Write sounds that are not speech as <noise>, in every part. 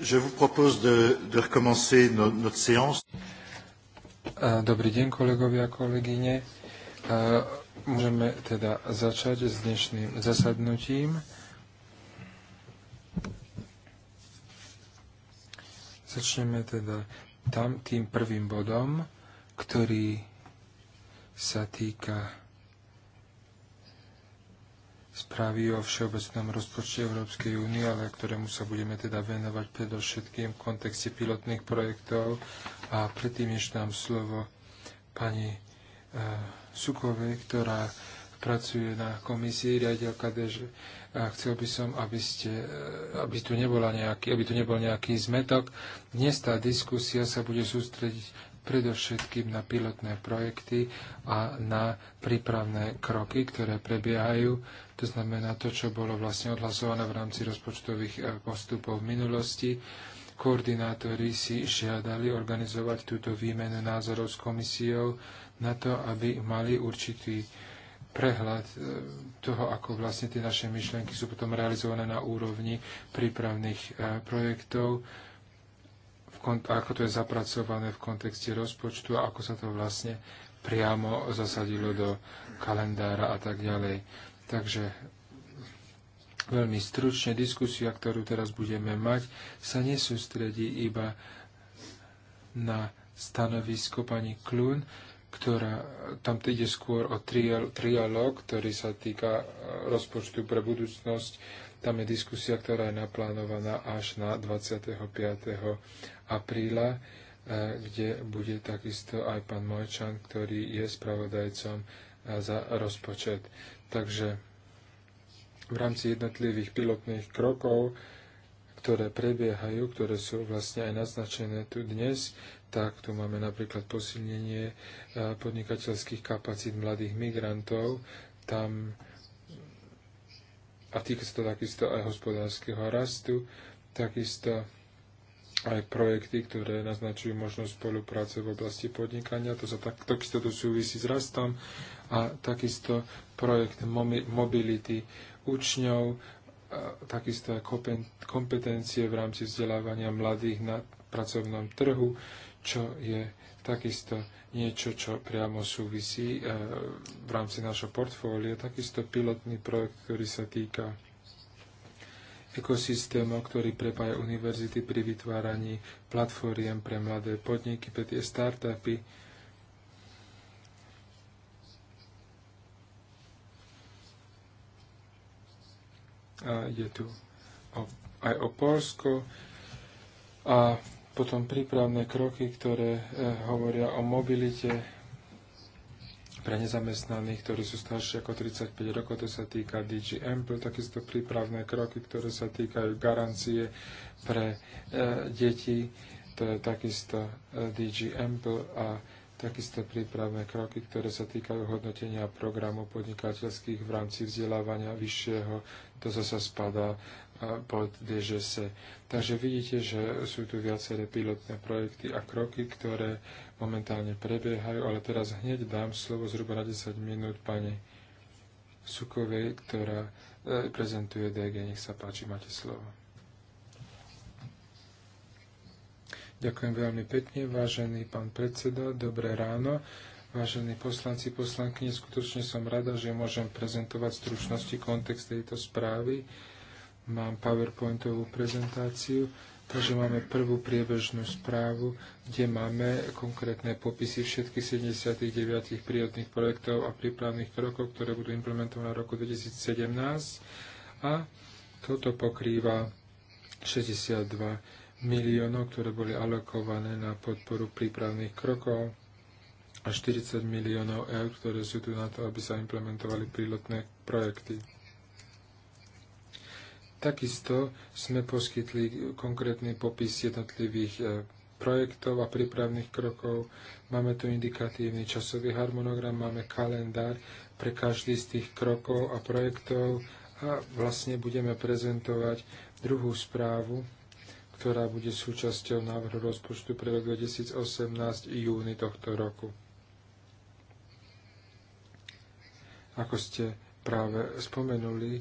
Je vous propose de, de recommencer no, notre séance. Dobrý deň, kolegovia a kolegyne. Môžeme teda začať s dnešným zasadnutím. Začneme teda tam tým prvým bodom, ktorý sa týka správy o všeobecnom rozpočte Európskej únie, ale ktorému sa budeme teda venovať predovšetkým v kontexte pilotných projektov. A predtým, než dám slovo pani eh, Sukovej, ktorá pracuje na komisii riadiaľka DŽ, a eh, chcel by som, aby, ste, eh, aby, tu nebola nejaký, aby tu nebol nejaký zmetok. Dnes tá diskusia sa bude sústrediť predovšetkým na pilotné projekty a na prípravné kroky, ktoré prebiehajú. To znamená to, čo bolo vlastne odhlasované v rámci rozpočtových eh, postupov v minulosti. Koordinátori si žiadali organizovať túto výmenu názorov s komisiou na to, aby mali určitý prehľad eh, toho, ako vlastne tie naše myšlienky sú potom realizované na úrovni prípravných eh, projektov ako to je zapracované v kontexte rozpočtu a ako sa to vlastne priamo zasadilo do kalendára a tak ďalej. Takže veľmi stručne diskusia, ktorú teraz budeme mať, sa nesústredí iba na stanovisko pani Klun, ktorá, tam ide skôr o trial, trialog, ktorý sa týka eh, rozpočtu pre budúcnosť tam je diskusia, ktorá je naplánovaná až na 25. apríla, e, kde bude takisto aj pán Mojčan, ktorý je spravodajcom e, za rozpočet. Takže v rámci jednotlivých pilotných krokov, ktoré prebiehajú, ktoré sú vlastne aj naznačené tu dnes, tak tu máme napríklad posilnenie e, podnikateľských kapacít mladých migrantov. Tam a týka sa to takisto aj hospodárskeho rastu, takisto aj projekty, ktoré naznačujú možnosť spolupráce v oblasti podnikania. To sa tak, takisto to súvisí s rastom a takisto projekt mobility učňov, takisto aj kompetencie v rámci vzdelávania mladých na pracovnom trhu, čo je takisto niečo, čo priamo súvisí e, v rámci našho portfólia. Takisto pilotný projekt, ktorý sa týka ekosystémov, ktorý prepája univerzity pri vytváraní platformiem pre mladé podniky, pre tie startupy. A je tu aj o Polsko a potom prípravné kroky, ktoré e, hovoria o mobilite pre nezamestnaných, ktorí sú starší ako 35 rokov, to sa týka DG Ample, takisto prípravné kroky, ktoré sa týkajú garancie pre e, deti, to je takisto e, DG Ample a takisto prípravné kroky, ktoré sa týkajú hodnotenia programov podnikateľských v rámci vzdelávania vyššieho. To zase spadá pod DGS. Takže vidíte, že sú tu viaceré pilotné projekty a kroky, ktoré momentálne prebiehajú, ale teraz hneď dám slovo zhruba na 10 minút pani Sukovej, ktorá e, prezentuje DG. Nech sa páči, máte slovo. Ďakujem veľmi pekne, vážený pán predseda, dobré ráno. Vážení poslanci, poslanky, skutočne som rada, že môžem prezentovať stručnosti kontext tejto správy mám PowerPointovú prezentáciu, takže máme prvú priebežnú správu, kde máme konkrétne popisy všetkých 79 prírodných projektov a prípravných krokov, ktoré budú implementované v roku 2017 a toto pokrýva 62 miliónov, ktoré boli alokované na podporu prípravných krokov a 40 miliónov eur, ktoré sú tu na to, aby sa implementovali prírodné projekty. Takisto sme poskytli konkrétny popis jednotlivých e, projektov a prípravných krokov. Máme tu indikatívny časový harmonogram, máme kalendár pre každý z tých krokov a projektov a vlastne budeme prezentovať druhú správu, ktorá bude súčasťou návrhu rozpočtu pre rok 2018 júni tohto roku. Ako ste práve spomenuli,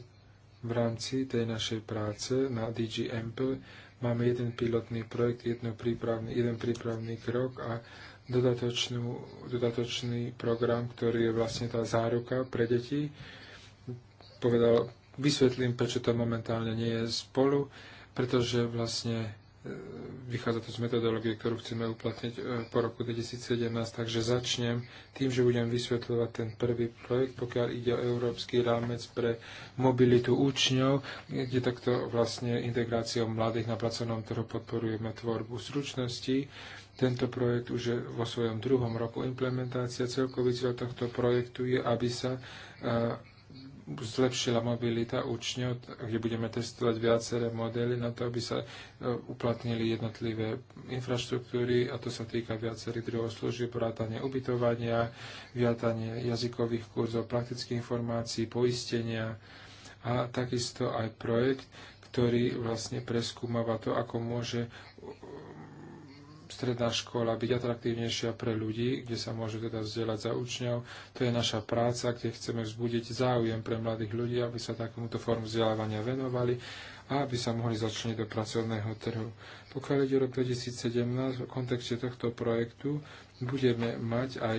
v rámci tej našej práce na DG Ample máme jeden pilotný projekt, jedno prípravný, jeden prípravný krok a dodatočnú, dodatočný program, ktorý je vlastne tá záruka pre deti. Povedal, vysvetlím, prečo to momentálne nie je spolu, pretože vlastne E, vychádza to z metodológie, ktorú chceme uplatniť e, po roku 2017, takže začnem tým, že budem vysvetľovať ten prvý projekt, pokiaľ ide o európsky rámec pre mobilitu učňov, kde takto vlastne integráciou mladých na pracovnom trhu podporujeme tvorbu zručností. Tento projekt už je vo svojom druhom roku implementácia. Celkový cieľ tohto projektu je, aby sa e, zlepšila mobilita učňov, kde budeme testovať viaceré modely na to, aby sa e, uplatnili jednotlivé infraštruktúry a to sa týka viacerých druhov služieb, vrátanie ubytovania, vrátanie jazykových kurzov, praktických informácií, poistenia a takisto aj projekt, ktorý vlastne preskúmava to, ako môže stredná škola byť atraktívnejšia pre ľudí, kde sa môže teda vzdelať za učňov. To je naša práca, kde chceme vzbudiť záujem pre mladých ľudí, aby sa takomuto formu vzdelávania venovali a aby sa mohli začleniť do pracovného trhu. Pokiaľ ide rok 2017, v kontexte tohto projektu budeme mať aj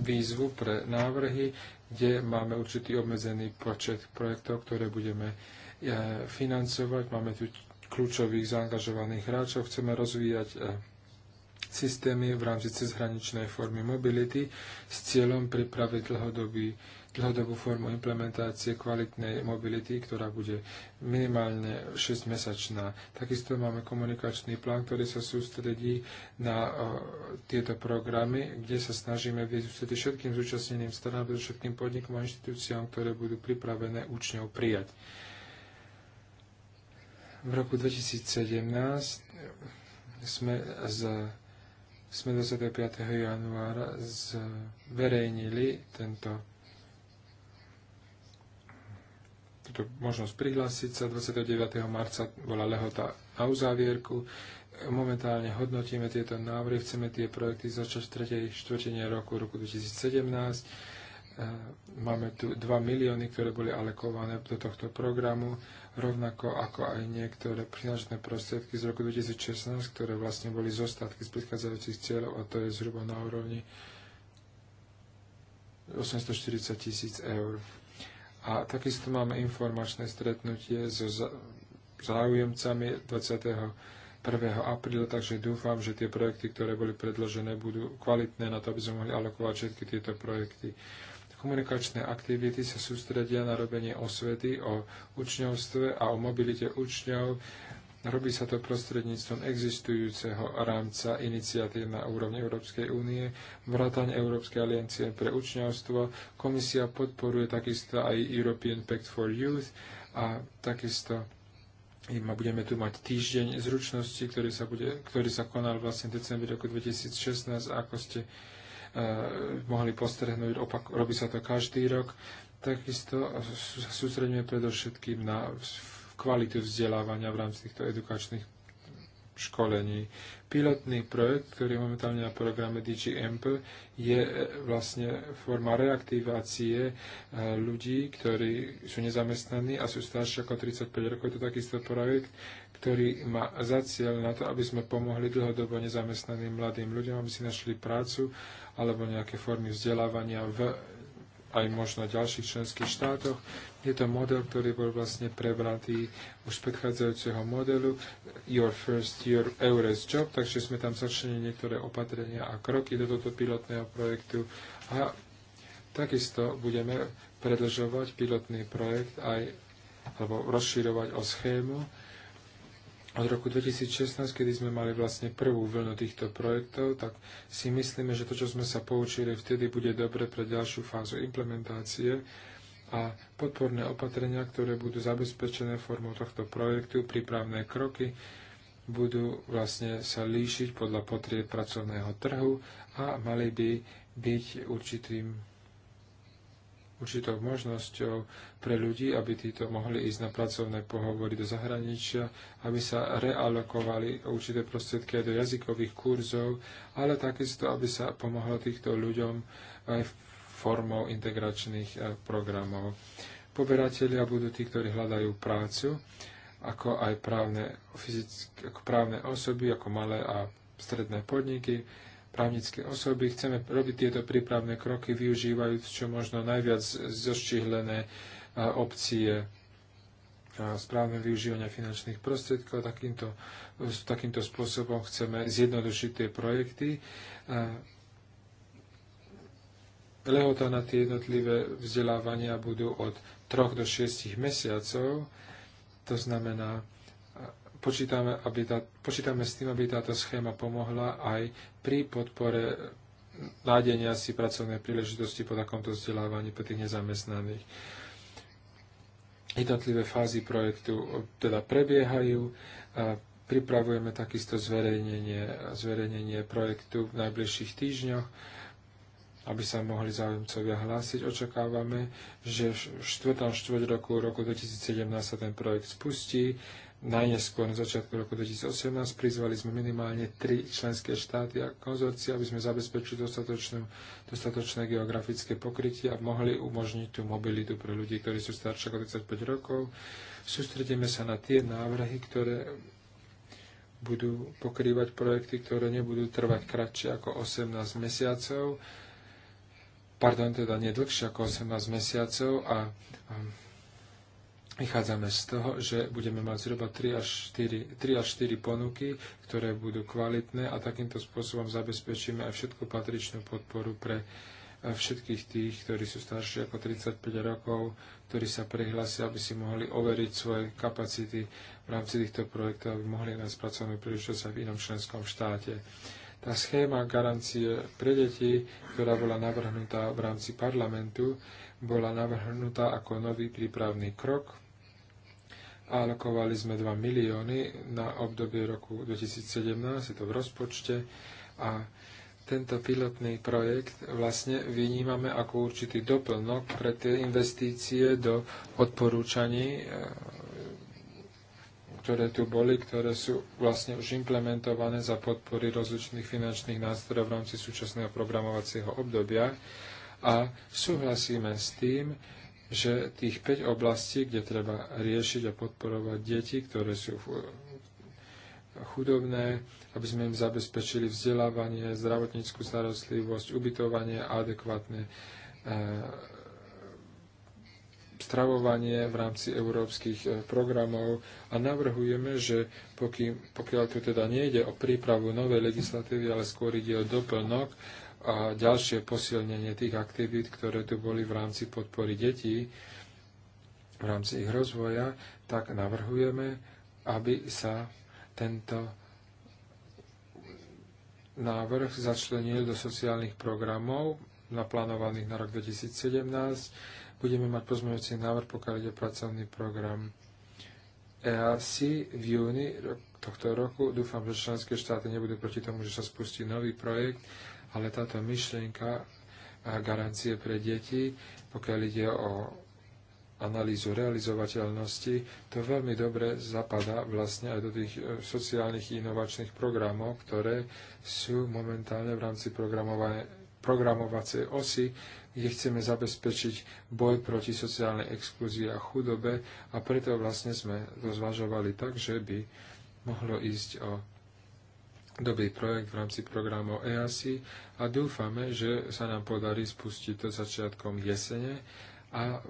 výzvu pre návrhy, kde máme určitý obmedzený počet projektov, ktoré budeme eh, financovať. Máme tu kľúčových zaangažovaných hráčov. Chceme rozvíjať e, systémy v rámci cezhraničnej formy mobility s cieľom pripraviť dlhodobý, dlhodobú formu implementácie kvalitnej mobility, ktorá bude minimálne 6-mesačná. Takisto máme komunikačný plán, ktorý sa sústredí na o, e, tieto programy, kde sa snažíme vyjsť všetkým zúčastneným stranám, všetkým podnikom a inštitúciám, ktoré budú pripravené účňov prijať. V roku 2017 sme, z, sme 25. januára zverejnili tento túto možnosť prihlásiť sa. 29. marca bola lehota na uzávierku. Momentálne hodnotíme tieto návrhy, chceme tie projekty začať v 3. štvrtine roku, roku 2017. E, máme tu 2 milióny, ktoré boli alekované do tohto programu rovnako ako aj niektoré finančné prostriedky z roku 2016, ktoré vlastne boli zostatky z predchádzajúcich cieľov a to je zhruba na úrovni 840 tisíc eur. A takisto máme informačné stretnutie so záujemcami 21. apríla, takže dúfam, že tie projekty, ktoré boli predložené, budú kvalitné na to, aby sme mohli alokovať všetky tieto projekty. Komunikačné aktivity sa sústredia na robenie osvety o učňovstve a o mobilite učňov. Robí sa to prostredníctvom existujúceho rámca iniciatív na úrovni Európskej únie, vrátane Európskej aliancie pre učňovstvo. Komisia podporuje takisto aj European Pact for Youth a takisto budeme tu mať týždeň zručnosti, ktorý sa, bude, ktorý sa konal vlastne v decembri roku 2016, ako ste Eh, mohli postrehnúť, opak, robí sa to každý rok. Takisto sa sústredňuje predovšetkým na kvalitu vzdelávania v rámci týchto edukačných školení. Pilotný projekt, ktorý momentálne na programe DGMP, je eh, vlastne forma reaktivácie eh, ľudí, ktorí sú nezamestnaní a sú starší ako 35 rokov. Je to takisto projekt, ktorý má za cieľ na to, aby sme pomohli dlhodobo nezamestnaným mladým ľuďom, aby si našli prácu alebo nejaké formy vzdelávania v aj možno ďalších členských štátoch. Je to model, ktorý bol vlastne prebratý už z predchádzajúceho modelu Your First Year Eures Job, takže sme tam začali niektoré opatrenia a kroky do tohto pilotného projektu a takisto budeme predlžovať pilotný projekt aj alebo rozširovať o schému, od roku 2016, kedy sme mali vlastne prvú vlnu týchto projektov, tak si myslíme, že to, čo sme sa poučili vtedy, bude dobre pre ďalšiu fázu implementácie a podporné opatrenia, ktoré budú zabezpečené formou tohto projektu, prípravné kroky, budú vlastne sa líšiť podľa potrieb pracovného trhu a mali by byť určitým určitou možnosťou pre ľudí, aby títo mohli ísť na pracovné pohovory do zahraničia, aby sa realokovali určité prostriedky aj do jazykových kurzov, ale takisto, aby sa pomohlo týchto ľuďom aj formou integračných eh, programov. Poberatelia budú tí, ktorí hľadajú prácu, ako aj právne, fyzické, ako právne osoby, ako malé a stredné podniky, právnické osoby. Chceme robiť tieto prípravné kroky, využívajúc čo možno najviac zoštihlené opcie správne využívania finančných prostriedkov. Takýmto, takýmto spôsobom chceme zjednodušiť tie projekty. Lehota na tie jednotlivé vzdelávania budú od 3 do 6 mesiacov. To znamená, počítame, aby tá, počítame s tým, aby táto schéma pomohla aj pri podpore nádenia si pracovnej príležitosti po takomto vzdelávaní pre tých nezamestnaných. Jednotlivé fázy projektu teda prebiehajú. A pripravujeme takisto zverejnenie, zverejnenie projektu v najbližších týždňoch aby sa mohli záujemcovia hlásiť. Očakávame, že v 4. štvrť roku, roku 2017 sa ten projekt spustí najneskôr na začiatku roku 2018 prizvali sme minimálne tri členské štáty a konzorcie, aby sme zabezpečili dostatočné geografické pokrytie a mohli umožniť tú mobilitu pre ľudí, ktorí sú starší ako 35 rokov. Sústredíme sa na tie návrhy, ktoré budú pokrývať projekty, ktoré nebudú trvať kratšie ako 18 mesiacov, pardon, teda nie dlhšie ako 18 mesiacov a Vychádzame z toho, že budeme mať zhruba 3 až 4, 3 až 4 ponuky, ktoré budú kvalitné a takýmto spôsobom zabezpečíme aj všetku patričnú podporu pre eh, všetkých tých, ktorí sú starší ako 35 rokov, ktorí sa prihlásia, aby si mohli overiť svoje kapacity v rámci týchto projektov, aby mohli nájsť pracovnú príležitosť aj v inom členskom štáte. Tá schéma garancie pre deti, ktorá bola navrhnutá v rámci parlamentu, bola navrhnutá ako nový prípravný krok alokovali sme 2 milióny na obdobie roku 2017, je to v rozpočte a tento pilotný projekt vlastne vynímame ako určitý doplnok pre tie investície do odporúčaní, e, ktoré tu boli, ktoré sú vlastne už implementované za podpory rozličných finančných nástrojov v rámci súčasného programovacieho obdobia. A súhlasíme s tým, že tých 5 oblastí, kde treba riešiť a podporovať deti, ktoré sú chudobné, aby sme im zabezpečili vzdelávanie, zdravotníckú starostlivosť, ubytovanie, adekvátne e, stravovanie v rámci európskych e, programov a navrhujeme, že pokým, pokiaľ tu teda nejde o prípravu novej legislatívy, ale skôr ide o doplnok, a ďalšie posilnenie tých aktivít, ktoré tu boli v rámci podpory detí, v rámci ich rozvoja, tak navrhujeme, aby sa tento návrh začlenil do sociálnych programov naplánovaných na rok 2017. Budeme mať pozmeňujúci návrh, pokiaľ ide pracovný program EAC v júni tohto roku. Dúfam, že členské štáty nebudú proti tomu, že sa spustí nový projekt, ale táto myšlienka garancie pre deti, pokiaľ ide o analýzu realizovateľnosti, to veľmi dobre zapadá vlastne aj do tých e, sociálnych inovačných programov, ktoré sú momentálne v rámci programovacej osy, kde chceme zabezpečiť boj proti sociálnej exklúzii a chudobe a preto vlastne sme to zvažovali tak, že by mohlo ísť o dobrý projekt v rámci programov EASI a dúfame, že sa nám podarí spustiť to začiatkom jesene a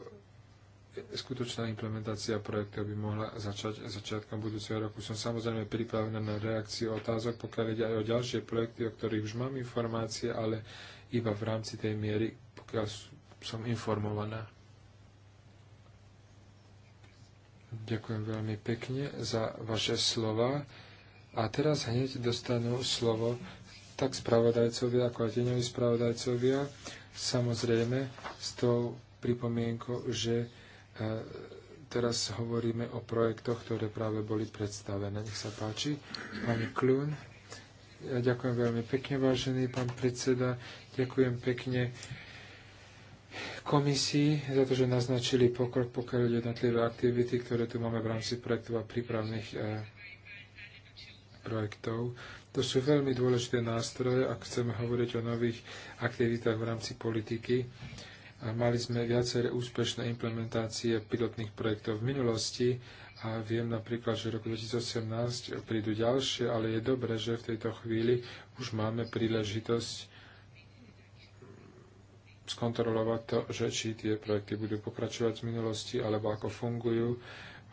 skutočná implementácia projektov by mohla začať začiatkom budúceho roku. Som samozrejme pripravená na reakciu otázok, pokiaľ ide aj o ďalšie projekty, o ktorých už mám informácie, ale iba v rámci tej miery, pokiaľ som informovaná. Ďakujem veľmi pekne za vaše slova. A teraz hneď dostanú slovo tak spravodajcovia, ako aj deňoví spravodajcovia, samozrejme s tou pripomienkou, že e, teraz hovoríme o projektoch, ktoré práve boli predstavené. Nech sa páči, pani Klun. Ja ďakujem veľmi pekne, vážený pán predseda. Ďakujem pekne komisii za to, že naznačili pokrok, pokiaľ jednotlivé aktivity, ktoré tu máme v rámci projektov a prípravných e, projektov. To sú veľmi dôležité nástroje, ak chceme hovoriť o nových aktivitách v rámci politiky. A mali sme viaceré úspešné implementácie pilotných projektov v minulosti a viem napríklad, že v roku 2018 prídu ďalšie, ale je dobré, že v tejto chvíli už máme príležitosť skontrolovať to, že či tie projekty budú pokračovať z minulosti, alebo ako fungujú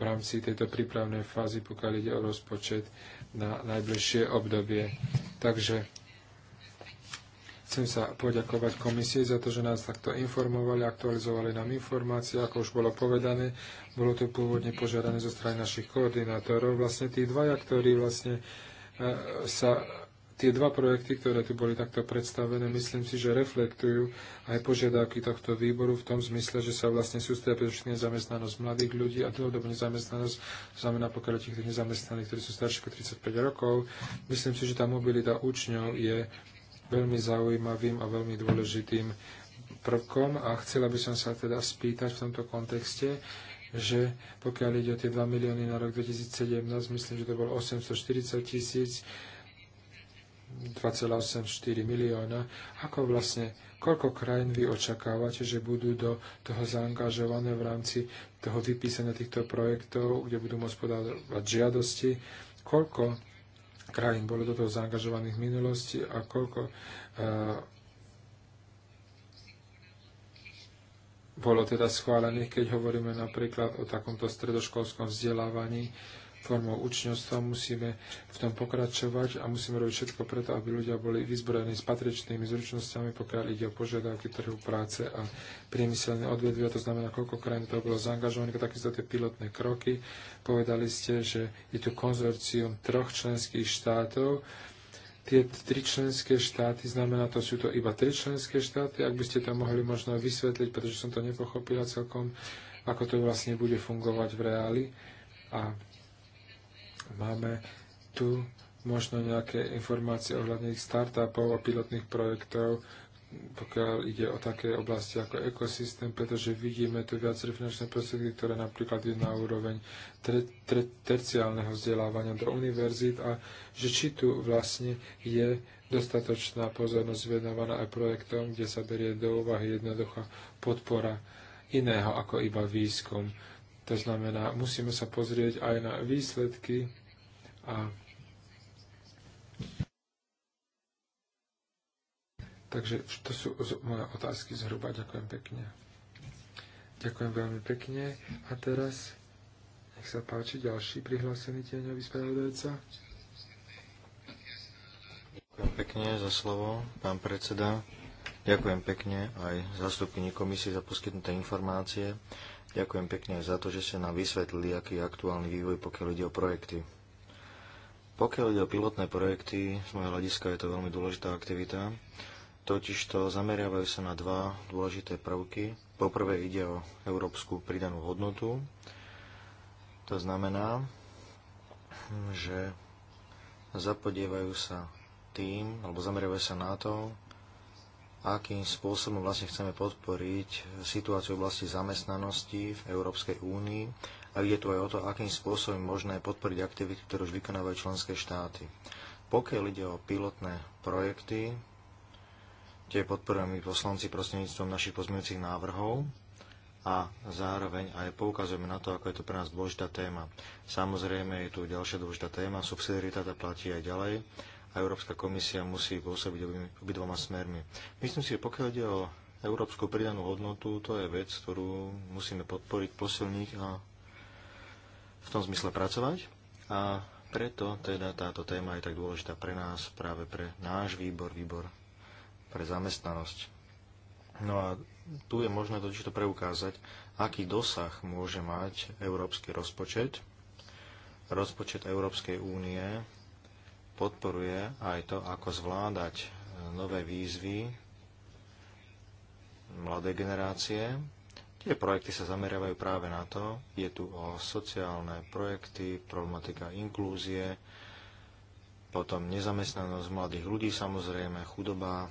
v rámci tejto prípravnej fázy, pokiaľ ide o rozpočet na najbližšie obdobie. Takže chcem sa poďakovať komisii za to, že nás takto informovali, aktualizovali nám informácie, ako už bolo povedané. Bolo to pôvodne požiadané zo strany našich koordinátorov. Vlastne tí dvaja, ktorí vlastne e, sa Tie dva projekty, ktoré tu boli takto predstavené, myslím si, že reflektujú aj požiadavky tohto výboru v tom zmysle, že sa vlastne sústredia predovšetkým nezamestnanosť mladých ľudí a dlhodobú nezamestnanosť, to znamená pokiaľ tých nezamestnaných, ktorí sú starší ako 35 rokov. Myslím si, že tá mobilita učňov je veľmi zaujímavým a veľmi dôležitým prvkom a chcela by som sa teda spýtať v tomto kontexte, že pokiaľ ide o tie 2 milióny na rok 2017, myslím, že to bolo 840 tisíc 2,84 milióna. Ako vlastne, koľko krajín vy očakávate, že budú do toho zaangažované v rámci toho vypísania týchto projektov, kde budú môcť podávať žiadosti? Koľko krajín bolo do toho zaangažovaných v minulosti a koľko uh, bolo teda schválených, keď hovoríme napríklad o takomto stredoškolskom vzdelávaní, formou učňovstva, musíme v tom pokračovať a musíme robiť všetko preto, aby ľudia boli vyzbrojení s patričnými zručnosťami, pokiaľ ide o požiadavky trhu práce a priemyselné odvedvia. To znamená, koľko krajín to bolo zaangažované, takisto tie pilotné kroky. Povedali ste, že je tu konzorcium troch členských štátov, tie tri členské štáty, znamená to, sú to iba tri členské štáty, ak by ste to mohli možno vysvetliť, pretože som to nepochopila celkom, ako to vlastne bude fungovať v reáli. A Máme tu možno nejaké informácie ohľadne ich startupov a pilotných projektov, pokiaľ ide o také oblasti ako ekosystém, pretože vidíme tu viaceré finančné prostriedky, ktoré napríklad je na úroveň tre, tre, terciálneho vzdelávania do univerzít a že či tu vlastne je dostatočná pozornosť venovaná aj projektom, kde sa berie do úvahy jednoduchá podpora iného ako iba výskum. To znamená, musíme sa pozrieť aj na výsledky a Takže to sú moje otázky zhruba. Ďakujem pekne. Ďakujem veľmi pekne. A teraz nech sa páči ďalší prihlásený tieňový spravodajca. Ďakujem pekne za slovo, pán predseda. Ďakujem pekne aj zastupkyni komisie za poskytnuté informácie. Ďakujem pekne aj za to, že ste nám vysvetlili, aký je aktuálny vývoj, pokiaľ ide o projekty. Pokiaľ ide o pilotné projekty, z môjho hľadiska je to veľmi dôležitá aktivita, totižto zameriavajú sa na dva dôležité prvky. Poprvé ide o európsku pridanú hodnotu. To znamená, že zapodievajú sa tým, alebo zameriavajú sa na to, akým spôsobom vlastne chceme podporiť situáciu v oblasti zamestnanosti v Európskej únii a ide tu aj o to, akým spôsobom možné podporiť aktivity, ktoré už vykonávajú členské štáty. Pokiaľ ide o pilotné projekty, tie podporujeme my poslanci prostredníctvom našich pozmeňujúcich návrhov a zároveň aj poukazujeme na to, ako je to pre nás dôležitá téma. Samozrejme je tu ďalšia dôležitá téma, subsidiarita tá platí aj ďalej a Európska komisia musí pôsobiť obidvoma smermi. Myslím si, že pokiaľ ide o európsku pridanú hodnotu, to je vec, ktorú musíme podporiť, posilniť a v tom zmysle pracovať a preto teda táto téma je tak dôležitá pre nás, práve pre náš výbor, výbor pre zamestnanosť. No a tu je možné totiž to preukázať, aký dosah môže mať európsky rozpočet. Rozpočet Európskej únie podporuje aj to, ako zvládať nové výzvy mladé generácie, Tie projekty sa zameriavajú práve na to. Je tu o sociálne projekty, problematika inklúzie, potom nezamestnanosť mladých ľudí samozrejme, chudoba,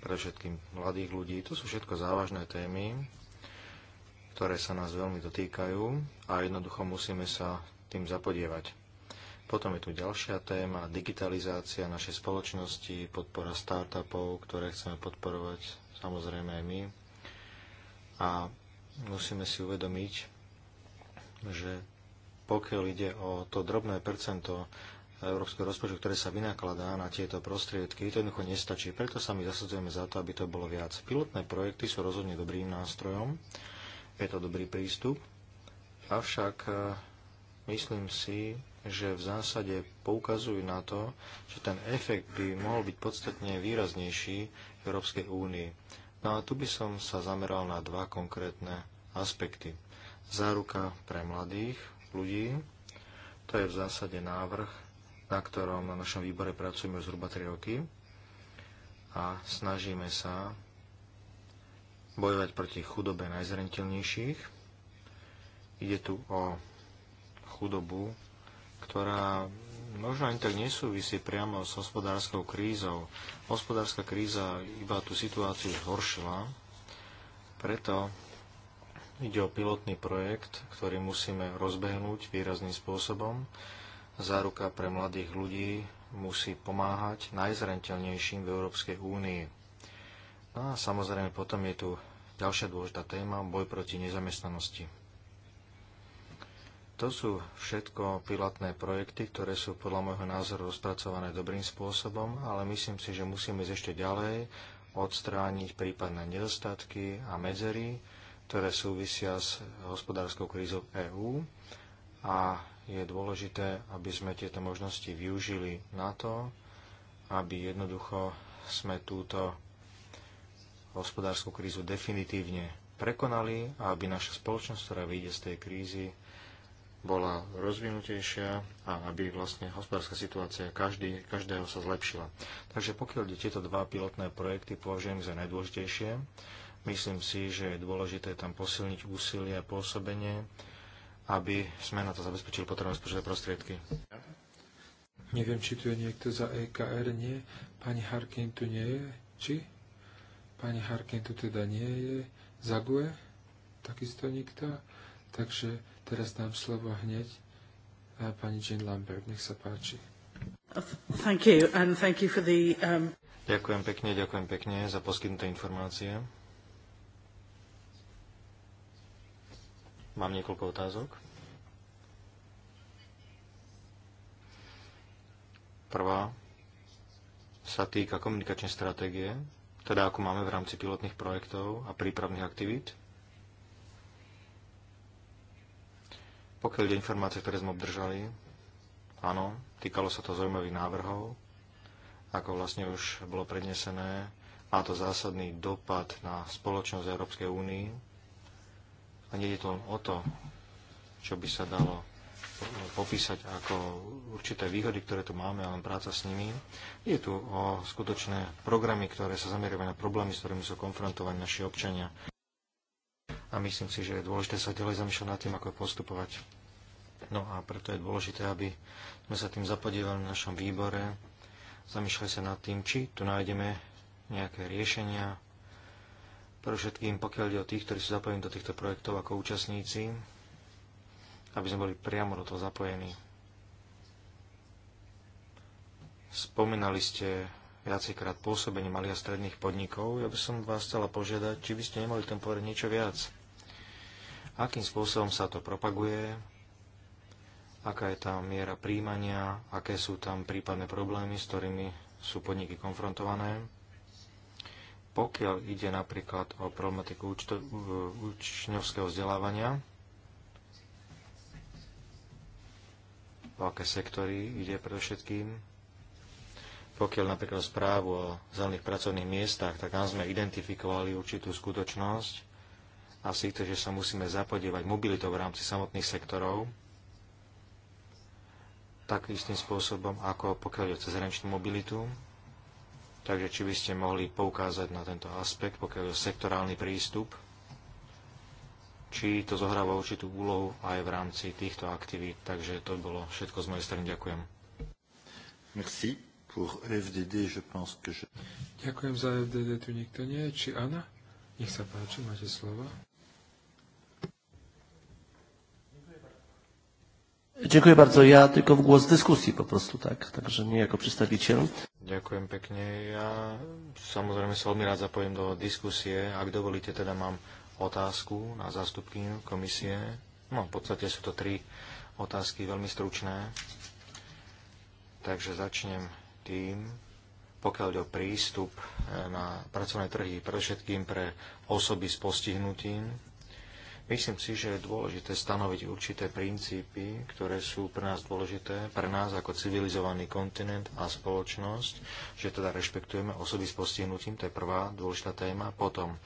pre všetkým mladých ľudí. To sú všetko závažné témy, ktoré sa nás veľmi dotýkajú a jednoducho musíme sa tým zapodievať. Potom je tu ďalšia téma, digitalizácia našej spoločnosti, podpora startupov, ktoré chceme podporovať samozrejme aj my, a musíme si uvedomiť, že pokiaľ ide o to drobné percento európskeho rozpočtu, ktoré sa vynakladá na tieto prostriedky, to jednoducho nestačí. Preto sa my zasadzujeme za to, aby to bolo viac. Pilotné projekty sú rozhodne dobrým nástrojom, je to dobrý prístup, avšak e, myslím si, že v zásade poukazujú na to, že ten efekt by mohol byť podstatne výraznejší v Európskej únii. No a tu by som sa zameral na dva konkrétne aspekty. Záruka pre mladých ľudí, to je v zásade návrh, na ktorom na našom výbore pracujeme zhruba 3 roky a snažíme sa bojovať proti chudobe najzrentilnejších. Ide tu o chudobu, ktorá možno ani tak nesúvisí priamo s hospodárskou krízou. Hospodárska kríza iba tú situáciu zhoršila, preto ide o pilotný projekt, ktorý musíme rozbehnúť výrazným spôsobom. Záruka pre mladých ľudí musí pomáhať najzraniteľnejším v Európskej únii. No a samozrejme potom je tu ďalšia dôležitá téma, boj proti nezamestnanosti. To sú všetko pilotné projekty, ktoré sú podľa môjho názoru rozpracované dobrým spôsobom, ale myslím si, že musíme ísť ešte ďalej, odstrániť prípadné nedostatky a medzery, ktoré súvisia s hospodárskou krízou EÚ a je dôležité, aby sme tieto možnosti využili na to, aby jednoducho sme túto hospodárskú krízu definitívne prekonali a aby naša spoločnosť, ktorá vyjde z tej krízy, bola rozvinutejšia a aby vlastne hospodárska situácia každý, každého sa zlepšila. Takže pokiaľ ide tieto dva pilotné projekty, považujem za najdôležitejšie. Myslím si, že je dôležité tam posilniť úsilie a pôsobenie, aby sme na to zabezpečili potrebné rozpočtové prostriedky. Neviem, či tu je niekto za EKR, nie. Pani Harkin tu nie je, či? Pani Harkin tu teda nie je. gue, Takisto nikto? Takže Teraz dám slovo hneď a pani Jean Lambert. Nech sa páči. Thank you and thank you for the, um... Ďakujem pekne, ďakujem pekne za poskytnuté informácie. Mám niekoľko otázok. Prvá sa týka komunikačnej stratégie, teda ako máme v rámci pilotných projektov a prípravných aktivít. Pokiaľ ide informácie, ktoré sme obdržali, áno, týkalo sa to zaujímavých návrhov, ako vlastne už bolo prednesené, má to zásadný dopad na spoločnosť Európskej únii. A nie je to len o to, čo by sa dalo popísať ako určité výhody, ktoré tu máme, ale práca s nimi. Je tu o skutočné programy, ktoré sa zameriavajú na problémy, s ktorými sú konfrontovaní naši občania a myslím si, že je dôležité sa ďalej zamýšľať nad tým, ako postupovať. No a preto je dôležité, aby sme sa tým zapodívali v našom výbore, zamýšľali sa nad tým, či tu nájdeme nejaké riešenia, pre všetkým, pokiaľ ide o tých, ktorí sú zapojení do týchto projektov ako účastníci, aby sme boli priamo do toho zapojení. Spomínali ste viacejkrát pôsobenie malých a stredných podnikov. Ja by som vás chcela požiadať, či by ste nemali tam povedať niečo viac. Akým spôsobom sa to propaguje, aká je tam miera príjmania, aké sú tam prípadné problémy, s ktorými sú podniky konfrontované. Pokiaľ ide napríklad o problematiku účto, e, vzdelávania, o aké sektory ide predovšetkým, pokiaľ napríklad správu o zelených pracovných miestach, tak tam sme identifikovali určitú skutočnosť a to, že sa musíme zapodievať mobilitou v rámci samotných sektorov, tak istým spôsobom, ako pokiaľ je cezhraničnú mobilitu. Takže či by ste mohli poukázať na tento aspekt, pokiaľ je sektorálny prístup, či to zohráva určitú úlohu aj v rámci týchto aktivít. Takže to bolo všetko z mojej strany. Ďakujem. Merci. Pour FDD, je pense que je... Ďakujem za FDD, tu nikto nie. je. Či Anna? Nech sa páči, máte slovo. Dziękuję bardzo. Ja tylko w głos dyskusji po prostu, tak? Także nie jako przedstawiciel. Ďakujem pekne. Ja samozrejme sa veľmi rád zapojím do diskusie. Ak dovolíte, teda mám otázku na zástupkyňu komisie. No, v podstate sú to tri otázky veľmi stručné. Takže začnem tým, pokiaľ ide o prístup e, na pracovné trhy, predovšetkým pre osoby s postihnutím. Myslím si, že je dôležité stanoviť určité princípy, ktoré sú pre nás dôležité, pre nás ako civilizovaný kontinent a spoločnosť, že teda rešpektujeme osoby s postihnutím, to je prvá dôležitá téma. Potom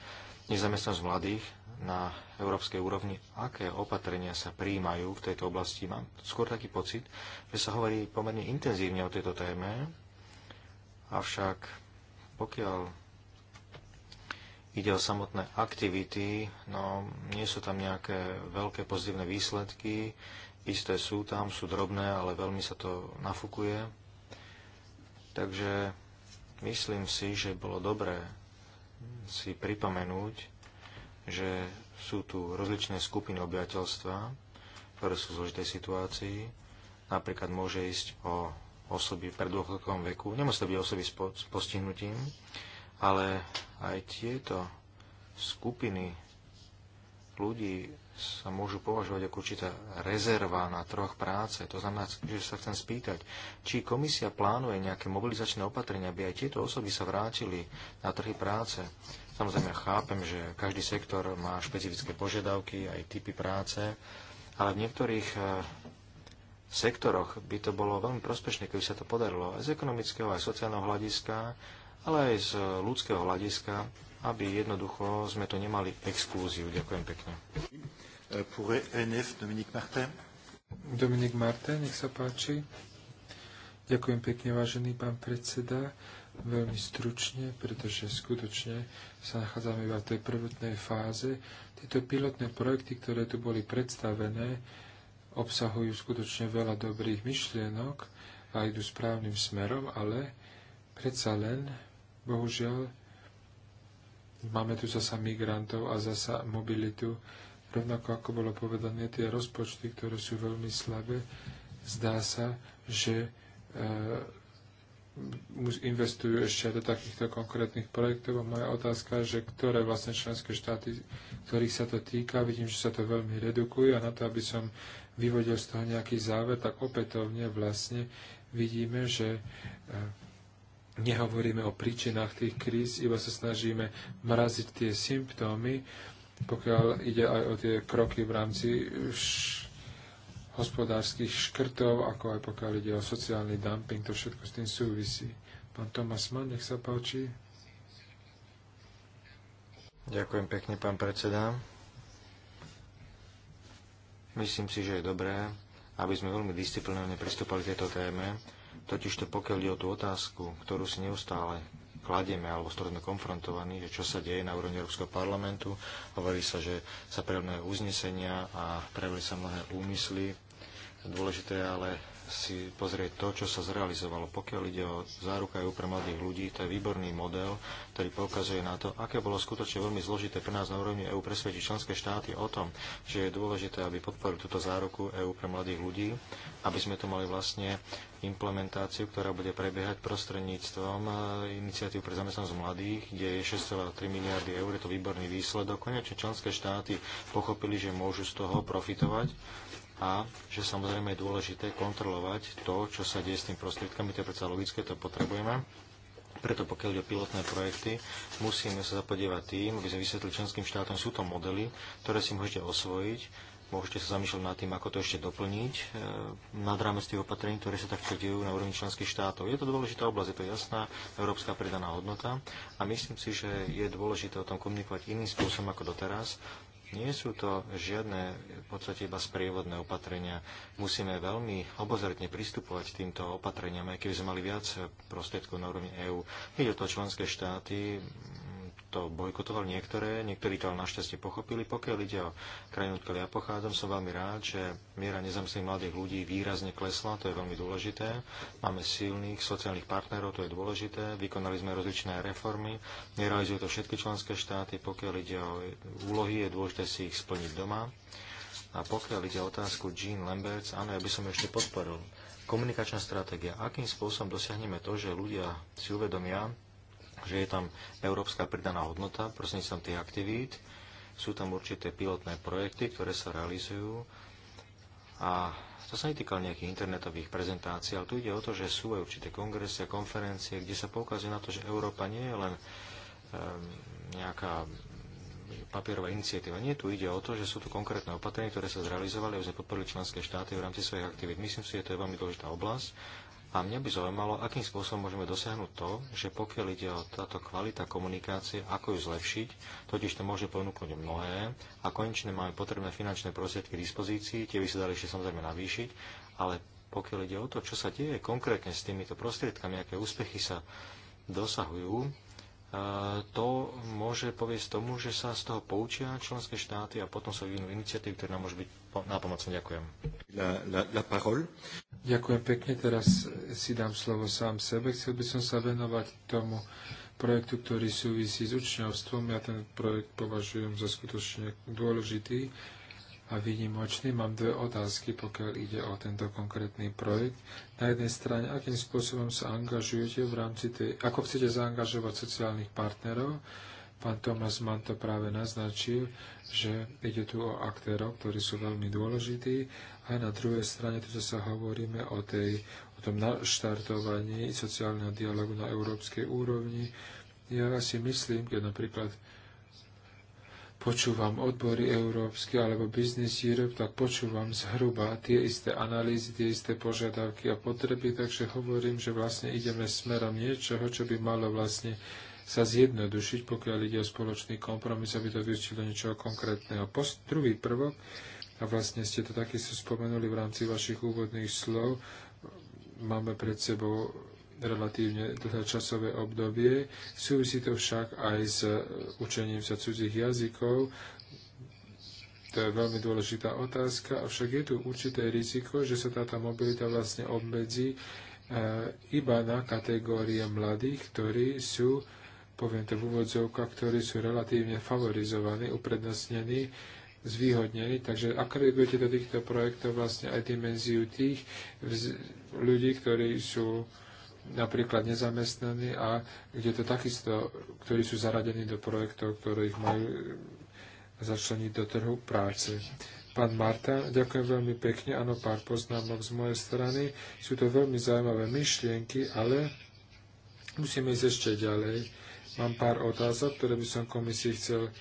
nezamestnanosť mladých na európskej úrovni, aké opatrenia sa príjmajú v tejto oblasti. Mám skôr taký pocit, že sa hovorí pomerne intenzívne o tejto téme, Avšak pokiaľ ide o samotné aktivity, no nie sú tam nejaké veľké pozitívne výsledky, isté sú tam, sú drobné, ale veľmi sa to nafukuje. Takže myslím si, že bolo dobré si pripomenúť, že sú tu rozličné skupiny obyvateľstva, ktoré sú v zložitej situácii. Napríklad môže ísť o osoby v predôchodkovom veku. Nemusí to byť osoby s postihnutím, ale aj tieto skupiny ľudí sa môžu považovať ako určitá rezerva na troch práce. To znamená, že sa chcem spýtať, či komisia plánuje nejaké mobilizačné opatrenia, aby aj tieto osoby sa vrátili na trhy práce. Samozrejme, chápem, že každý sektor má špecifické požiadavky, aj typy práce, ale v niektorých eh, sektoroch by to bolo veľmi prospešné, keby sa to podarilo aj z ekonomického, aj sociálneho hľadiska, ale aj z ľudského hľadiska, aby jednoducho sme to nemali exkluziu. Ďakujem pekne. E Dominik Martin. Dominik Martin, nech sa páči. Ďakujem pekne, vážený pán predseda. Veľmi stručne, pretože skutočne sa nachádzame iba v tej prvotnej fáze. Tieto pilotné projekty, ktoré tu boli predstavené, obsahujú skutočne veľa dobrých myšlienok a idú správnym smerom, ale predsa len, bohužiaľ, máme tu zasa migrantov a zasa mobilitu. Rovnako ako bolo povedané, tie rozpočty, ktoré sú veľmi slabé, zdá sa, že e, investujú ešte do takýchto konkrétnych projektov. A moja otázka je, že ktoré vlastne členské štáty, ktorých sa to týka, vidím, že sa to veľmi redukuje a na to, aby som vyvodil z toho nejaký záver, tak opätovne vlastne vidíme, že e, nehovoríme o príčinách tých kríz, iba sa snažíme mraziť tie symptómy, pokiaľ ide aj o tie kroky v rámci š- hospodárskych škrtov, ako aj pokiaľ ide o sociálny dumping, to všetko s tým súvisí. Pán Tomas Mann, nech sa páči. Ďakujem pekne, pán predseda. Myslím si, že je dobré, aby sme veľmi disciplinovne pristúpali k tejto téme, totižto pokiaľ ide o tú otázku, ktorú si neustále kladieme, alebo s ktorou sme konfrontovaní, že čo sa deje na úrovni Európskeho parlamentu. Hovorí sa, že sa prejavujú uznesenia a prejavili sa mnohé úmysly. Dôležité je ale si pozrieť to, čo sa zrealizovalo. Pokiaľ ide o záruka EU pre mladých ľudí, to je výborný model, ktorý poukazuje na to, aké bolo skutočne veľmi zložité pre nás na úrovni EU presvedčiť členské štáty o tom, že je dôležité, aby podporili túto záruku EU pre mladých ľudí, aby sme tu mali vlastne implementáciu, ktorá bude prebiehať prostredníctvom e, iniciatív pre zamestnanosť mladých, kde je 6,3 miliardy eur, je to výborný výsledok. Konečne členské štáty pochopili, že môžu z toho profitovať a že samozrejme je dôležité kontrolovať to, čo sa deje s tým prostriedkami, to je predsa logické, to potrebujeme. Preto pokiaľ ide o pilotné projekty, musíme sa zapodievať tým, aby sme vysvetlili členským štátom, sú to modely, ktoré si môžete osvojiť, môžete sa zamýšľať nad tým, ako to ešte doplniť e, nad rámec tých opatrení, ktoré sa takto dejú na úrovni členských štátov. Je to dôležitá oblasť, je to jasná európska pridaná hodnota a myslím si, že je dôležité o tom komunikovať iným spôsobom ako doteraz, nie sú to žiadne v podstate iba sprievodné opatrenia. Musíme veľmi obozretne pristupovať k týmto opatreniam, aj keby sme mali viac prostriedkov na úrovni EÚ. Ide to členské štáty to bojkotovali niektoré, niektorí to ale našťastie pochopili. Pokiaľ ide o krajinu, odkiaľ ja pochádzam, som veľmi rád, že miera nezamestnaných mladých ľudí výrazne klesla, to je veľmi dôležité. Máme silných sociálnych partnerov, to je dôležité. Vykonali sme rozličné reformy, nerealizujú to všetky členské štáty. Pokiaľ ide o úlohy, je dôležité si ich splniť doma. A pokiaľ ide o otázku Jean Lamberts, áno, ja by som ešte podporil. Komunikačná stratégia. Akým spôsobom dosiahneme to, že ľudia si uvedomia, že je tam európska pridaná hodnota som tých aktivít. Sú tam určité pilotné projekty, ktoré sa realizujú a to sa netýka nejakých internetových prezentácií, ale tu ide o to, že sú aj určité kongresy a konferencie, kde sa poukazuje na to, že Európa nie je len um, nejaká papierová iniciatíva. Nie, tu ide o to, že sú tu konkrétne opatrenia, ktoré sa zrealizovali, už sme podporili členské štáty v rámci svojich aktivít. Myslím si, že to je veľmi dôležitá oblasť a mňa by zaujímalo, akým spôsobom môžeme dosiahnuť to, že pokiaľ ide o táto kvalita komunikácie, ako ju zlepšiť, totiž to môže ponúknuť mnohé a konečne máme potrebné finančné prostriedky k dispozícii, tie by sa dali ešte samozrejme navýšiť, ale pokiaľ ide o to, čo sa deje konkrétne s týmito prostriedkami, aké úspechy sa dosahujú, to môže povieť tomu, že sa z toho poučia členské štáty a potom sa vyvinú iniciatívy, ktoré nám môžu byť nápomocné. Ďakujem. La, la, la parole. Ďakujem pekne. Teraz si dám slovo sám sebe. Chcel by som sa venovať tomu projektu, ktorý súvisí s učňovstvom. Ja ten projekt považujem za skutočne dôležitý a výnimočný. Mám dve otázky, pokiaľ ide o tento konkrétny projekt. Na jednej strane, akým spôsobom sa angažujete v rámci tej, ako chcete zaangažovať sociálnych partnerov. Pán Tomás Mann to práve naznačil, že ide tu o aktérov, ktorí sú veľmi dôležití. A na druhej strane, tu sa hovoríme o, tej, o tom naštartovaní sociálneho dialogu na európskej úrovni. Ja si myslím, keď napríklad počúvam odbory európsky alebo Business Europe, tak počúvam zhruba tie isté analýzy, tie isté požiadavky a potreby, takže hovorím, že vlastne ideme smerom niečoho, čo by malo vlastne sa zjednodušiť, pokiaľ ide o spoločný kompromis, aby to vyústilo niečoho konkrétneho. Post, druhý prvok, a vlastne ste to takisto spomenuli v rámci vašich úvodných slov, máme pred sebou relatívne dlhé časové obdobie. Súvisí to však aj s e, učením sa cudzích jazykov. To je veľmi dôležitá otázka, avšak je tu určité riziko, že sa táto mobilita vlastne obmedzí e, iba na kategórie mladých, ktorí sú, poviem to v úvodzovkách, ktorí sú relatívne favorizovaní, uprednostnení zvýhodnení. Takže akredujete do týchto projektov vlastne aj dimenziu tých ľudí, ktorí sú napríklad nezamestnaní a kde to takisto, ktorí sú zaradení do projektov, ktoré ich majú začleniť do trhu práce. Pán Marta, ďakujem veľmi pekne. Áno, pár poznámok z mojej strany. Sú to veľmi zaujímavé myšlienky, ale musíme ísť ešte ďalej. Mám pár otázok, ktoré by som komisii chcel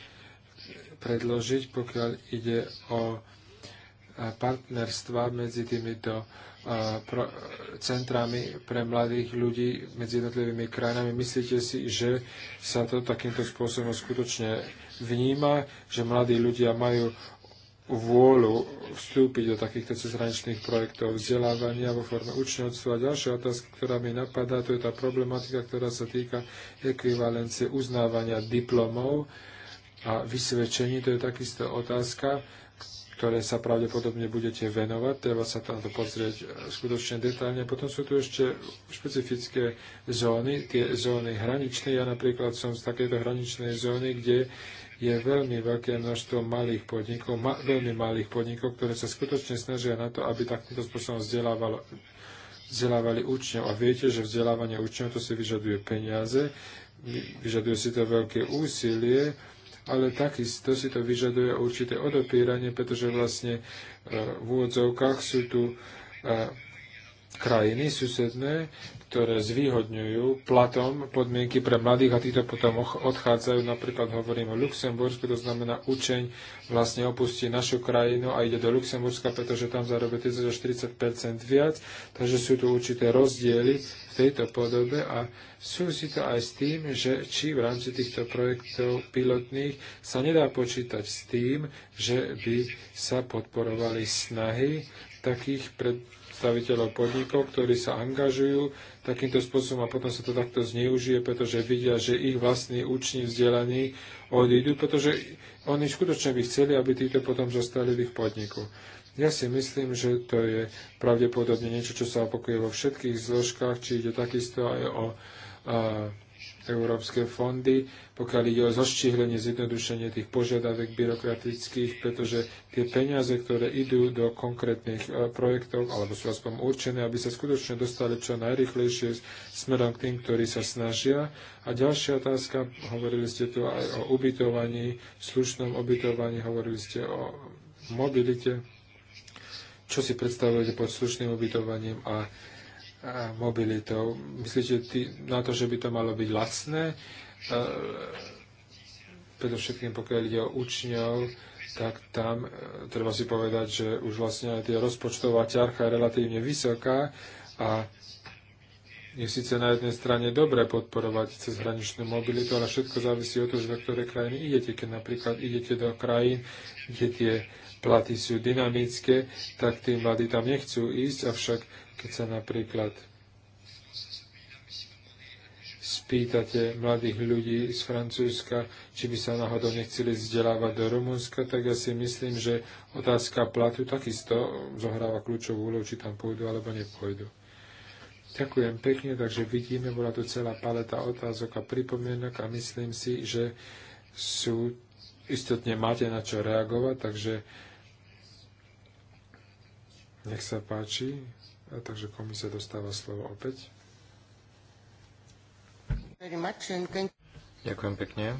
predložiť, pokiaľ ide o partnerstva medzi týmito pro, centrami pre mladých ľudí medzi jednotlivými krajinami. Myslíte si, že sa to takýmto spôsobom skutočne vníma, že mladí ľudia majú vôľu vstúpiť do takýchto cezhraničných projektov vzdelávania vo forme učňovstva. A ďalšia otázka, ktorá mi napadá, to je tá problematika, ktorá sa týka ekvivalencie uznávania diplomov a vysvedčení. To je takisto otázka, ktoré sa pravdepodobne budete venovať. Treba sa tam to pozrieť e, skutočne detálne. Potom sú tu ešte špecifické zóny, tie zóny hraničné. Ja napríklad som z takejto hraničnej zóny, kde je veľmi veľké množstvo malých podnikov, ma, veľmi malých podnikov, ktoré sa skutočne snažia na to, aby takýmto spôsobom vzdelávalo vzdelávali učňov. A viete, že vzdelávanie učňov to si vyžaduje peniaze, vyžaduje si to veľké úsilie ale takisto si to vyžaduje určité odopíranie, pretože vlastne e, v úvodzovkách sú tu e, krajiny susedné, ktoré zvýhodňujú platom podmienky pre mladých a títo potom odchádzajú. Napríklad hovorím o Luxembursku, to znamená učeň vlastne opustí našu krajinu a ide do Luxemburska, pretože tam zarobí 30 40 viac. Takže sú tu určité rozdiely v tejto podobe a súvisí to aj s tým, že či v rámci týchto projektov pilotných sa nedá počítať s tým, že by sa podporovali snahy takých predstaviteľov podnikov, ktorí sa angažujú takýmto spôsobom a potom sa to takto zneužije, pretože vidia, že ich vlastní úční vzdelaní odídu, pretože oni skutočne by chceli, aby títo potom zostali v ich podniku. Ja si myslím, že to je pravdepodobne niečo, čo sa opakuje vo všetkých zložkách, či ide takisto aj o a, európske fondy, pokiaľ ide o zoštihlenie, zjednodušenie tých požiadavek byrokratických, pretože tie peniaze, ktoré idú do konkrétnych a, projektov, alebo sú aspoň určené, aby sa skutočne dostali čo najrychlejšie smerom k tým, ktorí sa snažia. A ďalšia otázka, hovorili ste tu aj o ubytovaní, slušnom ubytovaní, hovorili ste o mobilite čo si predstavujete pod slušným ubytovaním a, a mobilitou. Myslíte tý, na to, že by to malo byť lacné? E, predovšetkým pokiaľ ide o učňov, tak tam e, treba si povedať, že už vlastne aj tie rozpočtová ťarcha je relatívne vysoká a je síce na jednej strane dobre podporovať cez hraničnú mobilitu, ale všetko závisí od toho, že do ktorej krajiny idete. Keď napríklad idete do krajín, kde tie platy sú dynamické, tak tí mladí tam nechcú ísť, avšak keď sa napríklad spýtate mladých ľudí z Francúzska, či by sa náhodou nechceli vzdelávať do Rumunska, tak ja si myslím, že otázka platu takisto zohráva kľúčovú úlohu, či tam pôjdu alebo nepôjdu. Ďakujem pekne, takže vidíme, bola tu celá paleta otázok a pripomienok a myslím si, že sú, istotne máte na čo reagovať, takže nech sa páči. A takže komisia dostáva slovo opäť. Ďakujem pekne.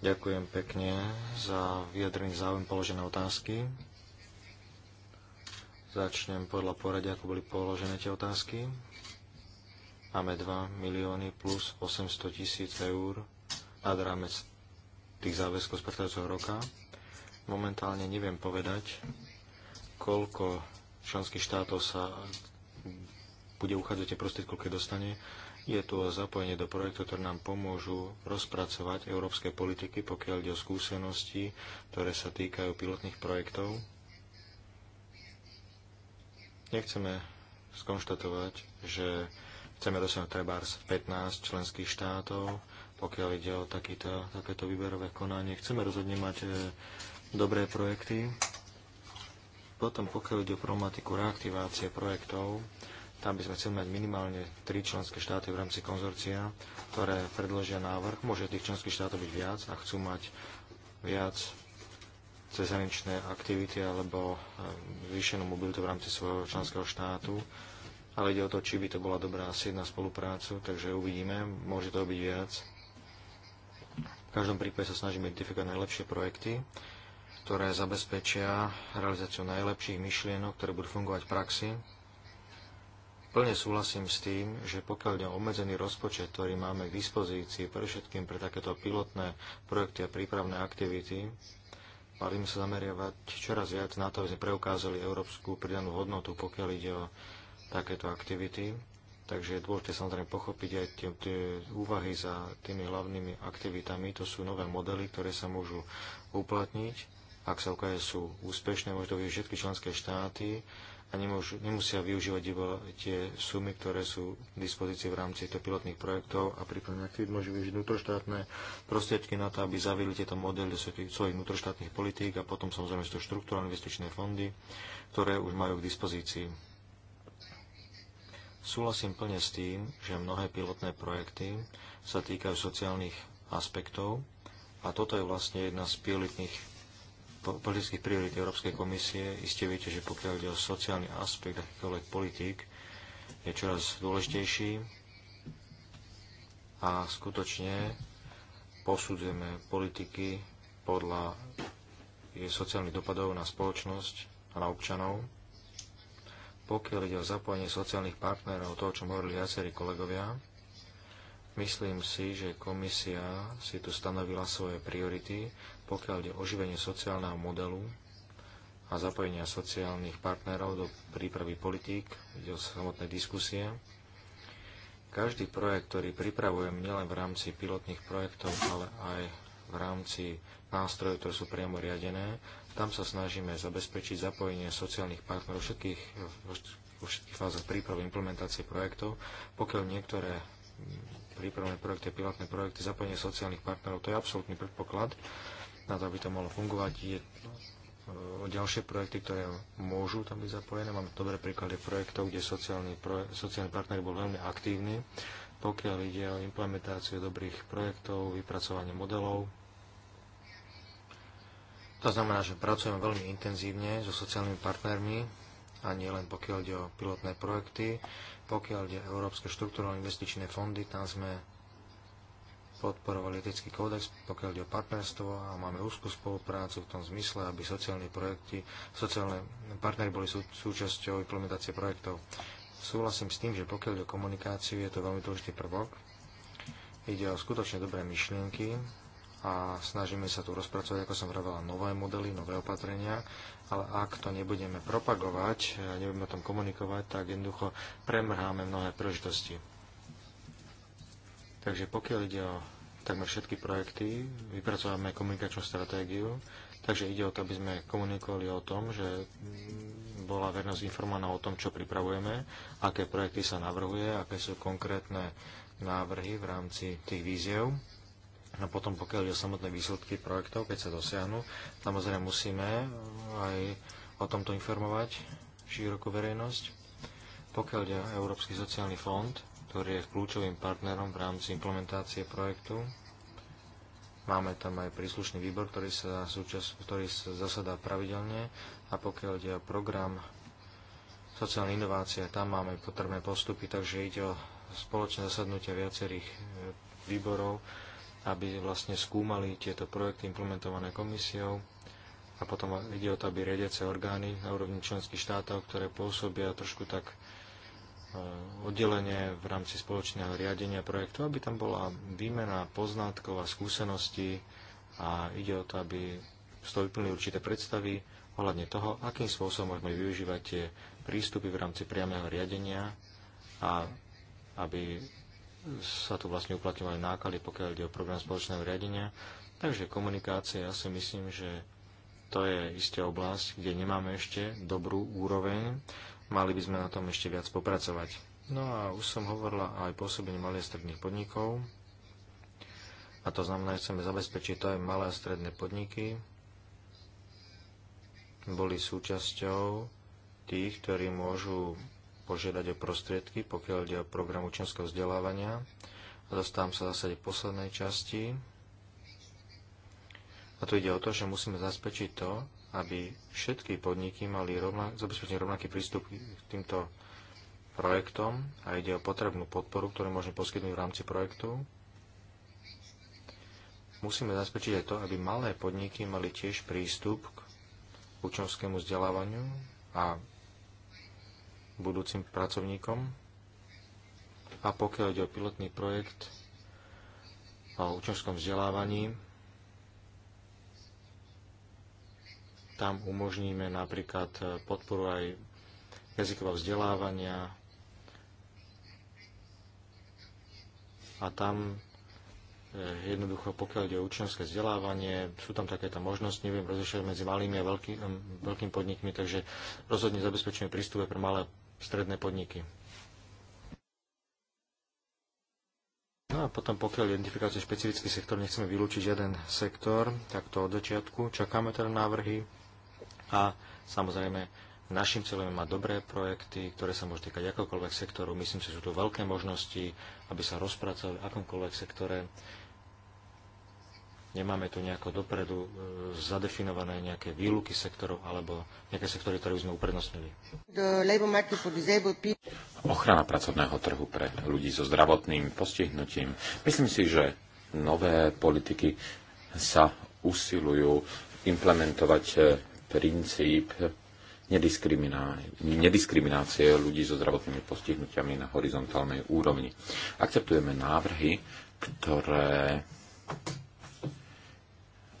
Ďakujem pekne za vyjadrený záujem položené otázky. Začnem podľa poradia, ako boli položené tie otázky. Máme 2 milióny plus 800 tisíc eur nad rámec tých záväzkov z predchádzajúceho roka. Momentálne neviem povedať, koľko členských štátov sa bude uchádzať tie prostriedky, keď dostane. Je tu zapojenie do projektov, ktoré nám pomôžu rozpracovať európske politiky, pokiaľ ide o skúsenosti, ktoré sa týkajú pilotných projektov. Nechceme skonštatovať, že chceme dosiahnuť trebárs 15 členských štátov, pokiaľ ide o takýto, takéto výberové konanie. Chceme rozhodne mať e, dobré projekty, potom, pokiaľ ide o problematiku reaktivácie projektov, tam by sme chceli mať minimálne tri členské štáty v rámci konzorcia, ktoré predložia návrh. Môže tých členských štátov byť viac a chcú mať viac cezhraničné aktivity alebo eh, zvýšenú mobilitu v rámci svojho členského štátu. Ale ide o to, či by to bola dobrá sieť na spoluprácu, takže uvidíme, môže to byť viac. V každom prípade sa snažíme identifikovať najlepšie projekty ktoré zabezpečia realizáciu najlepších myšlienok, ktoré budú fungovať v praxi. Plne súhlasím s tým, že pokiaľ ide obmedzený rozpočet, ktorý máme k dispozícii pre všetkým pre takéto pilotné projekty a prípravné aktivity, mali sme sa zameriavať čoraz viac na to, aby sme preukázali európsku pridanú hodnotu, pokiaľ ide o takéto aktivity. Takže je dôležité samozrejme pochopiť aj tie, tie úvahy za tými hlavnými aktivitami. To sú nové modely, ktoré sa môžu uplatniť. Ak sa ukáže, sú úspešné, môžu to využiť všetky členské štáty a nemôžu, nemusia využívať iba tie sumy, ktoré sú k dispozícii v rámci týchto pilotných projektov a prípadne aktivít môžu využiť vnútroštátne prostriedky na to, aby zavili tieto modely do svojich vnútroštátnych politík a potom samozrejme sú to štruktúrne investičné fondy, ktoré už majú k dispozícii. Súhlasím plne s tým, že mnohé pilotné projekty sa týkajú sociálnych aspektov a toto je vlastne jedna z pilotných politických priorít Európskej komisie. Isté viete, že pokiaľ ide o sociálny aspekt akýchkoľvek politík, je čoraz dôležitejší a skutočne posudzujeme politiky podľa jej sociálnych dopadov na spoločnosť a na občanov. Pokiaľ ide o zapojenie sociálnych partnerov, to, o čo hovorili viacerí kolegovia, myslím si, že komisia si tu stanovila svoje priority pokiaľ ide oživenie sociálneho modelu a zapojenia sociálnych partnerov do prípravy politík, ide o samotné diskusie. Každý projekt, ktorý pripravujem nielen v rámci pilotných projektov, ale aj v rámci nástrojov, ktoré sú priamo riadené, tam sa snažíme zabezpečiť zapojenie sociálnych partnerov všetkých, vo všetkých fázach prípravy implementácie projektov. Pokiaľ niektoré mm, prípravné projekty, pilotné projekty, zapojenie sociálnych partnerov, to je absolútny predpoklad, na to, aby to mohlo fungovať. Je e, ďalšie projekty, ktoré môžu tam byť zapojené. Máme dobré príklady projektov, kde sociálny proje- sociálny partner bol veľmi aktívny, pokiaľ ide o implementáciu dobrých projektov, vypracovanie modelov. To znamená, že pracujeme veľmi intenzívne so sociálnymi partnermi a nie len pokiaľ ide o pilotné projekty. Pokiaľ ide o Európske štruktúrne investičné fondy, tam sme podporoval etický kódex, pokiaľ ide o partnerstvo a máme úzkú spoluprácu v tom zmysle, aby sociálne projekty, sociálne partnery boli sú, súčasťou implementácie projektov. Súhlasím s tým, že pokiaľ ide o komunikáciu, je to veľmi dôležitý prvok. Ide o skutočne dobré myšlienky a snažíme sa tu rozpracovať, ako som vravela nové modely, nové opatrenia, ale ak to nebudeme propagovať, nebudeme o tom komunikovať, tak jednoducho premrháme mnohé príležitosti Takže pokiaľ ide o takmer všetky projekty, vypracovávame komunikačnú stratégiu, takže ide o to, aby sme komunikovali o tom, že bola vernosť informovaná o tom, čo pripravujeme, aké projekty sa navrhuje, aké sú konkrétne návrhy v rámci tých víziev. A no potom, pokiaľ ide o samotné výsledky projektov, keď sa dosiahnu, samozrejme musíme aj o tomto informovať širokú verejnosť. Pokiaľ ide o Európsky sociálny fond, ktorý je kľúčovým partnerom v rámci implementácie projektu. Máme tam aj príslušný výbor, ktorý sa, súčas, ktorý sa zasadá pravidelne a pokiaľ ide o program sociálne inovácie, tam máme potrebné postupy, takže ide o spoločné zasadnutia viacerých e, výborov, aby vlastne skúmali tieto projekty implementované komisiou a potom ide o to, aby riadiace orgány na úrovni členských štátov, ktoré pôsobia trošku tak Eh, oddelenie v rámci spoločného riadenia projektu, aby tam bola výmena poznátkov a skúseností a ide o to, aby z toho vyplnili určité predstavy ohľadne toho, akým spôsobom môžeme využívať tie prístupy v rámci priamého riadenia a aby sa tu vlastne uplatňovali náklady, pokiaľ ide o program spoločného riadenia. Takže komunikácia, ja si myslím, že to je isté oblasť, kde nemáme ešte dobrú úroveň. Mali by sme na tom ešte viac popracovať. No a už som hovorila aj pôsobenie malých a stredných podnikov. A to znamená, že chceme zabezpečiť to aj malé a stredné podniky. Boli súčasťou tých, ktorí môžu požiadať o prostriedky, pokiaľ ide o program učenského vzdelávania. A dostávam sa zase v poslednej časti. A tu ide o to, že musíme zabezpečiť to, aby všetky podniky mali rovnak, zabezpečený rovnaký prístup k týmto projektom a ide o potrebnú podporu, ktorú môžeme poskytnúť v rámci projektu. Musíme zabezpečiť aj to, aby malé podniky mali tiež prístup k učňovskému vzdelávaniu a budúcim pracovníkom. A pokiaľ ide o pilotný projekt o učňovskom vzdelávaní, Tam umožníme napríklad e, podporu aj jazykového vzdelávania a tam e, jednoducho, pokiaľ ide o učňovské vzdelávanie, sú tam takéto možnosti, neviem rozlišovať medzi malými a veľký, veľkými podnikmi, takže rozhodne zabezpečíme prístupe pre malé stredné podniky. No a potom, pokiaľ identifikácie špecifický sektor, nechceme vylúčiť jeden sektor, tak to od začiatku. Čakáme teda návrhy a samozrejme našim cieľom je mať dobré projekty, ktoré sa môžu týkať akokoľvek sektoru. Myslím si, že sú tu veľké možnosti, aby sa rozpracovali v akomkoľvek sektore. Nemáme tu nejako dopredu e, zadefinované nejaké výluky sektorov alebo nejaké sektory, ktoré by sme uprednostnili. Ochrana pracovného trhu pre ľudí so zdravotným postihnutím. Myslím si, že nové politiky sa usilujú implementovať e, princíp nediskriminácie ľudí so zdravotnými postihnutiami na horizontálnej úrovni. Akceptujeme návrhy, ktoré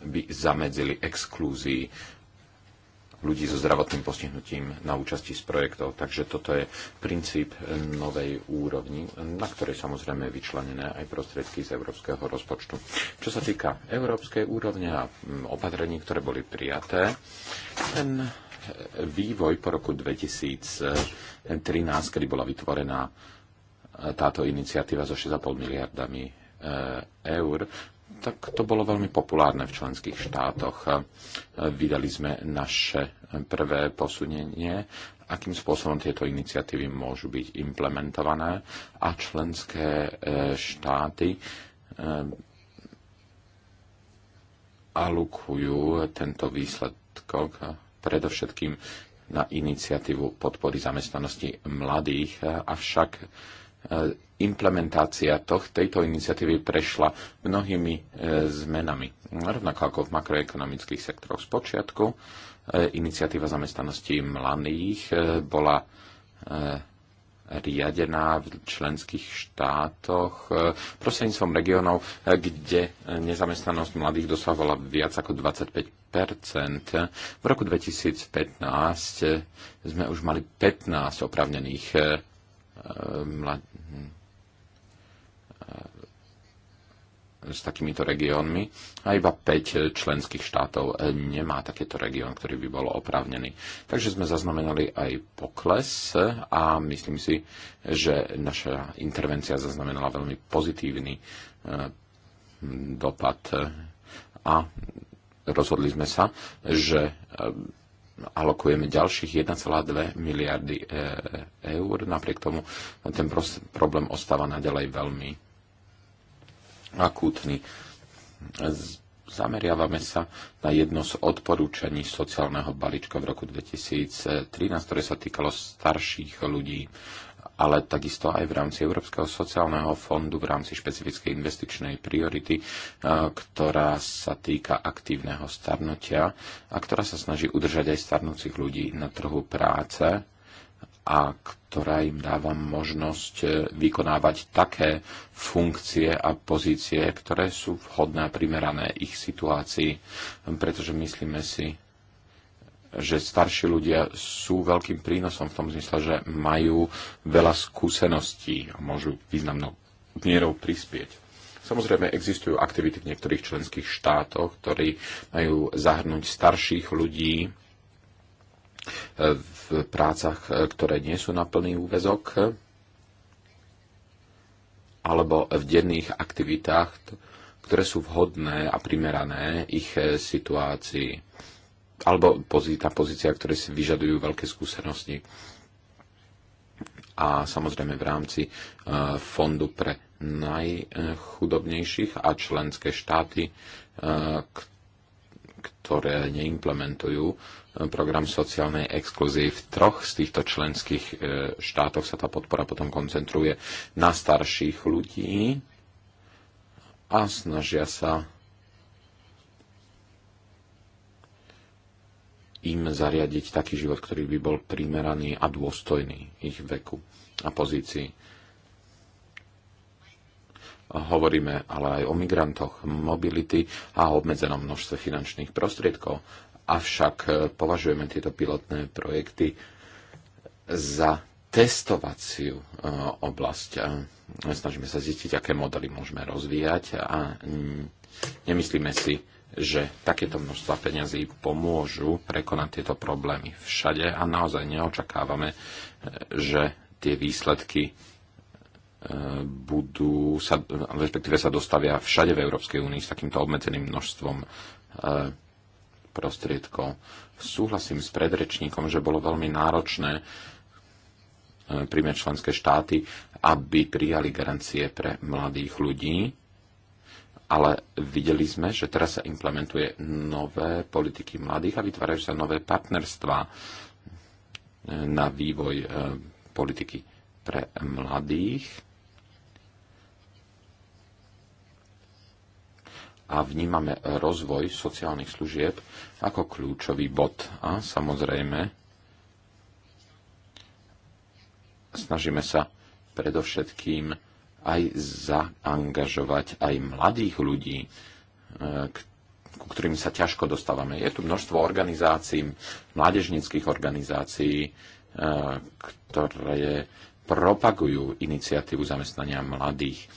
by zamedzili exklúzii ľudí so zdravotným postihnutím na účasti z projektov. Takže toto je princíp novej úrovni, na ktorej samozrejme je vyčlenené aj prostriedky z európskeho rozpočtu. Čo sa týka európskej úrovne a opatrení, ktoré boli prijaté, ten vývoj po roku 2013, kedy bola vytvorená e, táto iniciatíva so 6,5 miliardami e, eur tak to bolo veľmi populárne v členských štátoch. E, vydali sme naše prvé posunenie, akým spôsobom tieto iniciatívy môžu byť implementované a členské e, štáty e, alukujú tento výsledok predovšetkým na iniciatívu podpory zamestnanosti mladých, avšak E, implementácia toh, tejto iniciatívy prešla mnohými e, zmenami. Rovnako ako v makroekonomických sektoroch z počiatku, e, iniciatíva zamestnanosti mladých bola riadená v členských štátoch prostredníctvom regionov, kde nezamestnanosť mladých dosahovala viac ako 25 V roku 2015 sme už mali 15 opravnených Mhm. s takýmito regiónmi a iba 5 e, členských štátov e, nemá takéto región, ktorý by bol oprávnený. Takže sme zaznamenali aj pokles e, a myslím si, že naša intervencia zaznamenala veľmi pozitívny dopad a rozhodli sme sa, že No, alokujeme ďalších 1,2 miliardy e, eur. Napriek tomu no, ten problém ostáva naďalej veľmi akútny. Zameriavame sa na jedno z odporúčaní sociálneho balíčka v roku 2013, ktoré sa týkalo starších ľudí ale takisto aj v rámci Európskeho sociálneho fondu, v rámci špecifickej investičnej priority, e, ktorá sa týka aktívneho starnutia a ktorá sa snaží udržať aj starnúcich ľudí na trhu práce a ktorá im dáva možnosť e, vykonávať také funkcie a pozície, ktoré sú vhodné a primerané ich situácii. Pretože myslíme si, že starší ľudia sú veľkým prínosom v tom zmysle, že majú veľa skúseností a môžu významnou mierou prispieť. Samozrejme, existujú aktivity v niektorých členských štátoch, ktorí majú zahrnúť starších ľudí e, v prácach, e, ktoré nie sú na plný úvezok, alebo v denných aktivitách, ktoré sú vhodné a primerané ich e, situácii alebo tá pozícia, ktoré si vyžadujú veľké skúsenosti. A samozrejme v rámci e, fondu pre najchudobnejších a členské štáty, e, ktoré neimplementujú e, program sociálnej exkluzie v troch z týchto členských štátoch sa tá podpora potom koncentruje na starších ľudí a snažia sa im zariadiť taký život, ktorý by bol primeraný a dôstojný ich veku a pozícii. Hovoríme ale aj o migrantoch, mobility a o obmedzenom množstve finančných prostriedkov. Avšak e, považujeme tieto pilotné projekty za testovaciu e, oblasť. Snažíme sa zistiť, aké modely môžeme rozvíjať a nemyslíme si, že takéto množstva peňazí pomôžu prekonať tieto problémy všade a naozaj neočakávame, e, že tie výsledky e, budú, sa, respektíve sa dostavia všade v Európskej únii s takýmto obmedzeným množstvom e, prostriedkov. Súhlasím s predrečníkom, že bolo veľmi náročné príjme členské štáty, aby prijali garancie pre mladých ľudí, ale videli sme, že teraz sa implementuje nové politiky mladých a vytvárajú sa nové partnerstvá e, na vývoj e, politiky pre mladých. A vnímame rozvoj sociálnych služieb ako kľúčový bod. A samozrejme, snažíme sa predovšetkým aj zaangažovať aj mladých ľudí, e, ku ktorým sa ťažko dostávame. Je tu množstvo organizácií, mládežnických organizácií, e, ktoré propagujú iniciatívu zamestnania mladých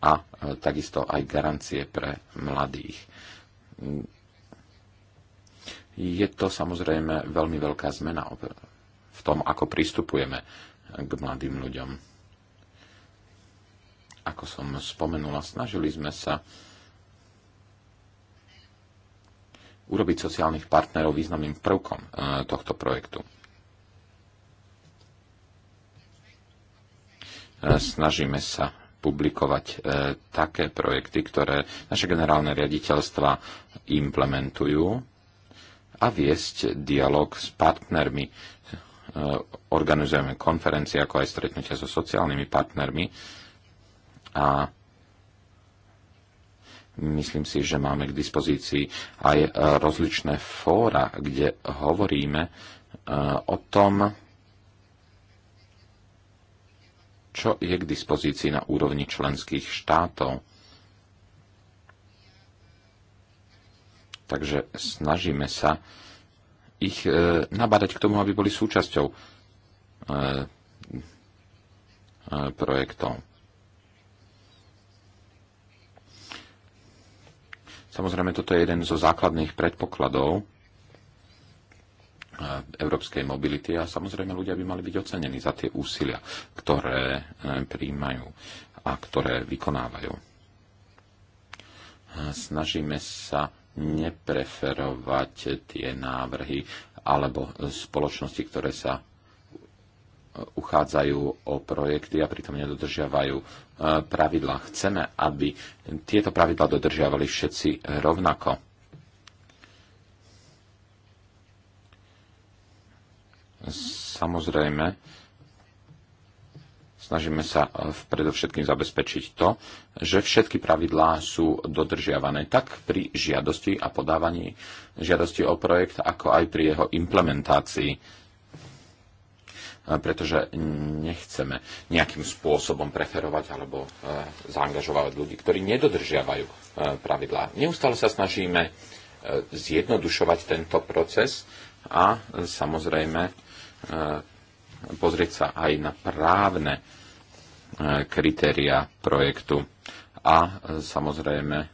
a e, takisto aj garancie pre mladých. Je to samozrejme veľmi veľká zmena v tom, ako pristupujeme k mladým ľuďom. Ako som spomenula, snažili sme sa urobiť sociálnych partnerov významným prvkom e, tohto projektu. E, snažíme sa publikovať e, také projekty, ktoré naše generálne riaditeľstva implementujú a viesť dialog s partnermi. Organizujeme konferencie, ako aj stretnutia so sociálnymi partnermi, a myslím si, že máme k dispozícii aj e, rozličné fóra, kde hovoríme e, o tom, čo je k dispozícii na úrovni členských štátov. Takže snažíme sa ich e, nabadať k tomu, aby boli súčasťou e, e, projektov. Samozrejme, toto je jeden zo základných predpokladov e, európskej mobility a samozrejme ľudia by mali byť ocenení za tie úsilia, ktoré e, príjmajú a ktoré vykonávajú. E, snažíme sa nepreferovať tie návrhy alebo spoločnosti, ktoré sa uchádzajú o projekty a pritom nedodržiavajú e, pravidla. Chceme, aby tieto pravidla dodržiavali všetci rovnako. Samozrejme, snažíme sa e, predovšetkým zabezpečiť to, že všetky pravidlá sú dodržiavané tak pri žiadosti a podávaní žiadosti o projekt, ako aj pri jeho implementácii Eh, pretože nechceme nejakým spôsobom preferovať alebo eh, zaangažovať ľudí, ktorí nedodržiavajú eh, pravidlá. Neustále sa snažíme zjednodušovať tento proces a samozrejme pozrieť sa aj na právne kritéria projektu a samozrejme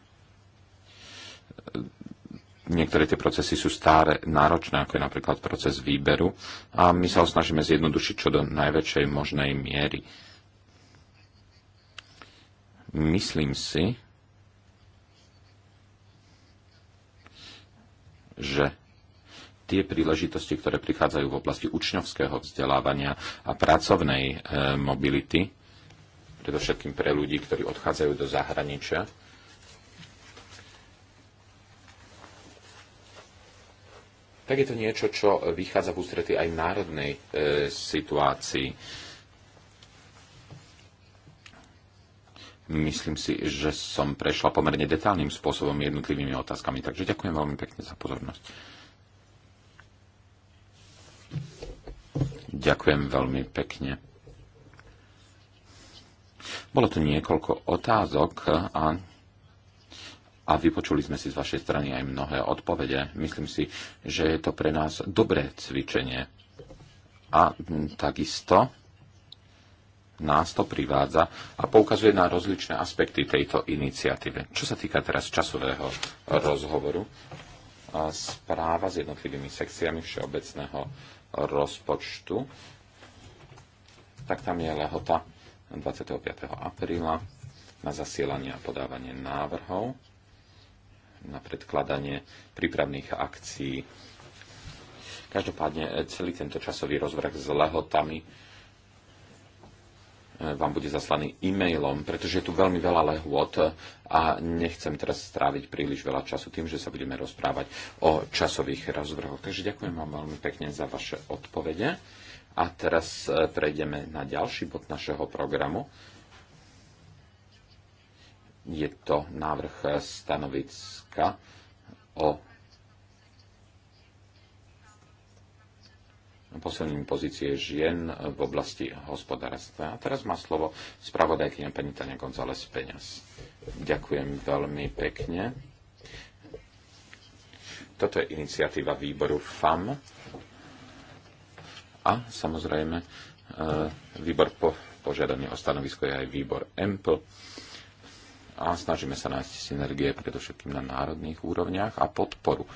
niektoré tie procesy sú stále náročné, ako je napríklad proces výberu a my sa ho snažíme zjednodušiť čo do najväčšej možnej miery. Myslím si, že tie príležitosti, ktoré prichádzajú v oblasti učňovského vzdelávania a pracovnej e, mobility, predovšetkým pre ľudí, ktorí odchádzajú do zahraničia, tak je to niečo, čo vychádza v ústrety aj v národnej e, situácii. Myslím si, že som prešla pomerne detálnym spôsobom jednotlivými otázkami, takže ďakujem veľmi pekne za pozornosť. Ďakujem veľmi pekne. Bolo tu niekoľko otázok a a vypočuli sme si z vašej strany aj mnohé odpovede. Myslím si, že je to pre nás dobré cvičenie. A takisto nás to privádza a poukazuje na rozličné aspekty tejto iniciatíve. Čo sa týka teraz časového rozhovoru, správa s jednotlivými sekciami všeobecného rozpočtu, tak tam je lehota 25. apríla na zasielanie a podávanie návrhov na predkladanie prípravných akcií. Každopádne e, celý tento časový rozvrh s lehotami e, vám bude zaslaný e-mailom, pretože je tu veľmi veľa lehôd a nechcem teraz stráviť príliš veľa času tým, že sa budeme rozprávať o časových rozvrhoch. Takže ďakujem vám veľmi pekne za vaše odpovede. A teraz e, prejdeme na ďalší bod našeho programu je to návrh stanoviska o posilnení pozície žien v oblasti hospodárstva. A teraz má slovo spravodajkyňa pani Tania González Peňaz. Ďakujem veľmi pekne. Toto je iniciatíva výboru FAM a samozrejme e, výbor po, požiadaný o stanovisko je aj výbor EMPL a snažíme sa nájsť synergie predovšetkým na národných úrovniach a podporu e,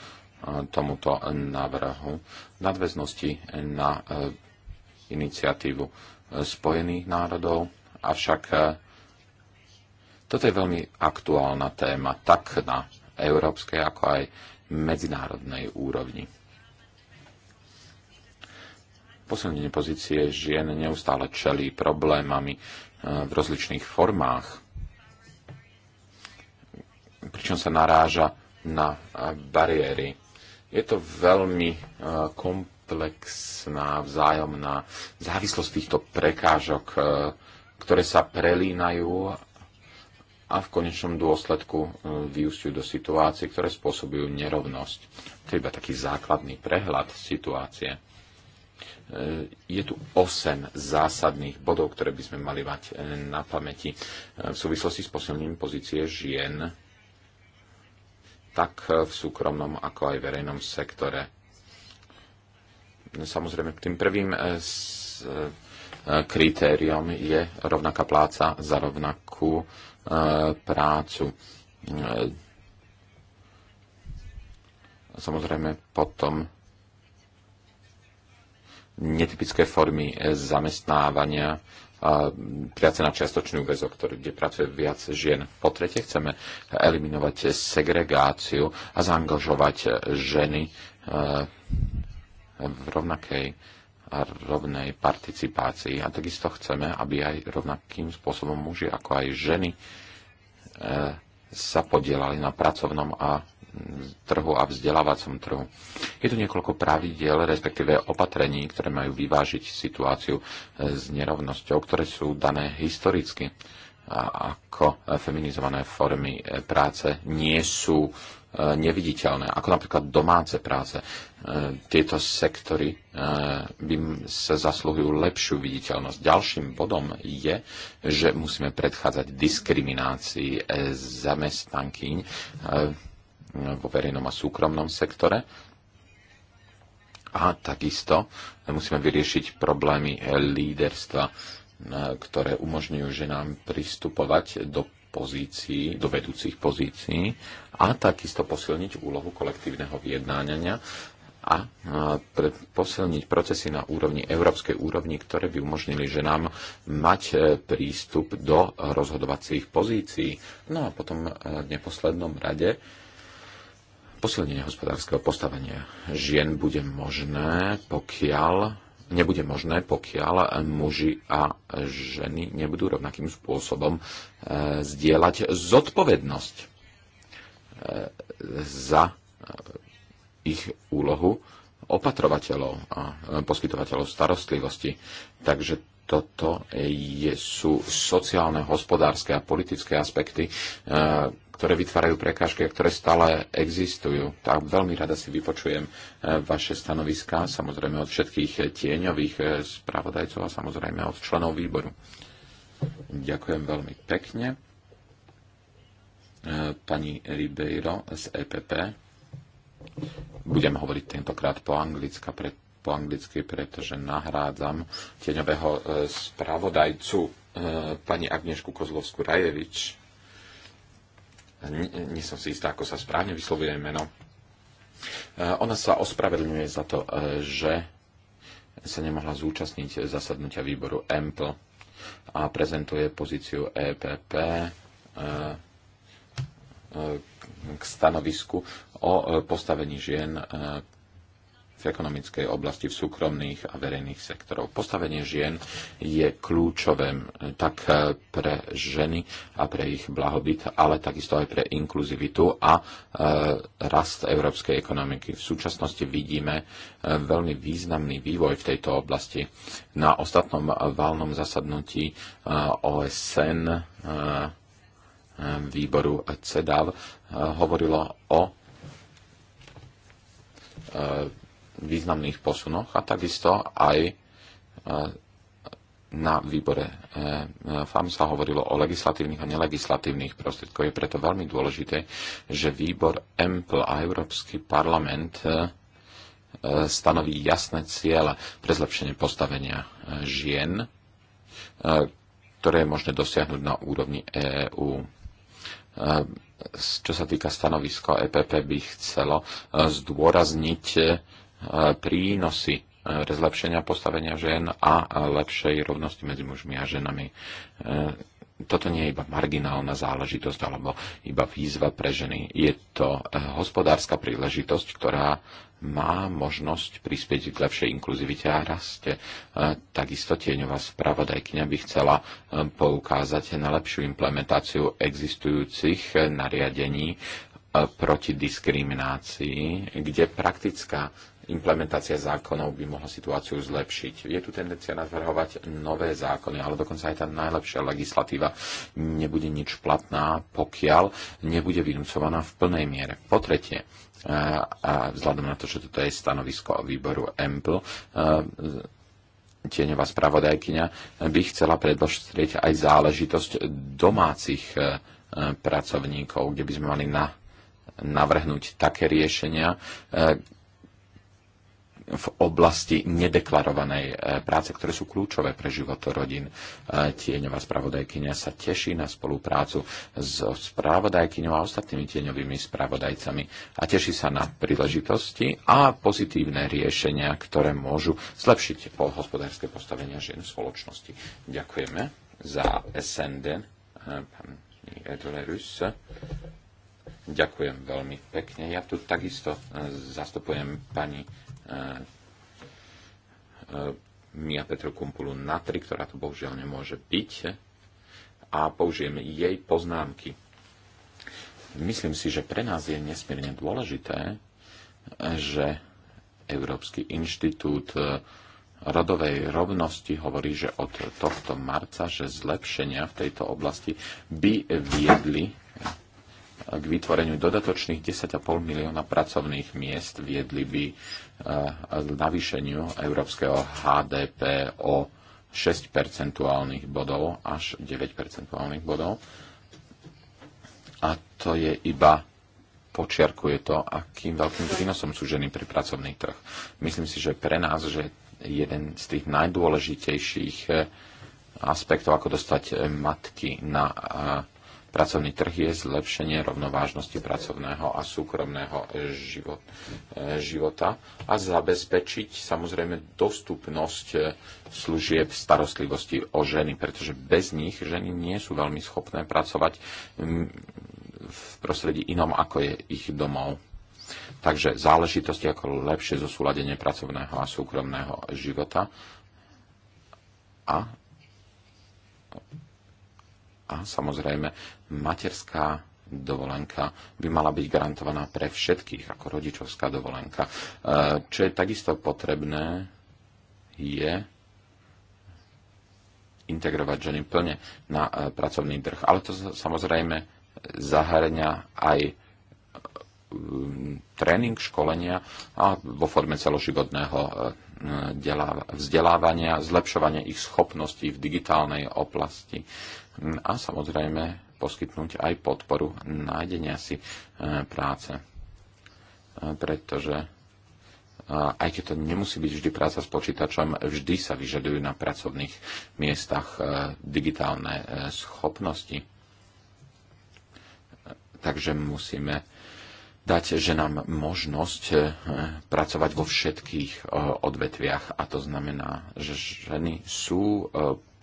tomuto návrhu nadväznosti na e, iniciatívu e, Spojených národov. Avšak toto je veľmi aktuálna téma tak na európskej, ako aj medzinárodnej úrovni. Posilnenie pozície žien neustále čelí problémami v rozličných formách pričom sa naráža na bariéry. Je to veľmi komplexná vzájomná závislosť týchto prekážok, ktoré sa prelínajú a v konečnom dôsledku vyústiu do situácií, ktoré spôsobujú nerovnosť. To je iba taký základný prehľad situácie. E, je tu 8 zásadných bodov, ktoré by sme mali mať e, na pamäti e, v súvislosti s posilnením pozície žien tak v súkromnom, ako aj verejnom sektore. Samozrejme, tým prvým eh, eh, kritériom je rovnaká pláca za rovnakú eh, prácu. Samozrejme, potom netypické formy zamestnávania práce na čiastočný úvezok, ktorý, kde pracuje viac žien. Po tretie, chceme eliminovať segregáciu a zaangažovať ženy eh, v rovnakej a rovnej participácii. A takisto chceme, aby aj rovnakým spôsobom muži ako aj ženy eh, sa podielali na pracovnom a trhu a vzdelávacom trhu. Je tu niekoľko pravidiel, respektíve opatrení, ktoré majú vyvážiť situáciu e, s nerovnosťou, ktoré sú dané historicky ako feminizované formy e, práce nie sú e, neviditeľné, ako napríklad domáce práce. Tieto sektory by sa zasluhujú lepšiu viditeľnosť. Ďalším bodom je, že musíme predchádzať diskriminácii zamestnankyň vo verejnom a súkromnom sektore. A takisto musíme vyriešiť problémy líderstva, ktoré umožňujú ženám pristupovať do pozícií, do vedúcich pozícií a takisto posilniť úlohu kolektívneho vyjednáňania a posilniť procesy na úrovni európskej úrovni, ktoré by umožnili ženám mať e, prístup do rozhodovacích pozícií. No a potom e, v neposlednom rade Posilnenie hospodárskeho postavenia žien bude možné, pokiaľ nebude možné, pokiaľ muži a ženy nebudú rovnakým spôsobom e, zdieľať zodpovednosť e, za e, ich úlohu opatrovateľov a e, poskytovateľov starostlivosti. Takže toto je, sú sociálne, hospodárske a politické aspekty, e, ktoré vytvárajú prekážky a ktoré stále existujú. Tak veľmi rada si vypočujem e, vaše stanoviská, samozrejme od všetkých tieňových e, spravodajcov a samozrejme od členov výboru. Ďakujem veľmi pekne. Pani Ribeiro z EPP. Budem hovoriť tentokrát po anglicky. preto po anglicky, pretože nahrádzam tieňového e, spravodajcu e, pani Agnešku Kozlovsku-Rajevič. Nie som si istá, ako sa správne vyslovuje meno. E, ona sa ospravedlňuje za to, že sa nemohla zúčastniť zasadnutia výboru EMPL a prezentuje pozíciu EPP k stanovisku o postavení žien v ekonomickej oblasti, v súkromných a verejných sektorov. Postavenie žien je kľúčové eh, tak eh, pre ženy a pre ich blahobyt, ale takisto aj pre inkluzivitu a eh, rast európskej ekonomiky. V súčasnosti vidíme veľmi významný vývoj v tejto oblasti. Na ostatnom válnom zasadnutí OSN výboru CEDAV hovorilo o významných posunoch a takisto aj e, na výbore e, e, FAM sa hovorilo o legislatívnych a nelegislatívnych prostriedkoch. Je preto veľmi dôležité, že výbor EMPL a Európsky parlament stanoví jasné ciele pre zlepšenie postavenia žien, ktoré je možné dosiahnuť na úrovni EÚ. Čo sa týka stanoviska EPP, by chcelo zdôrazniť Eh, prínosy eh, zlepšenia postavenia žien a eh, lepšej rovnosti medzi mužmi a ženami. Toto nie je iba marginálna záležitosť alebo iba výzva pre ženy. Je to hospodárska príležitosť, ktorá má možnosť prispieť k lepšej inkluzivite a raste. Takisto tieňová spravodajkňa by chcela poukázať na lepšiu implementáciu existujúcich nariadení proti diskriminácii, kde praktická implementácia zákonov by mohla situáciu zlepšiť. Je tu tendencia navrhovať nové zákony, ale dokonca aj tá najlepšia legislatíva nebude nič platná, pokiaľ nebude vynúcovaná v plnej miere. Po tretie, a e, e, vzhľadom na to, že toto je stanovisko výboru EMPL, e, tieňová spravodajkyňa by chcela predložiť aj záležitosť domácich pracovníkov, kde by sme mali na, navrhnúť také riešenia, v oblasti nedeklarovanej e, práce, ktoré sú kľúčové pre život rodín. E, Tieňová spravodajkynia sa teší na spoluprácu so spravodajkyňou a ostatnými tieňovými spravodajcami a teší sa na príležitosti a pozitívne riešenia, ktoré môžu zlepšiť po hospodárske postavenia žien v spoločnosti. Ďakujeme za SND, e, Ďakujem veľmi pekne. Ja tu takisto zastupujem pani Mia Petru Kumpulu Natri, ktorá tu bohužiaľ nemôže byť a použijem jej poznámky. Myslím si, že pre nás je nesmierne dôležité, že Európsky inštitút e, rodovej rovnosti hovorí, že od tohto marca, že zlepšenia v tejto oblasti by viedli k vytvoreniu dodatočných 10,5 milióna pracovných miest, viedli by navýšeniu európskeho HDP o 6 percentuálnych bodov až 9 percentuálnych bodov. A to je iba počiarkuje to, akým veľkým prínosom sú ženy pri pracovný trh. Myslím si, že pre nás, že jeden z tých najdôležitejších eh, aspektov, ako dostať eh, matky na eh, pracovný trh je zlepšenie rovnovážnosti pracovného a súkromného život, eh, života a zabezpečiť samozrejme dostupnosť eh, služieb starostlivosti o ženy, pretože bez nich ženy nie sú veľmi schopné pracovať mm, v prostredí inom, ako je ich domov. Takže záležitosti ako lepšie zosúladenie pracovného a súkromného života a a samozrejme materská dovolenka by mala byť garantovaná pre všetkých ako rodičovská dovolenka. E, čo je takisto potrebné, je integrovať ženy plne na e, pracovný trh. Ale to samozrejme zahrňa aj e, tréning, školenia a vo forme celoživotného vzdelávania, zlepšovanie ich schopností v digitálnej oblasti a samozrejme poskytnúť aj podporu nájdenia si e, práce. E, pretože e, aj keď to nemusí byť vždy práca s počítačom, vždy sa vyžadujú na pracovných miestach digitálne schopnosti. Takže musíme dať ženám možnosť pracovať vo všetkých odvetviach. A to znamená, že ženy sú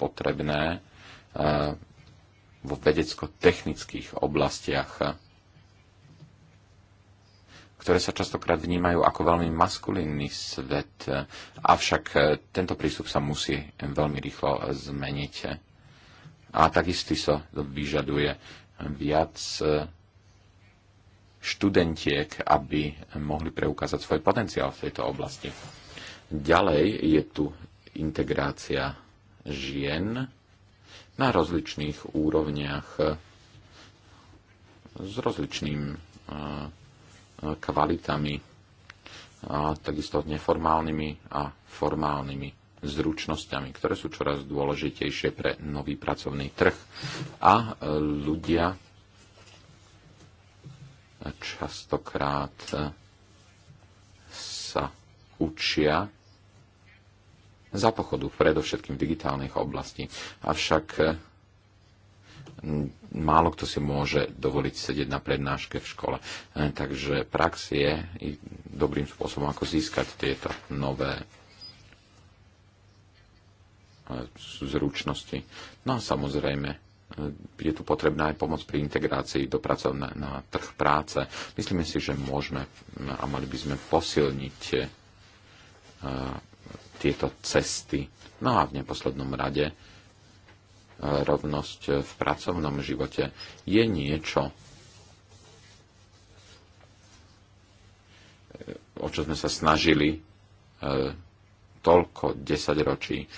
potrebné vo vedecko-technických oblastiach, ktoré sa častokrát vnímajú ako veľmi maskulínny svet, avšak e, tento prístup sa musí veľmi rýchlo zmeniť. A takisto sa vyžaduje viac e, študentiek, aby mohli preukázať svoj potenciál v tejto oblasti. Ďalej je tu integrácia žien na rozličných úrovniach eh, s rozličným eh, kvalitami, a takisto neformálnymi a formálnymi zručnosťami, ktoré sú čoraz dôležitejšie pre nový pracovný trh. A eh, ľudia častokrát sa učia za pochodu, predovšetkým v digitálnych oblasti. Avšak eh, málo kto si môže dovoliť sedieť na prednáške v škole. Eh, takže prax je dobrým spôsobom, ako získať tieto nové eh, zručnosti. No a samozrejme, je tu potrebná aj pomoc pri integrácii do pracovne, na trh práce. Myslíme si, že môžeme a mali by sme posilniť tieto cesty. No a v neposlednom rade e, rovnosť v pracovnom živote je niečo, e, o čo sme sa snažili e, toľko desaťročí.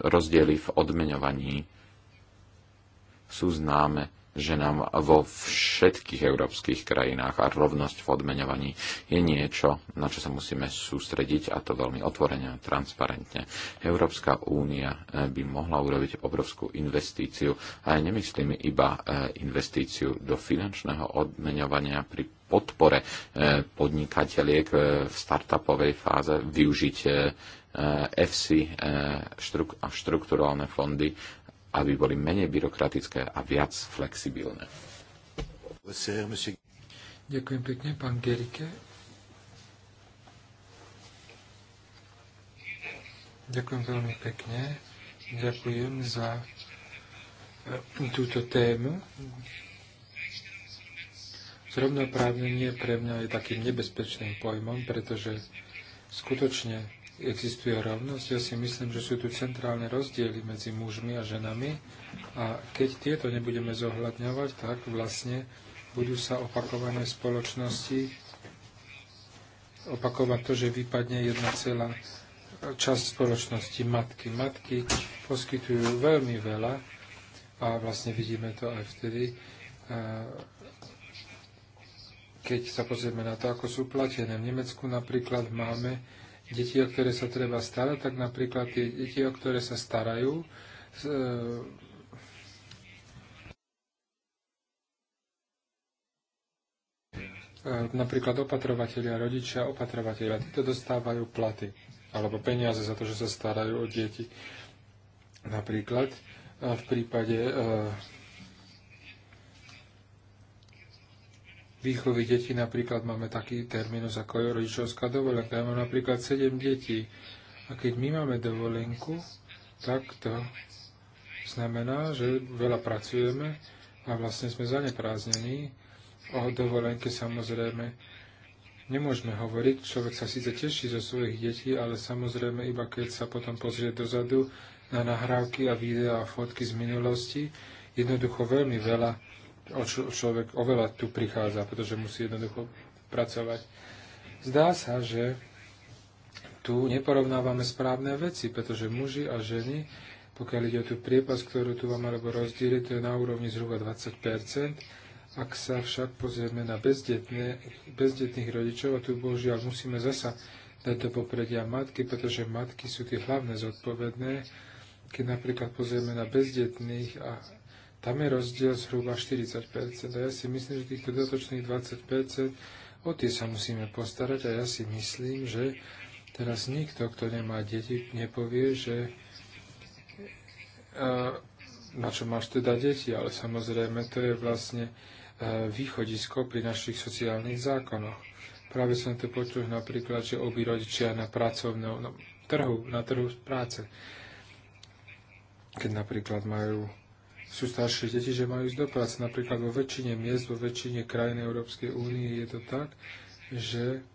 Rozdiely v odmeňovaní sú známe že nám vo všetkých európskych krajinách a rovnosť v odmeňovaní je niečo, na čo sa musíme sústrediť a to veľmi otvorene a transparentne. Európska únia eh, by mohla urobiť obrovskú investíciu a nemyslím iba eh, investíciu do finančného odmeňovania pri podpore eh, podnikateliek v startupovej fáze využiť FC a štrukturálne fondy aby boli menej byrokratické a viac flexibilné. Ďakujem pekne, pán Gerike. Ďakujem veľmi pekne. Ďakujem za eh, túto tému. Zrovnoprávnenie pre mňa je takým nebezpečným pojmom, pretože skutočne existuje rovnosť. Ja si myslím, že sú tu centrálne rozdiely medzi mužmi a ženami a keď tieto nebudeme zohľadňovať, tak vlastne budú sa opakované spoločnosti opakovať to, že vypadne jedna celá časť spoločnosti matky. Matky poskytujú veľmi veľa a vlastne vidíme to aj vtedy, keď sa pozrieme na to, ako sú platené. V Nemecku napríklad máme deti, o ktoré sa treba starať, tak napríklad tie deti, o ktoré sa starajú, e, e, napríklad opatrovateľia, rodičia, opatrovateľia, títo dostávajú platy alebo peniaze za to, že sa starajú o deti. Napríklad e, v prípade výchovy detí napríklad máme taký terminus ako je rodičovská dovolenka. Ja mám napríklad 7 detí a keď my máme dovolenku, tak to znamená, že veľa pracujeme a vlastne sme zanepráznení. O dovolenke samozrejme nemôžeme hovoriť. Človek sa síce teší zo svojich detí, ale samozrejme iba keď sa potom pozrie dozadu na nahrávky a videá a fotky z minulosti, jednoducho veľmi veľa o čo, človek oveľa tu prichádza, pretože musí jednoducho pracovať. Zdá sa, že tu neporovnávame správne veci, pretože muži a ženy, pokiaľ ide o tú priepas, ktorú tu máme, alebo rozdíly, to je na úrovni zhruba 20 Ak sa však pozrieme na bezdetné, bezdetných rodičov, a tu bohužiaľ musíme zasa dať do popredia matky, pretože matky sú tie hlavné zodpovedné, keď napríklad pozrieme na bezdetných a tam je rozdiel zhruba 40%. A ja si myslím, že týchto dodatočných 20%, o tie sa musíme postarať. A ja si myslím, že teraz nikto, kto nemá deti, nepovie, že na čo máš teda deti, ale samozrejme to je vlastne východisko pri našich sociálnych zákonoch. Práve som to počul napríklad, že obi rodičia na pracovnom na no, trhu, na trhu práce. Keď napríklad majú sú staršie deti, že majú ísť do práce. Napríklad vo väčšine miest, vo väčšine krajín Európskej únie je to tak, že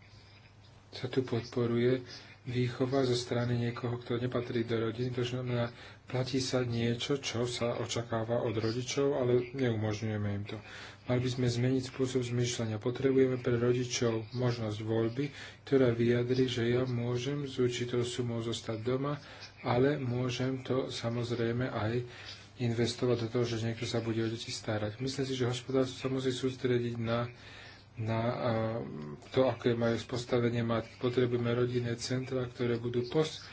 sa tu podporuje výchova zo strany niekoho, kto nepatrí do rodiny. To znamená, platí sa niečo, čo sa očakáva od rodičov, ale neumožňujeme im to. Mali by sme zmeniť spôsob zmyšľania. Potrebujeme pre rodičov možnosť voľby, ktorá vyjadri, že ja môžem s určitou sumou zostať doma, ale môžem to samozrejme aj investovať do toho, že niekto sa bude o deti starať. Myslím si, že hospodárstvo sa musí sústrediť na, na to, aké majú postavenie matky. Potrebujeme rodinné centra, ktoré budú pos,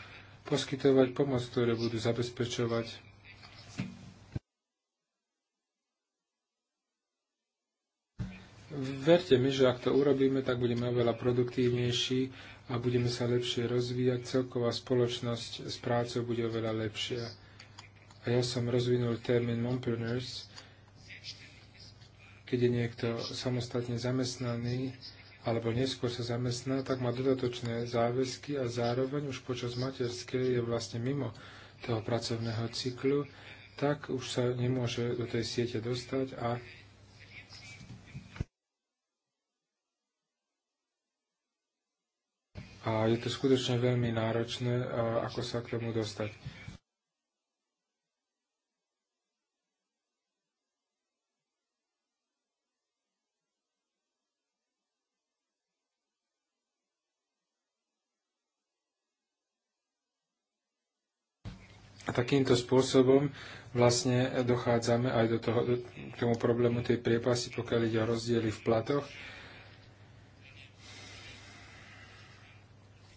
poskytovať pomoc, ktoré budú zabezpečovať Verte mi, že ak to urobíme, tak budeme oveľa produktívnejší a budeme sa lepšie rozvíjať. Celková spoločnosť s prácou bude oveľa lepšia. A ja som rozvinul termín mompreneurs, keď je niekto samostatne zamestnaný alebo neskôr sa zamestná, tak má dodatočné záväzky a zároveň už počas materskej je vlastne mimo toho pracovného cyklu, tak už sa nemôže do tej siete dostať a a je to skutočne veľmi náročné, ako sa k tomu dostať. takýmto spôsobom vlastne dochádzame aj do toho, do, k tomu problému tej priepasy, pokiaľ ide o rozdiely v platoch.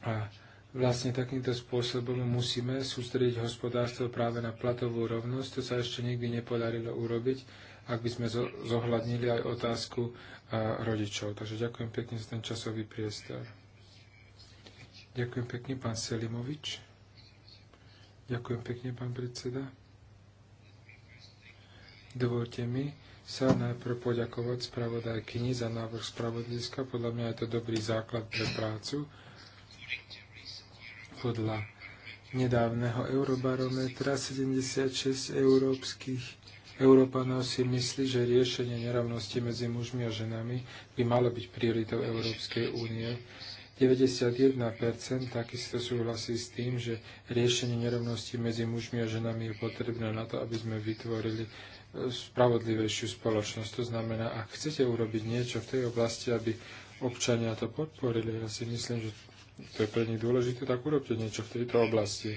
A vlastne takýmto spôsobom musíme sústrediť hospodárstvo práve na platovú rovnosť. To sa ešte nikdy nepodarilo urobiť, ak by sme zohľadnili aj otázku rodičov. Takže ďakujem pekne za ten časový priestor. Ďakujem pekne, pán Selimovič. Ďakujem pekne, pán predseda. Dovolte mi sa najprv poďakovať spravodajkyni za návrh spravodliska. Podľa mňa je to dobrý základ pre prácu. Podľa nedávneho eurobarometra 76 európskych Európanov si myslí, že riešenie nerovnosti medzi mužmi a ženami by malo byť prioritou Európskej únie. 91% takisto súhlasí s tým, že riešenie nerovnosti medzi mužmi a ženami je potrebné na to, aby sme vytvorili e, spravodlivejšiu spoločnosť. To znamená, ak chcete urobiť niečo v tej oblasti, aby občania to podporili, ja si myslím, že to je pre nich dôležité, tak urobte niečo v tejto oblasti.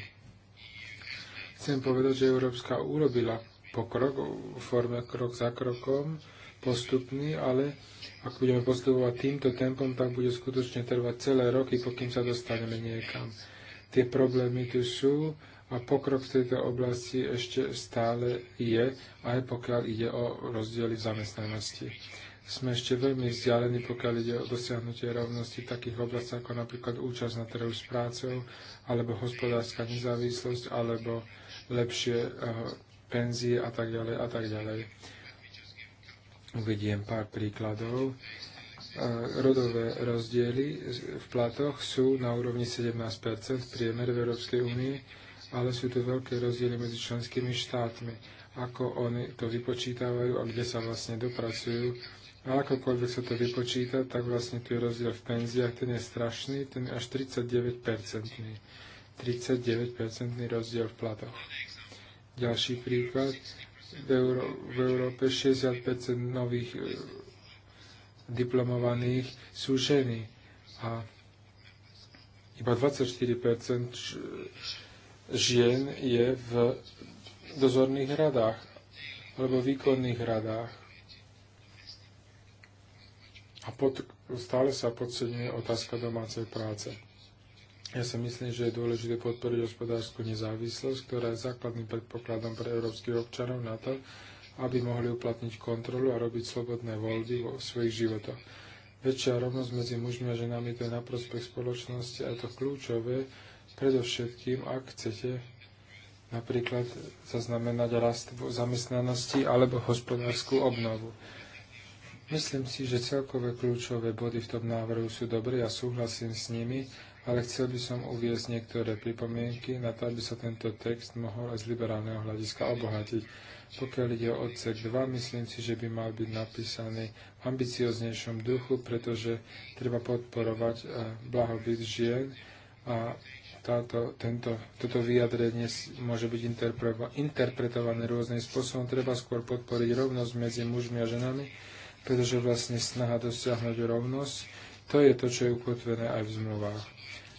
Chcem povedať, že Európska urobila pokrok v forme krok za krokom, postupný, ale ak budeme postupovať týmto tempom, tak bude skutočne trvať celé roky, pokým sa dostaneme niekam. Tie problémy tu sú a pokrok v tejto oblasti ešte stále je, aj pokiaľ ide o rozdiely v zamestnanosti. Sme ešte veľmi vzdialení, pokiaľ ide o dosiahnutie rovnosti takých oblastí ako napríklad účasť na trhu s prácou, alebo hospodárska nezávislosť, alebo lepšie eh, penzie a tak ďalej a tak ďalej. Uvediem pár príkladov. Rodové rozdiely v platoch sú na úrovni 17 v priemere v Európskej únii, ale sú tu veľké rozdiely medzi členskými štátmi, ako oni to vypočítavajú a kde sa vlastne dopracujú. A akokoľvek sa to vypočíta, tak vlastne tu je rozdiel v penziách, ten je strašný, ten je až 39-percentný. 39-percentný rozdiel v platoch. Ďalší príklad, v, Euró- v Európe 60% nových e, diplomovaných sú ženy a iba 24% žien je v dozorných radách alebo výkonných radách. A pod, stále sa podsedňuje otázka domácej práce. Ja si myslím, že je dôležité podporiť hospodárskú nezávislosť, ktorá je základným predpokladom pre európskych občanov na to, aby mohli uplatniť kontrolu a robiť slobodné voľby vo svojich životoch. Väčšia rovnosť medzi mužmi a ženami to je na prospech spoločnosti a to kľúčové, predovšetkým, ak chcete napríklad zaznamenať rast zamestnanosti alebo hospodárskú obnovu. Myslím si, že celkové kľúčové body v tom návrhu sú dobré a súhlasím s nimi ale chcel by som uviezť niektoré pripomienky na to, aby sa tento text mohol aj z liberálneho hľadiska obohatiť. Pokiaľ ide o odsek 2, myslím si, že by mal byť napísaný v ambicioznejšom duchu, pretože treba podporovať eh, blahobyt žien a táto, tento, toto vyjadrenie môže byť interpretované rôznym spôsobom. Treba skôr podporiť rovnosť medzi mužmi a ženami, pretože vlastne snaha dosiahnuť rovnosť, to je to, čo je ukotvené aj v zmluvách.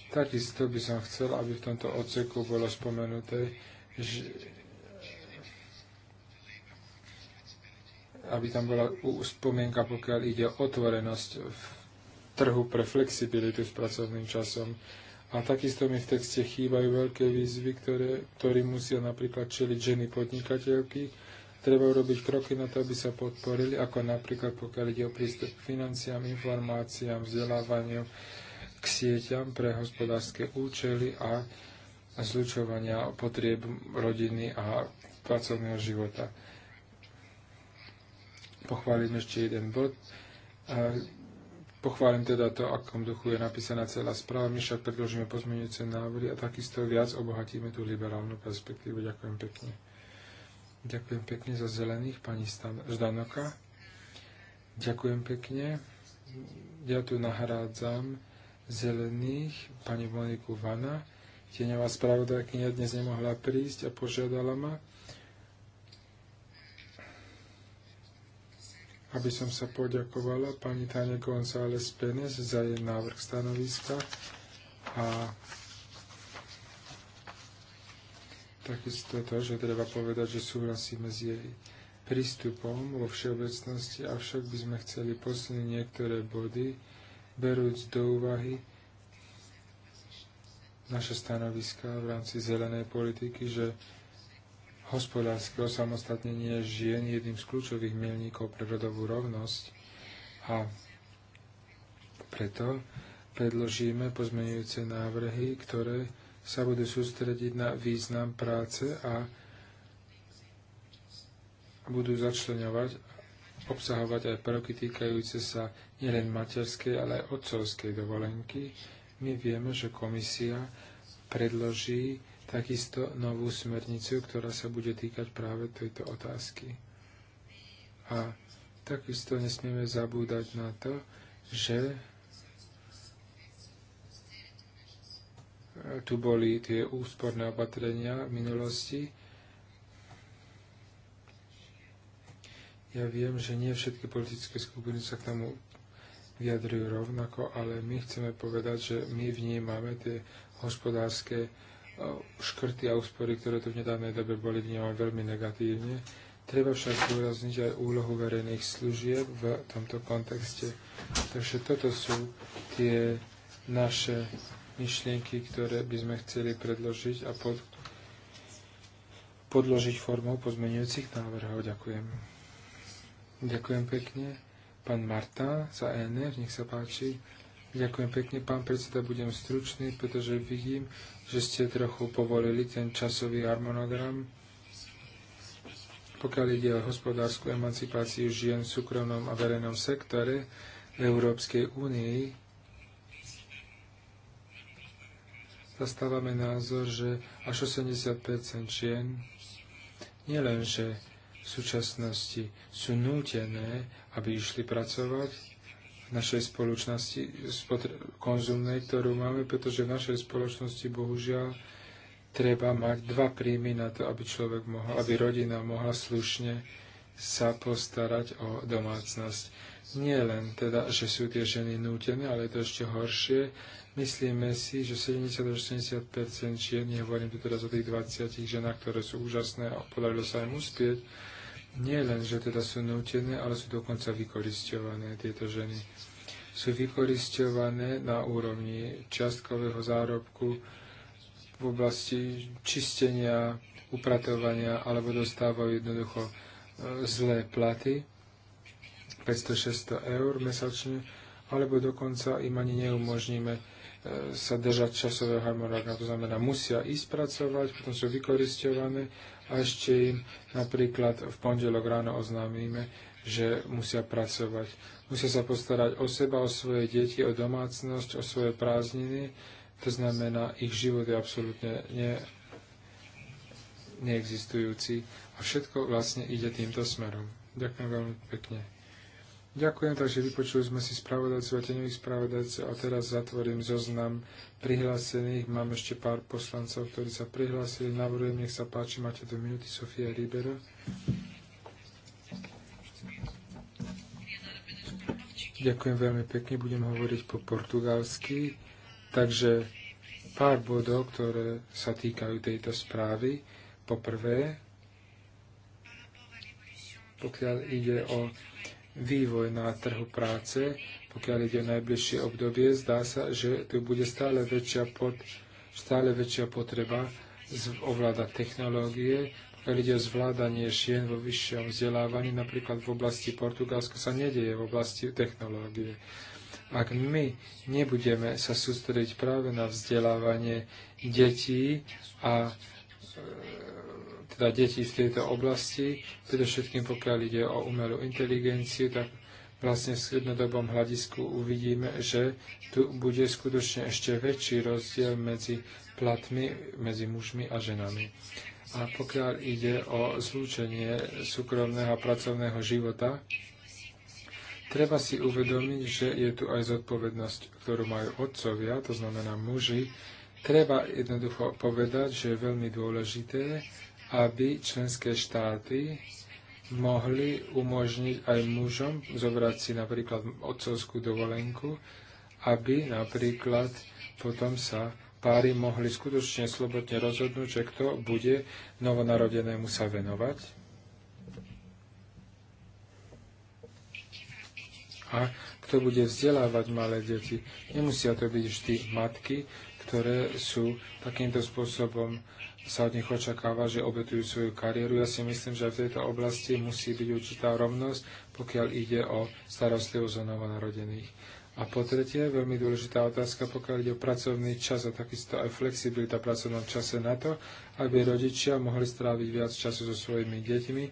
Takisto by som chcel, aby v tomto odseku bolo spomenuté, že aby tam bola spomienka, pokiaľ ide o otvorenosť v trhu pre flexibilitu s pracovným časom. A takisto mi v texte chýbajú veľké výzvy, ktoré, ktorým musia napríklad čeliť ženy podnikateľky. Treba urobiť kroky na to, aby sa podporili, ako napríklad pokiaľ ide o prístup k financiám, informáciám, vzdelávaniu, k sieťam pre hospodárske účely a zlučovania potrieb rodiny a pracovného života. Pochválim ešte jeden bod. Pochválim teda to, akom duchu je napísaná celá správa. My však predložíme pozmeňujúce návrhy a takisto viac obohatíme tú liberálnu perspektívu. Ďakujem pekne. Ďakujem pekne za zelených, pani Stan- Ždanoka. Ďakujem pekne. Ja tu nahrádzam zelených, pani Moniku Vana. Tieňová spravodajkynia dnes nemohla prísť a požiadala ma, aby som sa poďakovala pani Tane González Penes za jej návrh stanoviska a takisto to, že treba povedať, že súhlasíme s jej prístupom vo všeobecnosti, avšak by sme chceli posilniť niektoré body, berúc do úvahy naše stanoviska v rámci zelenej politiky, že hospodárske osamostatnenie žien je jedným z kľúčových milníkov pre rodovú rovnosť a preto predložíme pozmenujúce návrhy, ktoré sa budú sústrediť na význam práce a budú začlenovať obsahovať aj prvky týkajúce sa nielen materskej, ale aj otcovskej dovolenky. My vieme, že komisia predloží takisto novú smernicu, ktorá sa bude týkať práve tejto otázky. A takisto nesmieme zabúdať na to, že tu boli tie úsporné opatrenia v minulosti, Ja viem, že nie všetky politické skupiny sa k tomu vyjadrujú rovnako, ale my chceme povedať, že my vnímame tie hospodárske e, škrty a úspory, ktoré tu v nedávnej dobe boli vnímané veľmi negatívne. Treba však zúrazniť aj úlohu verejných služieb v tomto kontexte. Takže toto sú tie naše myšlienky, ktoré by sme chceli predložiť a pod, podložiť formou pozmeňujúcich návrhov. Ďakujem. Ďakujem pekne. Pán Marta za ENR, nech sa páči. Ďakujem pekne, pán predseda, budem stručný, pretože vidím, že ste trochu povolili ten časový harmonogram. Pokiaľ ide o hospodárskú emancipáciu žien v súkromnom a verejnom sektore Európskej únii, zastávame názor, že až 80 žien nielenže v súčasnosti sú nútené, aby išli pracovať v našej spoločnosti konzumnej, ktorú máme, pretože v našej spoločnosti bohužiaľ treba mať dva príjmy na to, aby človek mohol, aby rodina mohla slušne sa postarať o domácnosť nie len teda, že sú tie ženy nútené, ale je to ešte horšie. Myslíme si, že 70-80% žien, nehovorím tu teraz o tých 20 ženách, ktoré sú úžasné a podarilo sa im uspieť, nie len, že teda sú nútené, ale sú dokonca vykoristované tieto ženy. Sú vykoristované na úrovni čiastkového zárobku v oblasti čistenia, upratovania alebo dostávajú jednoducho e, zlé platy 500-600 eur mesačne, alebo dokonca im ani neumožníme e, sa držať časového harmonogramu. To znamená, musia ísť pracovať, potom sú vykoristované a ešte im napríklad v pondelok ráno oznámime, že musia pracovať. Musia sa postarať o seba, o svoje deti, o domácnosť, o svoje prázdniny. To znamená, ich život je absolútne ne, neexistujúci. A všetko vlastne ide týmto smerom. Ďakujem veľmi pekne. Ďakujem, takže vypočuli sme si spravodajcov a tenových spravodajcov a teraz zatvorím zoznam prihlásených. Mám ešte pár poslancov, ktorí sa prihlásili. Navrujem, nech sa páči, máte do minúty Sofia Ribera. Ďakujem veľmi pekne, budem hovoriť po portugalsky. Takže pár bodov, ktoré sa týkajú tejto správy. Poprvé, pokiaľ ide o vývoj na trhu práce, pokiaľ ide o najbližšie obdobie, zdá sa, že tu bude stále väčšia, pod, stále väčšia potreba ovládať technológie, pokiaľ ide o zvládanie šien vo vyššom vzdelávaní, napríklad v oblasti Portugalska sa nedieje v oblasti technológie. Ak my nebudeme sa sústrediť práve na vzdelávanie detí a e, teda deti z tejto oblasti, predovšetkým pokiaľ ide o umelú inteligenciu, tak vlastne v strednodobom hľadisku uvidíme, že tu bude skutočne ešte väčší rozdiel medzi platmi, medzi mužmi a ženami. A pokiaľ ide o zlúčenie súkromného a pracovného života, treba si uvedomiť, že je tu aj zodpovednosť, ktorú majú otcovia, to znamená muži. Treba jednoducho povedať, že je veľmi dôležité, aby členské štáty mohli umožniť aj mužom zobrať si napríklad otcovskú dovolenku, aby napríklad potom sa páry mohli skutočne slobodne rozhodnúť, že kto bude novonarodenému sa venovať. A kto bude vzdelávať malé deti. Nemusia to byť vždy matky, ktoré sú takýmto spôsobom sa od nich očakáva, že obetujú svoju kariéru. Ja si myslím, že v tejto oblasti musí byť určitá rovnosť, pokiaľ ide o starostlivosť o novonarodených. A po tretie, veľmi dôležitá otázka, pokiaľ ide o pracovný čas a takisto aj flexibilita v pracovnom čase na to, aby rodičia mohli stráviť viac času so svojimi deťmi.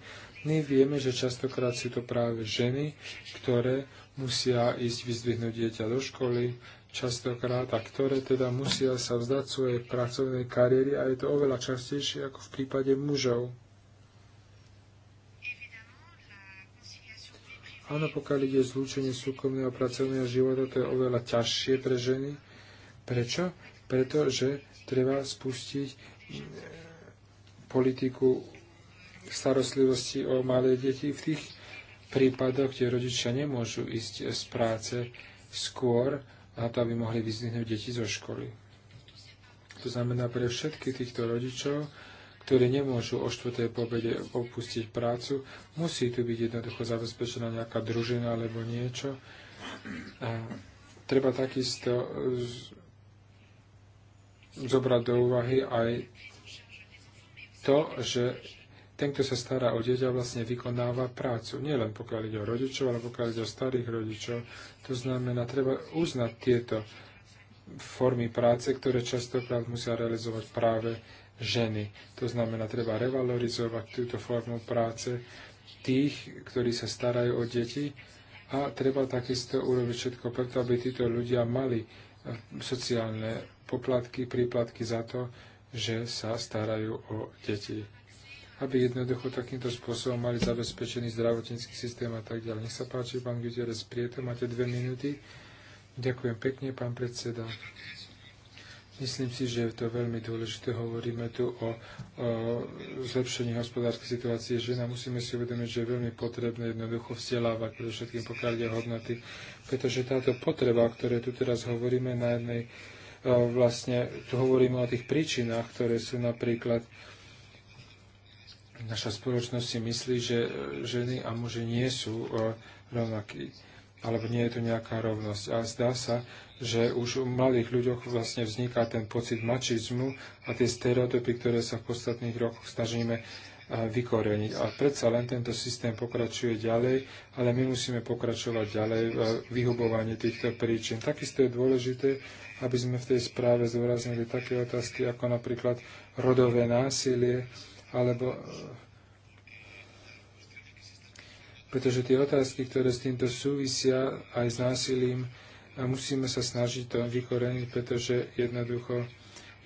My vieme, že častokrát sú to práve ženy, ktoré musia ísť vyzdvihnúť dieťa do školy, častokrát a ktoré teda musia sa vzdať svojej pracovnej kariéry a je to oveľa častejšie ako v prípade mužov. Áno, pokiaľ ide zlúčenie súkromného pracovného života, to je oveľa ťažšie pre ženy. Prečo? Pretože treba spustiť mm, politiku starostlivosti o malé deti v tých prípadoch, kde rodičia nemôžu ísť z práce skôr, na to, aby mohli vyzvihnúť deti zo školy. To znamená pre všetky týchto rodičov, ktorí nemôžu o štvrtej pobede opustiť prácu, musí tu byť jednoducho zabezpečená nejaká družina alebo niečo. A treba takisto zobrať do úvahy aj to, že ten, kto sa stará o dieťa, vlastne vykonáva prácu. Nielen pokiaľ ide o rodičov, ale pokiaľ ide o starých rodičov. To znamená, treba uznať tieto formy práce, ktoré častokrát musia realizovať práve ženy. To znamená, treba revalorizovať túto formu práce tých, ktorí sa starajú o deti a treba takisto urobiť všetko preto, aby títo ľudia mali eh, sociálne poplatky, príplatky za to, že sa starajú o deti aby jednoducho takýmto spôsobom mali zabezpečený zdravotnícky systém a tak ďalej. Nech sa páči, pán Gutierrez Prieto, máte dve minúty. Ďakujem pekne, pán predseda. Myslím si, že je to veľmi dôležité. Hovoríme tu o, o zlepšení hospodárskej situácie Žena musíme si uvedomiť, že je veľmi potrebné jednoducho vzdelávať, pre všetkým pokladie hodnoty, pretože táto potreba, o ktorej tu teraz hovoríme, na jednej vlastne tu hovoríme o tých príčinách, ktoré sú napríklad naša spoločnosť si myslí, že e, ženy a muži nie sú e, rovnakí, alebo nie je tu nejaká rovnosť. A zdá sa, že už u mladých ľuďoch vlastne vzniká ten pocit mačizmu a tie stereotypy, ktoré sa v podstatných rokoch snažíme e, vykoreniť. A predsa len tento systém pokračuje ďalej, ale my musíme pokračovať ďalej v vyhubovaní týchto príčin. Takisto je dôležité, aby sme v tej správe zdôraznili také otázky ako napríklad rodové násilie, alebo e, pretože tie otázky, ktoré s týmto súvisia aj s násilím, musíme sa snažiť to vykoreniť, pretože jednoducho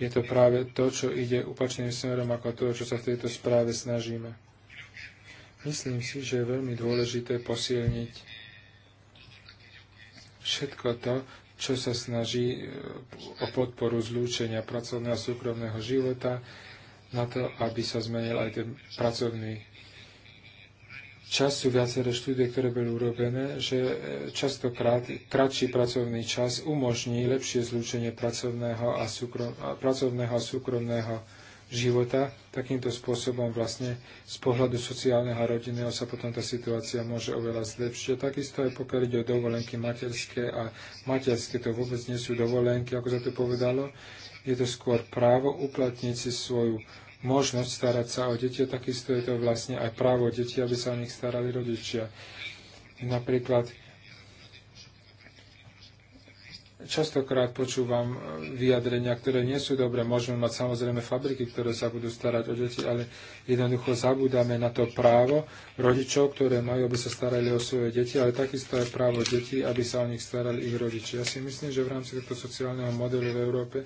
je to práve to, čo ide upačným smerom ako to, čo sa v tejto správe snažíme. Myslím si, že je veľmi dôležité posilniť všetko to, čo sa snaží e, o podporu zlúčenia pracovného a súkromného života, na to, aby sa zmenil aj ten pracovný čas. Sú viaceré štúdie, ktoré boli urobené, že e, častokrát kratší pracovný čas umožní lepšie zlúčenie pracovného a, súkrom, a pracovného a súkromného života. Takýmto spôsobom vlastne z pohľadu sociálneho a rodinného sa potom tá situácia môže oveľa zlepšiť. Takisto aj pokiaľ ide o dovolenky materské a materské to vôbec nie sú dovolenky, ako sa to povedalo je to skôr právo uplatniť si svoju možnosť starať sa o deti, takisto je to vlastne aj právo detí, aby sa o nich starali rodičia. Napríklad častokrát počúvam eh, vyjadrenia, ktoré nie sú dobré. Môžeme mať samozrejme fabriky, ktoré sa budú starať o deti, ale jednoducho zabúdame na to právo rodičov, ktoré majú, aby sa starali o svoje deti, ale takisto aj právo detí, aby sa o nich starali ich rodičia. Ja si myslím, že v rámci tohto sociálneho modelu v Európe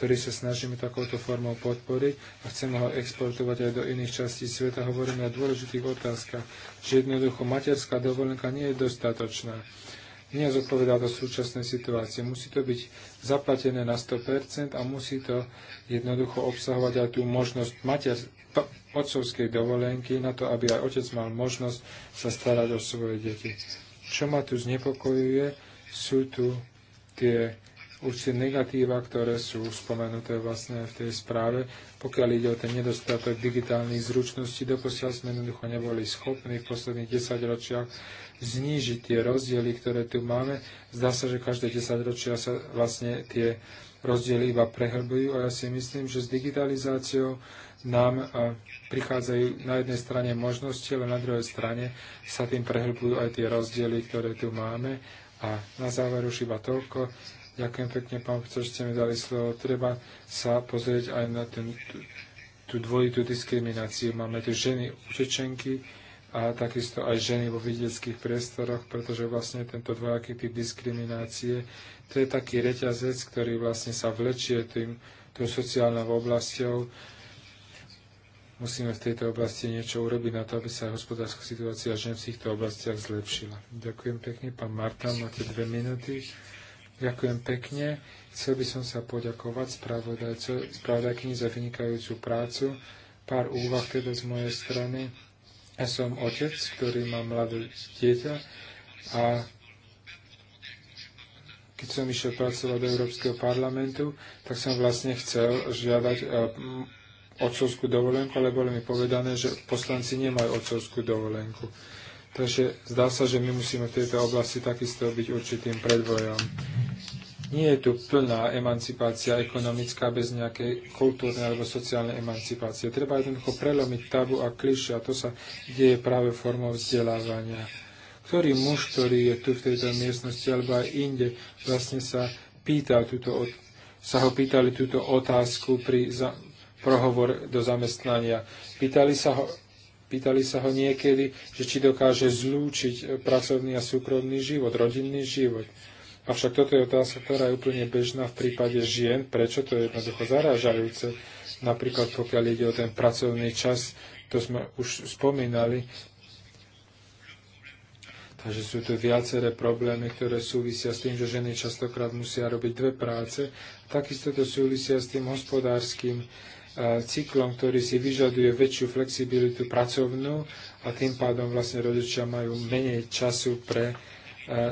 ktorý sa snažíme takouto formou podporiť a chceme ho exportovať aj do iných častí sveta. Hovoríme o dôležitých otázkach, že jednoducho materská dovolenka nie je dostatočná. Nie zodpovedá to súčasnej situácie. Musí to byť zaplatené na 100% a musí to jednoducho obsahovať aj tú možnosť mater, otcovskej dovolenky na to, aby aj otec mal možnosť sa starať o svoje deti. Čo ma tu znepokojuje, sú tu tie určité negatíva, ktoré sú spomenuté vlastne v tej správe. Pokiaľ ide o ten nedostatok digitálnych zručností, doposiaľ sme jednoducho neboli schopní v posledných desaťročiach znížiť tie rozdiely, ktoré tu máme. Zdá sa, že každé desaťročia sa vlastne tie rozdiely iba prehlbujú a ja si myslím, že s digitalizáciou nám e, prichádzajú na jednej strane možnosti, ale na druhej strane sa tým prehlbujú aj tie rozdiely, ktoré tu máme. A na záver už iba toľko, Ďakujem pekne, pán profesor, že ste mi dali slovo. Treba sa pozrieť aj na ten, tú, tú dvojitú diskrimináciu. Máme tu ženy učečenky a takisto aj ženy vo vidieckých priestoroch, pretože vlastne tento dvojaký typ diskriminácie, to je taký reťazec, ktorý vlastne sa vlečie tým, tou sociálnou oblasťou. Musíme v tejto oblasti niečo urobiť na to, aby sa hospodárska situácia žen v týchto oblastiach zlepšila. Ďakujem pekne. Pán Marta, máte dve minúty. Ďakujem pekne. Chcel by som sa poďakovať spravodajkyni za vynikajúcu prácu. Pár úvah teda z mojej strany. Ja som otec, ktorý má mladé dieťa a keď som išiel pracovať do Európskeho parlamentu, tak som vlastne chcel žiadať e, otcovskú dovolenku, ale bolo mi povedané, že poslanci nemajú otcovskú dovolenku. Takže zdá sa, že my musíme v tejto oblasti takisto byť určitým predvojom. Nie je tu plná emancipácia ekonomická bez nejakej kultúrnej alebo sociálnej emancipácie. Treba jednoducho prelomiť tabu a kliše a to sa deje práve formou vzdelávania. Ktorý muž, ktorý je tu v tejto miestnosti alebo aj inde, vlastne sa pýta túto, sa ho pýtali túto otázku pri za, prohovor do zamestnania. Pýtali sa ho, Pýtali sa ho niekedy, že či dokáže zlúčiť pracovný a súkromný život, rodinný život. Avšak toto je otázka, ktorá je úplne bežná v prípade žien. Prečo to je jednoducho zarážajúce? Napríklad pokiaľ ide o ten pracovný čas, to sme už spomínali. Takže sú tu viaceré problémy, ktoré súvisia s tým, že ženy častokrát musia robiť dve práce. Takisto to súvisia s tým hospodárským E, cyklom, ktorý si vyžaduje väčšiu flexibilitu pracovnú a tým pádom vlastne rodičia majú menej času pre e,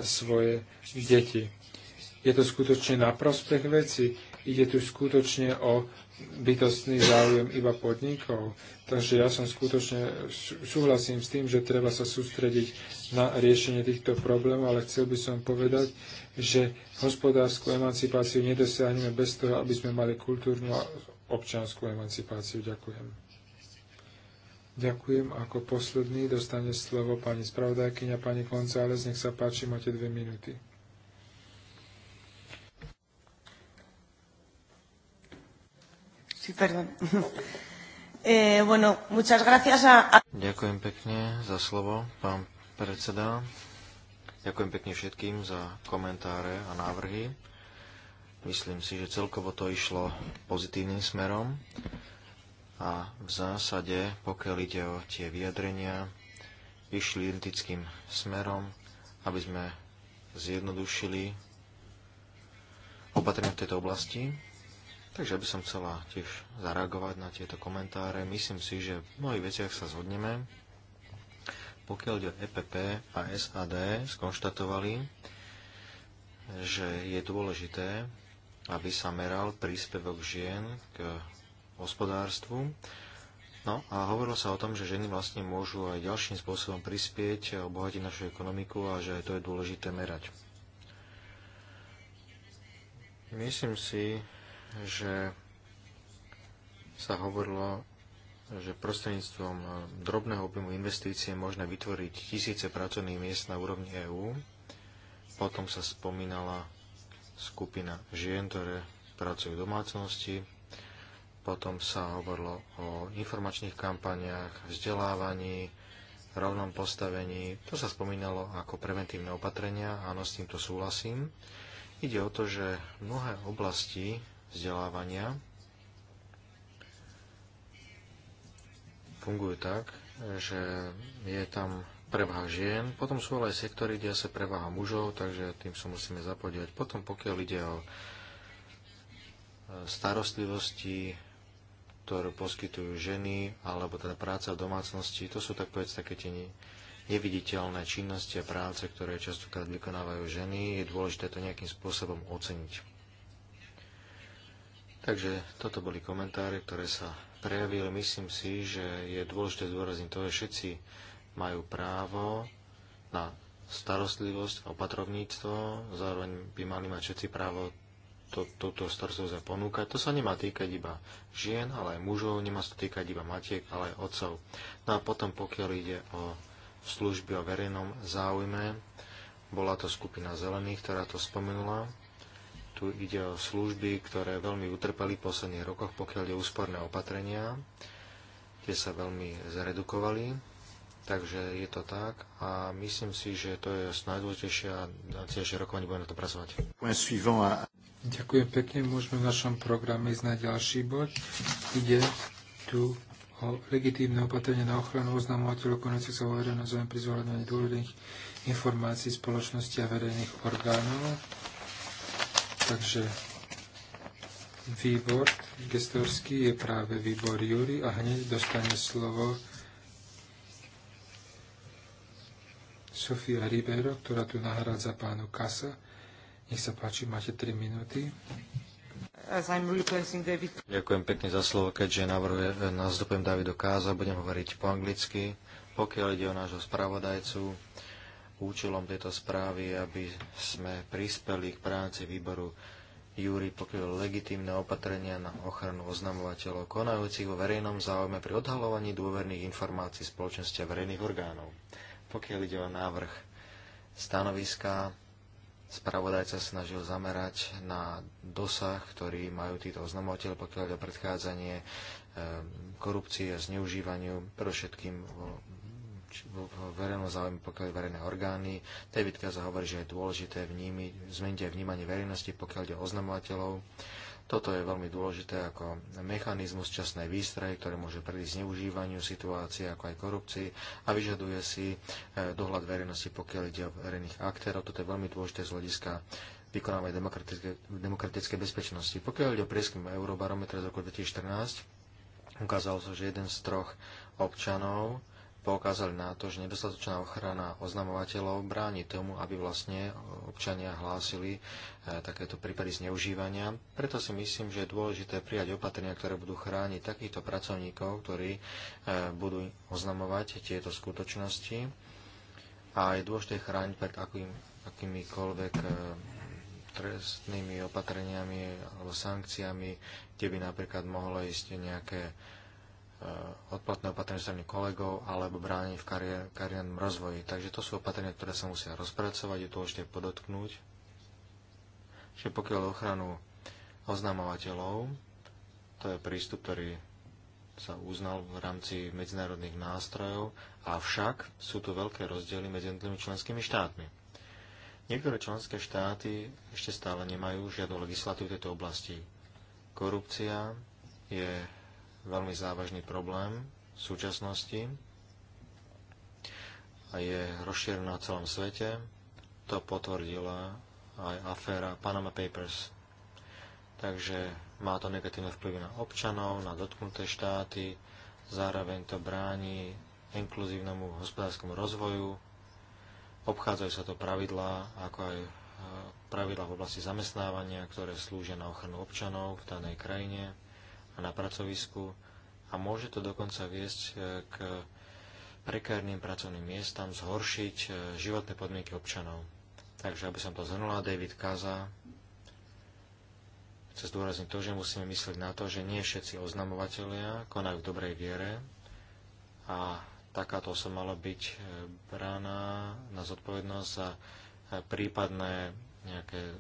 svoje deti. Je to skutočne na prospech veci? Ide tu skutočne o bytostný záujem iba podnikov. Takže ja som skutočne súhlasím s tým, že treba sa sústrediť na riešenie týchto problémov, ale chcel by som povedať, že hospodárskú emancipáciu nedosiahneme bez toho, aby sme mali kultúrnu a občanskú emancipáciu. Ďakujem. Ďakujem. Ako posledný dostane slovo pani spravodajkyňa, pani González. Nech sa páči, máte dve minúty. <laughs> Eh, Ďakujem pekne za slovo, pán predseda. Ďakujem pekne všetkým za komentáre a návrhy. Myslím si, že celkovo to išlo pozitívnym smerom a v zásade, pokiaľ ide o tie vyjadrenia, išli identickým smerom, aby sme zjednodušili opatrenia v tejto oblasti. Takže by som chcela tiež zareagovať na tieto komentáre. Myslím si, že v mnohých veciach sa zhodneme. Pokiaľ ide o EPP a SAD, skonštatovali, že je dôležité aby sa meral príspevok žien k hospodárstvu. No a hovorilo sa o tom, že ženy vlastne môžu aj ďalším spôsobom prispieť a obohatiť našu ekonomiku a že aj to je dôležité merať. Myslím si, že sa hovorilo, že prostredníctvom drobného objemu investície je možné vytvoriť tisíce pracovných miest na úrovni EÚ. Potom sa spomínala skupina žien, ktoré pracujú v domácnosti. Potom sa hovorilo o informačných kampaniách, vzdelávaní, rovnom postavení. To sa spomínalo ako preventívne opatrenia, áno, s týmto súhlasím. Ide o to, že mnohé oblasti vzdelávania fungujú tak, že je tam prevaha žien, potom sú ale aj sektory, kde sa prevaha mužov, takže tým sa musíme zapodievať. Potom pokiaľ ide o e, starostlivosti, ktoré poskytujú ženy, alebo teda práca v domácnosti, to sú tak povedz také tie neviditeľné činnosti a práce, ktoré častokrát vykonávajú ženy, je dôležité to nejakým spôsobom oceniť. Takže toto boli komentáre, ktoré sa prejavili. Myslím si, že je dôležité zdôrazniť to, že všetci majú právo na starostlivosť a opatrovníctvo, zároveň by mali mať všetci právo to, túto starostlivosť a ponúkať. To sa nemá týkať iba žien, ale aj mužov, nemá sa týkať iba matiek, ale aj otcov. No a potom, pokiaľ ide o služby o verejnom záujme, bola to skupina zelených, ktorá to spomenula. Tu ide o služby, ktoré veľmi utrpeli v posledných rokoch, pokiaľ je úsporné opatrenia, tie sa veľmi zredukovali Takže je to tak a myslím si, že to je najdôležitejšie a na tiež rokovanie budeme na to pracovať. Ďakujem pekne, môžeme v našom programe ísť na ďalší bod. Ide tu o legitívne opatrenie na ochranu oznamovateľov konajúcich sa verejného zájem pri zohľadňovaní dôvodných informácií spoločnosti a verejných orgánov. Takže výbor gestorský je práve výbor Júri a hneď dostane slovo Sofia Ribeiro, ktorá tu nahrádza pánu Kasa. Nech sa páči, máte 3 minúty. Ďakujem pekne za slovo, keďže navrhuje nástupujem Davido Káza, budem hovoriť po anglicky. Pokiaľ ide o nášho spravodajcu, účelom tejto správy je, aby sme prispeli k práci výboru Júri pokryl legitímne opatrenia na ochranu oznamovateľov konajúcich vo verejnom záujme pri odhalovaní dôverných informácií spoločenstva verejných orgánov. Pokiaľ ide o návrh stanoviska, spravodajca snažil zamerať na dosah, ktorý majú títo oznamovateľ, pokiaľ ide o predchádzanie eh, korupcie a zneužívaniu, predovšetkým vo verejnom záujme, pokiaľ verejné orgány. David Kaza hovorí, že je dôležité vnímiť, zmeniť aj vnímanie verejnosti, pokiaľ ide o oznamovateľov toto je veľmi dôležité ako mechanizmus časnej výstrahy, ktorý môže predísť zneužívaniu situácie ako aj korupcii a vyžaduje si e, dohľad verejnosti, pokiaľ ide o verejných aktérov. Toto je veľmi dôležité z hľadiska vykonávať demokratické, demokratické bezpečnosti. Pokiaľ ide o prieskum Eurobarometra z roku 2014, ukázalo sa, so, že jeden z troch občanov poukázali na to, že nedostatočná ochrana oznamovateľov bráni tomu, aby vlastne občania hlásili e, takéto prípady zneužívania. Preto si myslím, že je dôležité prijať opatrenia, ktoré budú chrániť takýchto pracovníkov, ktorí e, budú oznamovať tieto skutočnosti. A je dôležité chrániť pred akým, akýmikoľvek e, trestnými opatreniami alebo sankciami, kde by napríklad mohlo ísť nejaké Eh, odplatné opatrenie strany kolegov alebo bráni v kariérnom rozvoji. Takže to sú opatrenia, ktoré sa musia rozpracovať, je to ešte podotknúť, že pokiaľ ochranu oznamovateľov, to je prístup, ktorý sa uznal v rámci medzinárodných nástrojov, avšak sú tu veľké rozdiely medzi jednotlivými členskými štátmi. Niektoré členské štáty ešte stále nemajú žiadnu legislatívu v tejto oblasti. Korupcia je veľmi závažný problém v súčasnosti a je rozšírená na celom svete. To potvrdila aj aféra Panama Papers. Takže má to negatívne vplyvy na občanov, na dotknuté štáty, zároveň to bráni inkluzívnemu hospodárskému rozvoju, obchádzajú sa to pravidlá, ako aj e, pravidlá v oblasti zamestnávania, ktoré slúžia na ochranu občanov v danej krajine a na pracovisku a môže to dokonca viesť e, k prekárnym pracovným miestam, zhoršiť e, životné podmienky občanov. Takže, aby som to zhrnula, David Kaza chce zdôrazniť to, že musíme myslieť na to, že nie všetci oznamovateľia konajú v dobrej viere a takáto osoba mala byť e, brána na zodpovednosť za prípadné nejaké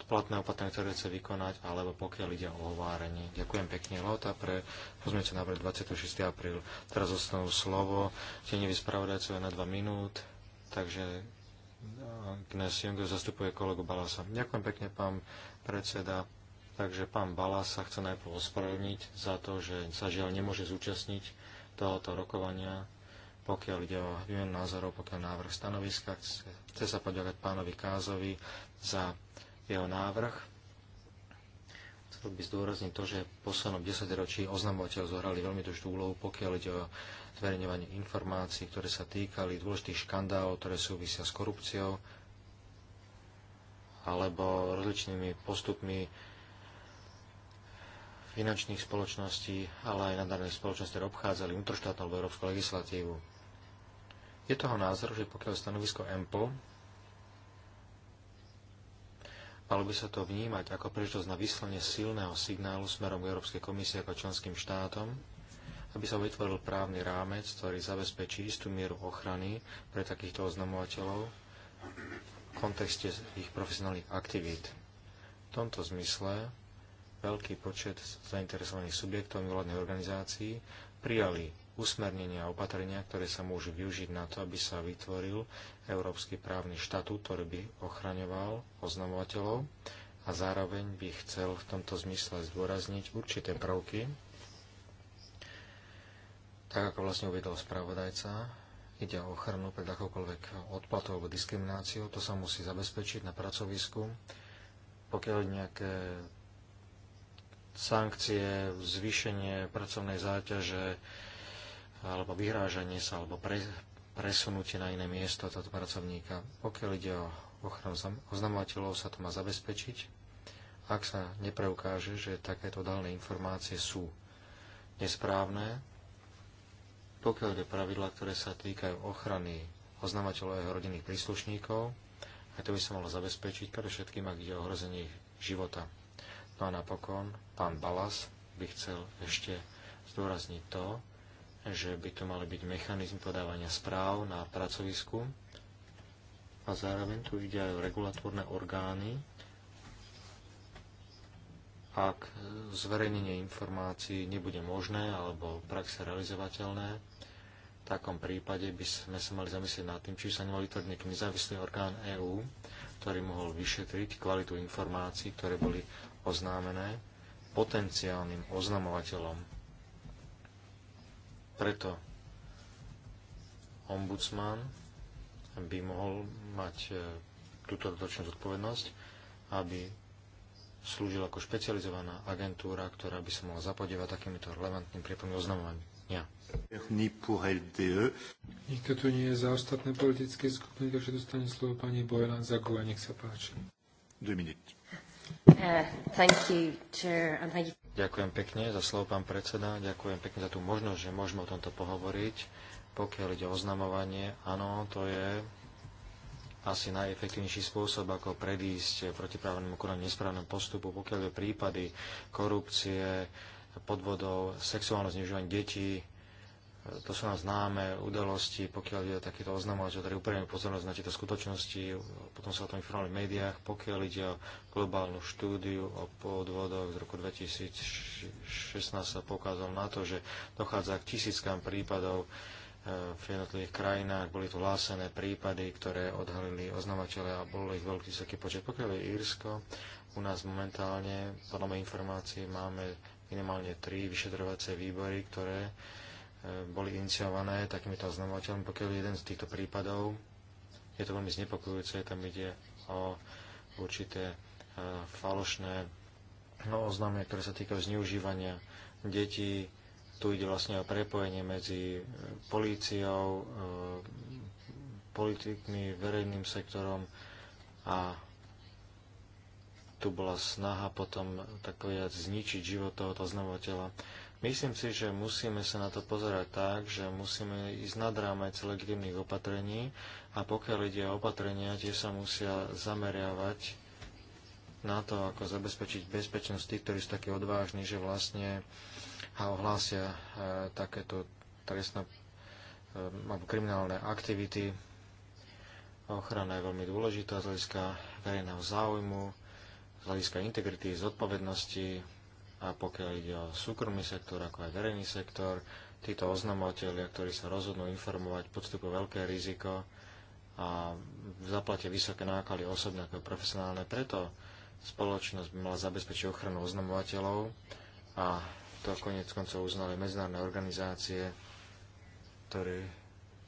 odplatné opatrenie, ktoré chce vykonať, alebo pokiaľ ide o hovárenie. Ďakujem pekne, Lota, pre pozmeňte návrh 26. apríl. Teraz zostanú slovo, tenevý spravodajcov na 2 minút, takže dnes eh, Junger zastupuje kolegu Balasa. Ďakujem pekne, pán predseda. Takže pán Balas sa chce najprv ospravedlniť za to, že sa žiaľ nemôže zúčastniť tohoto rokovania, pokiaľ ide o výmenu názorov, pokiaľ návrh stanoviska. Chce sa poďakovať pánovi Kázovi za jeho návrh. Chcel by zdôrazniť to, že v poslednom desaťročí oznamovateľ zohrali veľmi dôležitú úlohu, pokiaľ ide o zverejňovanie informácií, ktoré sa týkali dôležitých škandálov, ktoré súvisia s korupciou alebo rozličnými postupmi finančných spoločností, ale aj nadarných spoločností, ktoré obchádzali vnútroštátnu alebo európsku legislatívu. Je toho názor, že pokiaľ stanovisko EMPO Malo by sa to vnímať ako príležitosť na vyslanie silného signálu smerom k Európskej komisie ako členským štátom, aby sa vytvoril právny rámec, ktorý zabezpečí istú mieru ochrany pre takýchto oznamovateľov v kontexte ich profesionálnych aktivít. V tomto zmysle veľký počet zainteresovaných subjektov a organizácií prijali usmernenia a opatrenia, ktoré sa môžu využiť na to, aby sa vytvoril európsky právny štatút, ktorý by ochraňoval oznamovateľov a zároveň by chcel v tomto zmysle zdôrazniť určité prvky, tak ako vlastne uvedol spravodajca, ide o ochranu pred akokoľvek odplatou alebo diskrimináciou, to sa musí zabezpečiť na pracovisku. Pokiaľ nejaké sankcie, zvýšenie pracovnej záťaže, alebo vyhrážanie sa, alebo pre, presunutie na iné miesto tohto pracovníka. Pokiaľ ide o ochranu oznamovateľov, sa to má zabezpečiť, ak sa nepreukáže, že takéto dálne informácie sú nesprávne, pokiaľ ide pravidla, ktoré sa týkajú ochrany oznamateľov a jeho rodinných príslušníkov, aj to by sa malo zabezpečiť, pre všetkým, ak ide o ohrozenie ich života. No a napokon, pán Balas by chcel ešte zdôrazniť to, že by to mali byť mechanizm podávania správ na pracovisku a zároveň tu ide aj regulatórne orgány, ak zverejnenie informácií nebude možné alebo praxe realizovateľné, v takom prípade by sme sa mali zamyslieť nad tým, či sa nemali nejaký nezávislý orgán EÚ, ktorý mohol vyšetriť kvalitu informácií, ktoré boli oznámené potenciálnym oznamovateľom preto ombudsman by mohol mať e, túto dotočnú zodpovednosť, aby slúžil ako špecializovaná agentúra, ktorá by sa mohla zapodievať takýmito relevantným priepomným oznamovania. E. Nikto tu nie je za ostatné politické skupiny, takže dostane slovo pani Bojlan Zagova, nech sa páči. Dve minúty. Uh, you, chair, Ďakujem pekne za slovo, pán predseda. Ďakujem pekne za tú možnosť, že môžeme o tomto pohovoriť. Pokiaľ ide o oznamovanie, áno, to je asi najefektívnejší spôsob, ako predísť protiprávnemu konaniu nesprávnemu postupu, pokiaľ je prípady korupcie, podvodov, sexuálne znižovanie detí, to sú nám známe udalosti, pokiaľ ide o takéto oznamovateľ, ktorý úplne pozornosť na tieto skutočnosti, potom sa o tom informovali v médiách, pokiaľ ide o globálnu štúdiu o podvodoch z roku 2016 sa pokázalo na to, že dochádza k tisíckam prípadov eh, v jednotlivých krajinách, boli tu hlásené prípady, ktoré odhalili oznamovateľe a bol ich veľký vysoký počet. Pokiaľ je Írsko, u nás momentálne, podľa mojej informácií, máme minimálne tri vyšetrovacie výbory, ktoré boli iniciované takýmito oznamovateľmi, pokiaľ jeden z týchto prípadov je to veľmi znepokojúce, tam ide o určité e, falošné no, oznámenia, ktoré sa týkajú zneužívania detí. Tu ide vlastne o prepojenie medzi e, políciou, e, politikmi, verejným sektorom a tu bola snaha potom tak povedať zničiť život tohoto oznamovateľa. Myslím si, že musíme sa na to pozerať tak, že musíme ísť nad rámec legitimných opatrení a pokiaľ ide o opatrenia, tie sa musia zameriavať na to, ako zabezpečiť bezpečnosť tých, ktorí sú takí odvážni, že vlastne a ohlásia e, takéto trestné eh, alebo kriminálne aktivity. Ochrana je veľmi dôležitá z hľadiska verejného záujmu, z hľadiska integrity, zodpovednosti, a pokiaľ ide o súkromný sektor, ako aj verejný sektor, títo oznamovateľia, ktorí sa rozhodnú informovať, podstupujú veľké riziko a zaplatia vysoké náklady osobné ako profesionálne. Preto spoločnosť by mala zabezpečiť ochranu oznamovateľov a to konec koncov uznali medzinárodné organizácie, ktoré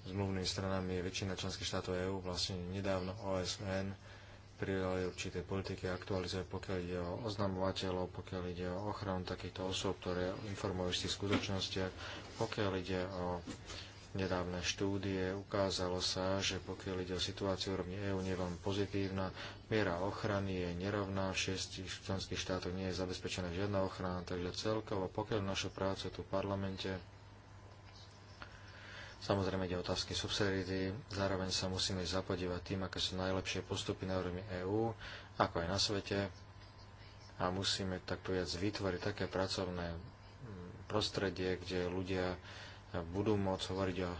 zmluvnými stranami je väčšina členských štátov EÚ, vlastne nedávno OSN, prijali určité politiky a aktualizuje, pokiaľ ide o oznamovateľov, pokiaľ ide o ochranu takýchto osôb, ktoré informujú v tých skutočnostiach, pokiaľ ide o nedávne štúdie, ukázalo sa, že pokiaľ ide o situáciu úrovni EÚ, nie je veľmi pozitívna, miera ochrany je nerovná, v šiestich členských štátoch nie je zabezpečená žiadna ochrana, takže celkovo, pokiaľ našu prácu tu v parlamente Samozrejme ide otázky subsidiarity, zároveň sa musíme zapodívať tým, aké sú najlepšie postupy na úrovni EÚ, ako aj na svete a musíme tak povedať vytvoriť také pracovné prostredie, kde ľudia e, budú môcť hovoriť o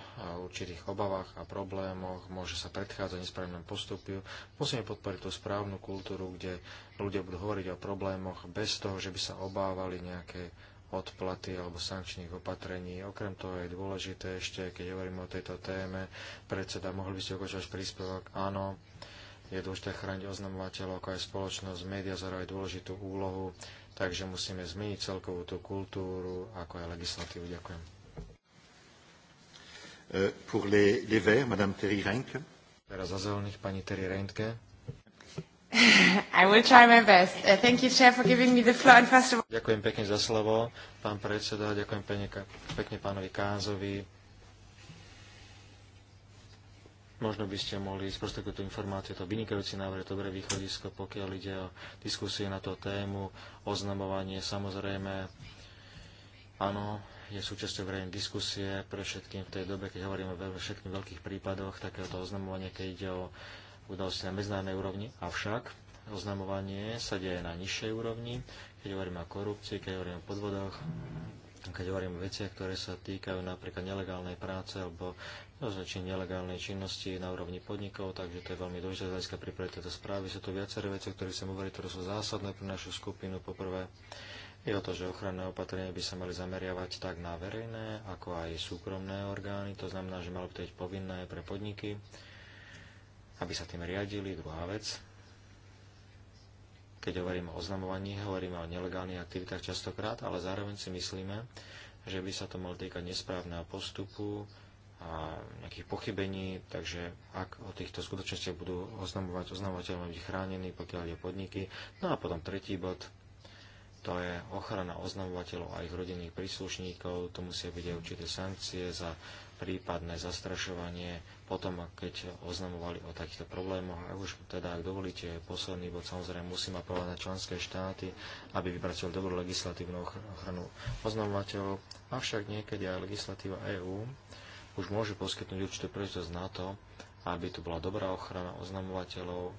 určitých obavách a problémoch, môže sa predchádzať nesprávnym postupu. Musíme podporiť tú správnu kultúru, kde ľudia budú hovoriť o problémoch bez toho, že by sa obávali nejaké odplaty alebo sankčných opatrení. Okrem toho je dôležité ešte, keď hovoríme o tejto téme, predseda, mohli by ste ukočať príspevok? Áno, je dôležité chrániť oznamovateľov, ako aj spoločnosť, média zahrajú dôležitú úlohu, takže musíme zmeniť celkovú tú kultúru, ako aj legislatívu. Ďakujem. Euh, pour les, les verts, Madame Terry Reinke. Teraz za zelených pani Terry Reinke. I will try my best. Uh, thank you, Chair, for giving me the floor. And first of all... Ďakujem pekne za slovo, pán predseda, ďakujem pekne, pekne pánovi Kázovi. Možno by ste mohli sprostredkovať tú informáciu, to vynikajúci návrh, dobré východisko, pokiaľ ide o diskusie na tú tému, oznamovanie, samozrejme, áno, je súčasťou verejnej diskusie, pre všetkým v tej dobe, keď hovoríme o všetkých veľkých prípadoch takéhoto oznamovania, keď ide o udalosti na medzinárodnej úrovni, avšak oznamovanie sa deje na nižšej úrovni, keď hovoríme o korupcii, keď hovoríme o podvodoch, keď hovoríme o veciach, ktoré sa týkajú napríklad nelegálnej práce alebo či nelegálnej činnosti na úrovni podnikov, takže to je veľmi dôležité z hľadiska pripraviť tieto správy. Sú tu viaceré veci, o ktorých som hovoril, ktoré sú zásadné pre našu skupinu. Poprvé je o to, že ochranné opatrenia by sa mali zameriavať tak na verejné, ako aj súkromné orgány, to znamená, že malo by to byť povinné pre podniky, aby sa tým riadili. Druhá vec, keď hovoríme o oznamovaní, hovoríme o nelegálnych aktivitách častokrát, ale zároveň si myslíme, že by sa to malo týkať nesprávneho postupu a nejakých pochybení, takže ak o týchto skutočnostiach budú oznamovať, oznamovateľ má byť chránený, pokiaľ je podniky. No a potom tretí bod, to je ochrana oznamovateľov a ich rodinných príslušníkov, to musia byť aj určité sankcie za prípadné zastrašovanie potom, keď oznamovali o takýchto problémoch. A už teda, ak dovolíte, posledný bod samozrejme musí ma na členské štáty, aby vypracovali dobrú legislatívnu ochranu oznamovateľov. Avšak niekedy aj legislatíva EÚ už môže poskytnúť určitú príležitosť na to, aby tu bola dobrá ochrana oznamovateľov.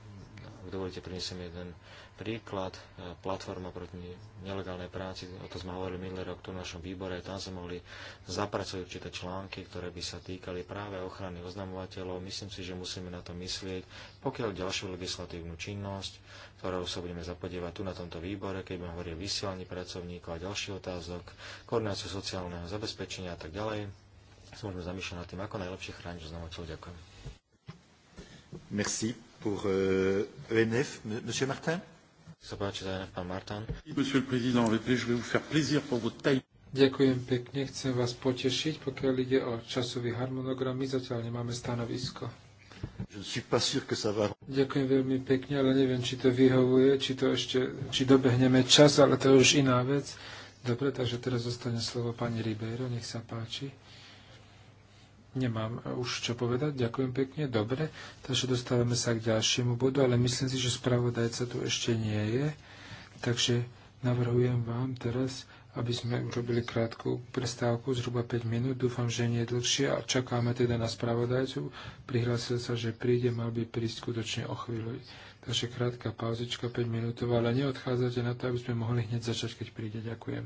Ak dovolíte, prinesiem jeden Príklad, e, platforma proti nelegálnej práci, o to sme hovorili minulý rok tu v našom výbore, tam sme mohli zapracovať určité články, ktoré by sa týkali práve ochrany oznamovateľov. Myslím si, že musíme na to myslieť, pokiaľ ďalšiu legislatívnu činnosť, ktorou sa budeme zapodievať tu na tomto výbore, keď budeme hovoriť o vysielaní pracovníkov a ďalších otázok, koordináciu sociálneho zabezpečenia a tak ďalej. Sa môžeme zamýšľať nad tým, ako najlepšie chrániť oznamovateľov. Ďakujem. Merci pour euh, ENF. Monsieur Martin Ďakujem pekne, chcem vás potešiť, pokiaľ ide o časový harmonogram, my zatiaľ nemáme stanovisko. Ďakujem veľmi pekne, ale neviem, či to vyhovuje, či to ešte, či dobehneme čas, ale to je už iná vec. Dobre, takže teraz zostane slovo pani Ribeiro, nech sa páči. Nemám e, už čo povedať. Ďakujem pekne. Dobre. Takže dostávame sa k ďalšiemu bodu, ale myslím si, že spravodajca tu ešte nie je. Takže navrhujem vám teraz, aby sme urobili krátku prestávku, zhruba 5 minút. Dúfam, že nie je dlhšie a čakáme teda na spravodajcu. Prihlásil sa, že príde, mal by prísť skutočne o chvíľu. Takže krátka pauzička, 5 minútová, ale neodchádzate na to, aby sme mohli hneď začať, keď príde. Ďakujem.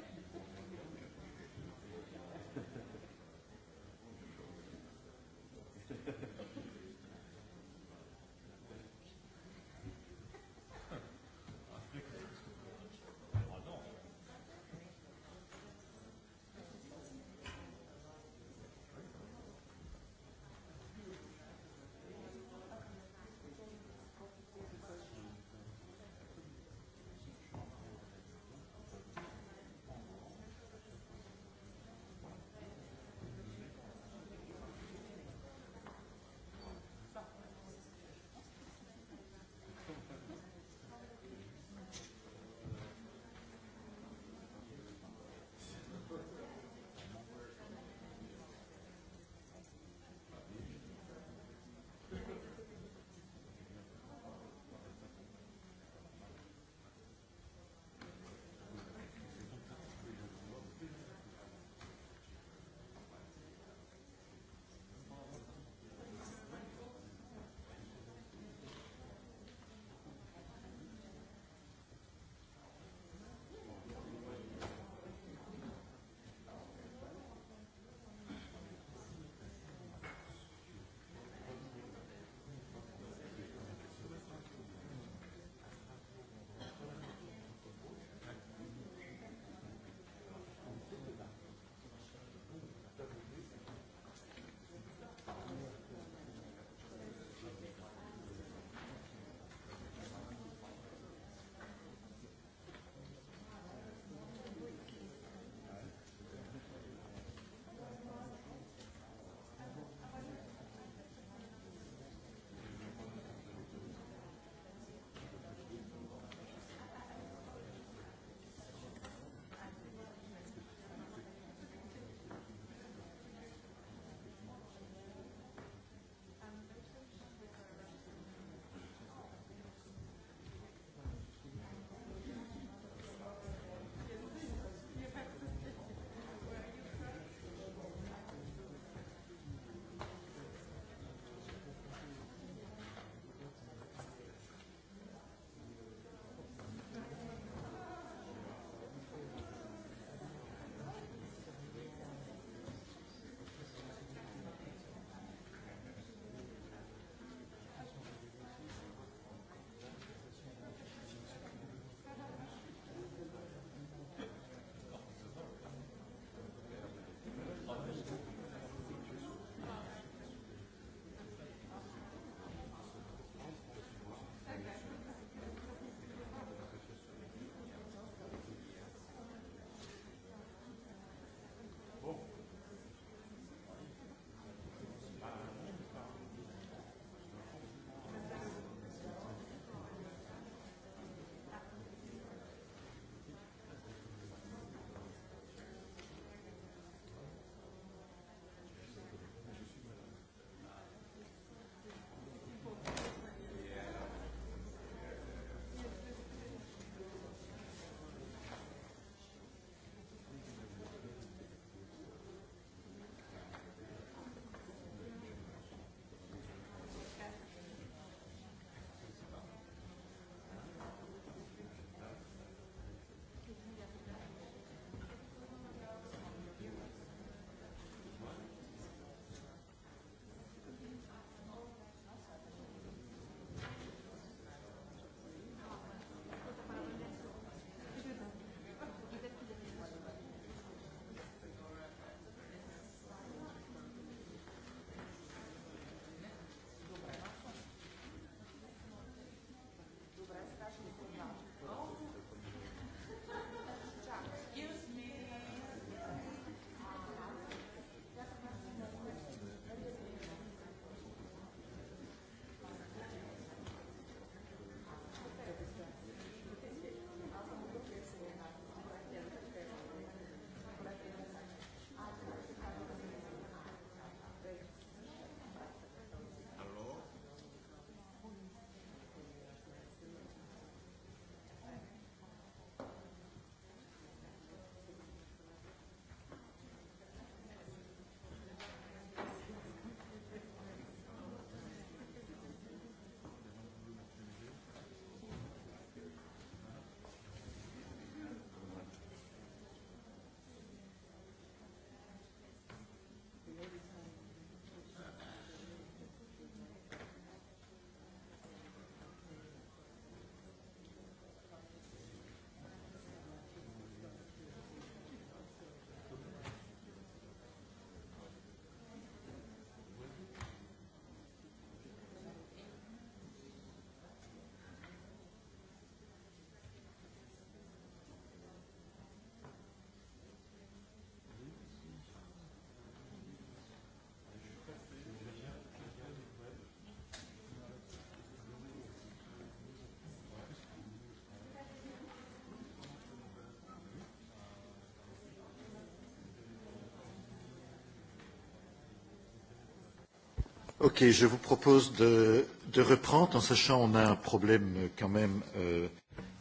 Ok, je vous propose de, de reprendre, en sachant on a un problème euh, quand même. Euh...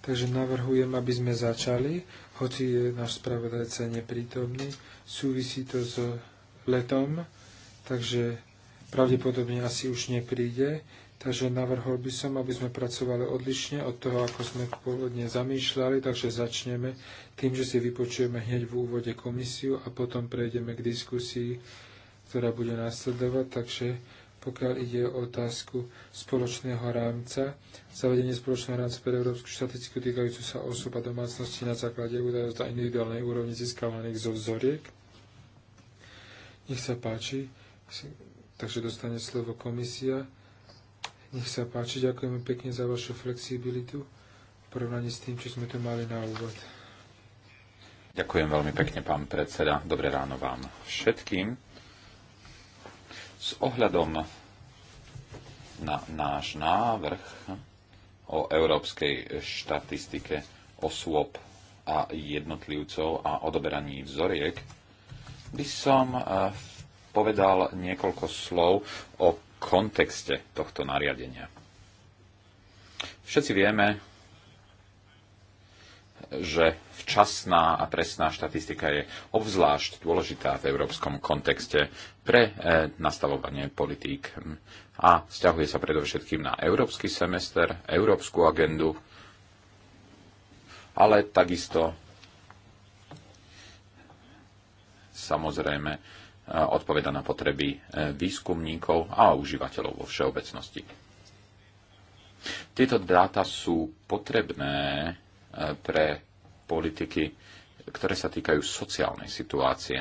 Takže navrhujem, aby sme začali, hoci je náš spravodajca neprítomný. Súvisí to s letom, takže pravdepodobne asi už nepríde. Takže navrhol by som, aby sme pracovali odlišne od toho, ako sme pôvodne zamýšľali, takže začneme tým, že si vypočujeme hneď v úvode komisiu a potom prejdeme k diskusii, ktorá bude následovať. Takže pokiaľ ide o otázku spoločného rámca, zavedenie spoločného rámca pre európsku štatistiku týkajúcu sa osoba domácnosti na základe údajov na individuálnej úrovni získavaných zo vzoriek. Nech sa páči, takže dostane slovo komisia. Nech sa páči, ďakujeme pekne za vašu flexibilitu v porovnaní s tým, čo sme tu mali na úvod. Ďakujem veľmi pekne, pán predseda. Dobré ráno vám všetkým. S ohľadom na náš návrh o európskej štatistike osôb a jednotlivcov a odoberaní vzoriek by som eh, povedal niekoľko slov o kontexte tohto nariadenia. Všetci vieme, že včasná a presná štatistika je obzvlášť dôležitá v európskom kontexte pre eh, nastavovanie politík a vzťahuje sa predovšetkým na európsky semester, európsku agendu, ale takisto samozrejme eh, odpoveda na potreby eh, výskumníkov a užívateľov vo všeobecnosti. Tieto dáta sú potrebné pre politiky, ktoré sa týkajú sociálnej situácie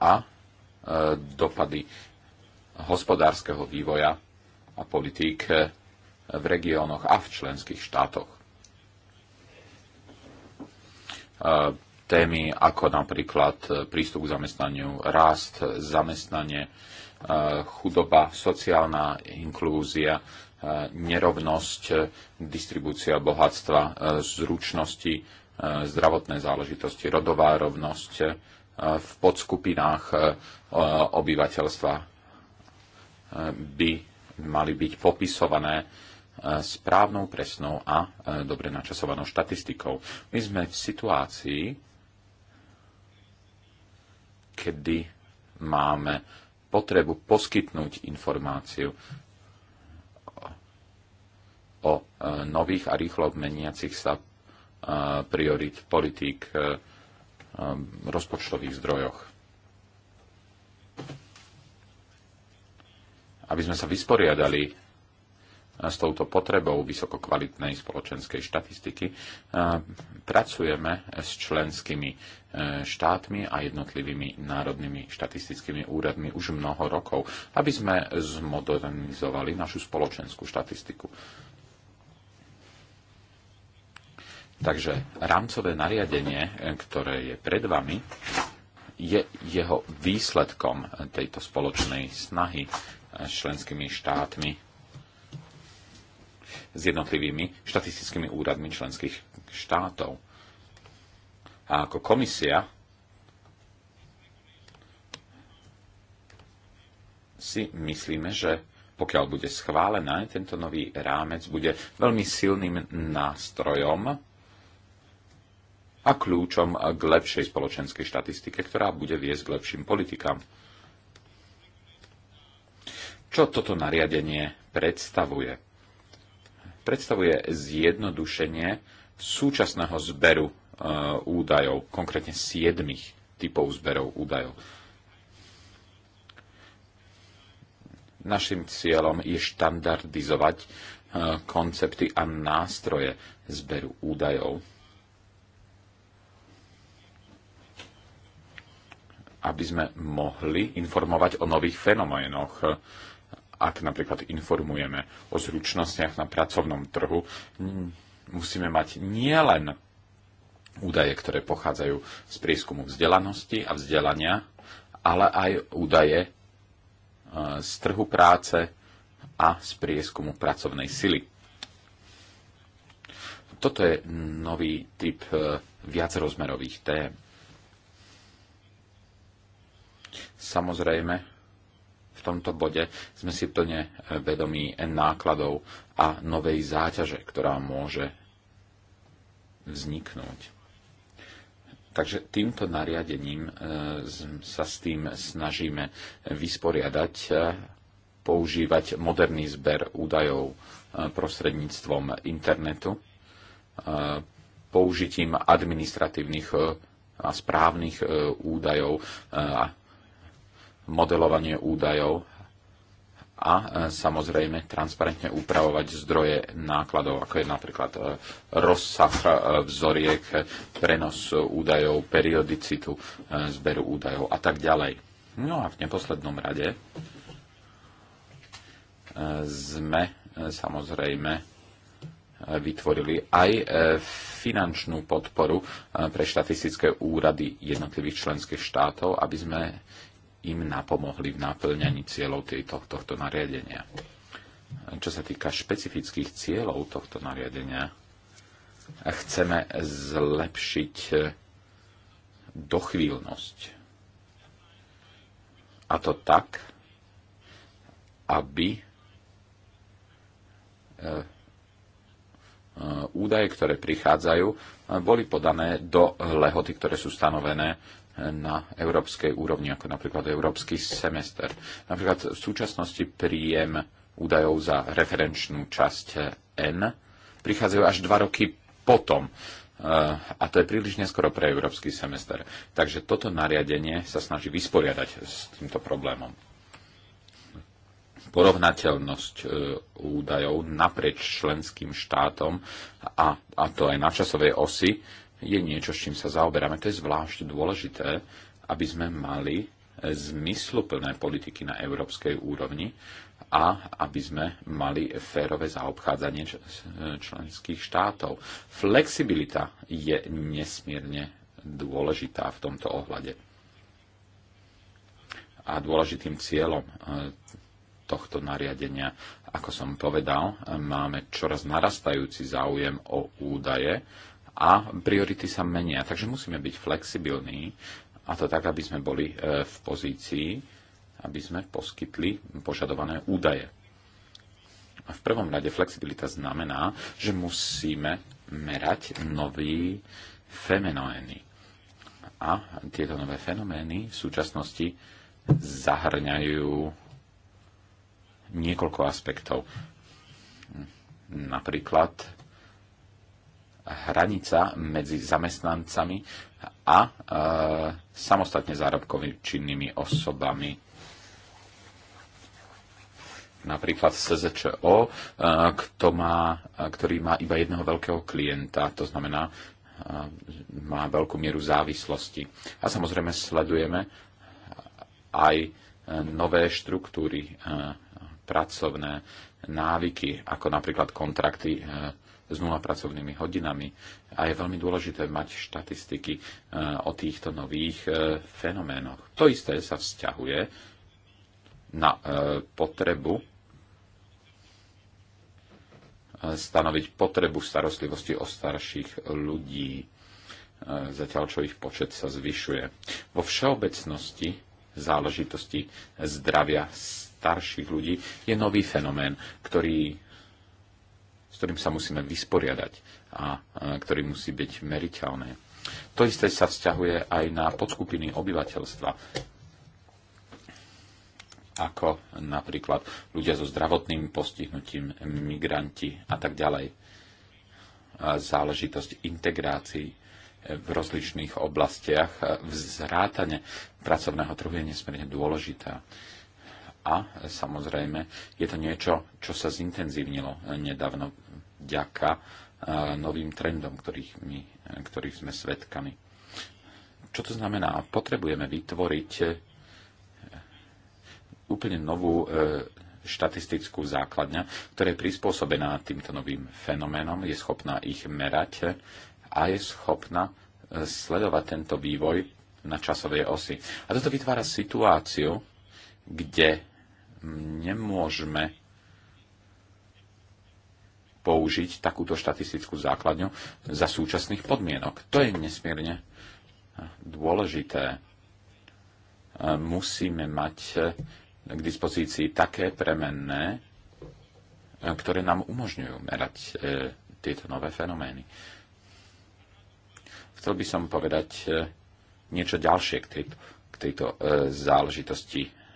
a e, dopady hospodárskeho vývoja a politík e, v regiónoch a v členských štátoch. E, témy ako napríklad prístup k zamestnaniu, rast, zamestnanie, chudoba, sociálna inklúzia, E, nerovnosť, e, distribúcia bohatstva, e, zručnosti, zdravotné záležitosti, rodová rovnosť v podskupinách obyvateľstva by mali byť popisované správnou, presnou a dobre načasovanou štatistikou. My sme v situácii, kedy máme potrebu poskytnúť informáciu o e, nových a rýchlo meniacich sa e, priorit politík e, rozpočtových zdrojoch. Aby sme sa vysporiadali s touto potrebou vysokokvalitnej spoločenskej štatistiky, pracujeme s členskými štátmi a jednotlivými národnými štatistickými úradmi už mnoho rokov, aby sme zmodernizovali našu spoločenskú štatistiku. Takže rámcové nariadenie, ktoré je pred vami, je jeho výsledkom tejto spoločnej snahy s členskými štátmi, s jednotlivými štatistickými úradmi členských štátov. A ako komisia si myslíme, že pokiaľ bude schválené, tento nový rámec bude veľmi silným nástrojom a kľúčom k lepšej spoločenskej štatistike, ktorá bude viesť k lepším politikám. Čo toto nariadenie predstavuje? Predstavuje zjednodušenie súčasného zberu e, údajov, konkrétne siedmých typov zberov údajov. Našim cieľom je štandardizovať e, koncepty a nástroje zberu údajov aby sme mohli informovať o nových fenoménoch, ak napríklad informujeme o zručnostiach na pracovnom trhu, musíme mať nielen údaje, ktoré pochádzajú z prieskumu vzdelanosti a vzdelania, ale aj údaje e, z trhu práce a z prieskumu pracovnej sily. Toto je nový typ e, viacrozmerových tém. Samozrejme, v tomto bode sme si plne e, vedomí nákladov a novej záťaže, ktorá môže vzniknúť. Takže týmto nariadením e, sa s tým snažíme vysporiadať, e, používať moderný zber údajov prostredníctvom internetu, použitím administratívnych a správnych údajov a modelovanie údajov a e, samozrejme transparentne upravovať zdroje nákladov, ako je napríklad e, rozsah e, vzoriek, prenos údajov, periodicitu zberu údajov a tak ďalej. No a v neposlednom rade sme samozrejme vytvorili aj finančnú podporu pre štatistické úrady jednotlivých členských štátov, aby sme im napomohli v náplňaní cieľov tejto, tohto nariadenia. Čo sa týka špecifických cieľov tohto nariadenia, chceme zlepšiť eh, dochvíľnosť. A to tak, aby eh, eh, údaje, ktoré prichádzajú, boli podané do lehoty, ktoré sú stanovené na európskej úrovni, ako napríklad európsky semester. Napríklad v súčasnosti príjem údajov za referenčnú časť N prichádzajú až dva roky potom. Eh, a to je príliš neskoro pre európsky semester. Takže toto nariadenie sa snaží vysporiadať s týmto problémom. Porovnateľnosť eh, údajov naprieč členským štátom a, a to aj na časovej osi je niečo, s čím sa zaoberáme. To je zvlášť dôležité, aby sme mali zmysluplné politiky na európskej úrovni a aby sme mali férové zaobchádzanie e, členských štátov. Flexibilita je nesmierne dôležitá v tomto ohľade. A dôležitým cieľom e, tohto nariadenia, ako som povedal, e, máme čoraz narastajúci záujem o údaje a priority sa menia. Takže musíme byť flexibilní a to tak, aby sme boli e, v pozícii, aby sme poskytli požadované údaje. A v prvom rade flexibilita znamená, že musíme merať nový fenomény. A tieto nové fenomény v súčasnosti zahrňajú niekoľko aspektov. Napríklad hranica medzi zamestnancami a e, samostatne zárobkovými činnými osobami. Napríklad SZČO, e, kto má, e, ktorý má iba jedného veľkého klienta, to znamená, e, má veľkú mieru závislosti. A samozrejme sledujeme aj e, nové štruktúry e, pracovné, návyky, ako napríklad kontrakty s nula pracovnými hodinami. A je veľmi dôležité mať štatistiky e, o týchto nových e, fenoménoch. To isté sa vzťahuje na e, potrebu stanoviť potrebu starostlivosti o starších ľudí, zatiaľ čo ich počet sa zvyšuje. Vo všeobecnosti záležitosti zdravia starších ľudí je nový fenomén, ktorý s ktorým sa musíme vysporiadať a ktorý musí byť meriteľné. To isté sa vzťahuje aj na podskupiny obyvateľstva, ako napríklad ľudia so zdravotným postihnutím, migranti a tak ďalej. Záležitosť integrácií v rozličných oblastiach vzrátane pracovného trhu je nesmierne dôležitá. A samozrejme, je to niečo, čo sa zintenzívnilo nedávno vďaka e, novým trendom, ktorých, my, e, ktorých sme svedkami. Čo to znamená? Potrebujeme vytvoriť e, úplne novú štatistickú základňa, ktorá je prispôsobená týmto novým fenoménom, je schopná ich merať a je schopná sledovať tento vývoj na časovej osi. A toto vytvára situáciu, kde nemôžeme použiť takúto štatistickú základňu za súčasných podmienok. To je nesmierne dôležité. Musíme mať k dispozícii také premenné, ktoré nám umožňujú merať e, tieto nové fenomény. Chcel by som povedať e, niečo ďalšie k tejto, k tejto e, záležitosti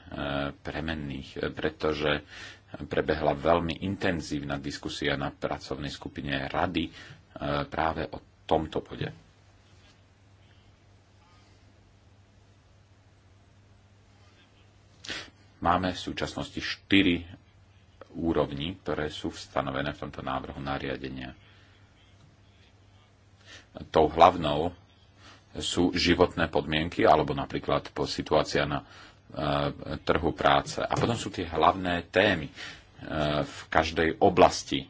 premenných, pretože prebehla veľmi intenzívna diskusia na pracovnej skupine rady e, práve o tomto bode. Máme v súčasnosti štyri úrovni, ktoré sú stanovené v tomto návrhu nariadenia. Tou hlavnou sú životné podmienky alebo napríklad situácia na E, trhu práce. A potom sú tie hlavné témy e, v každej oblasti,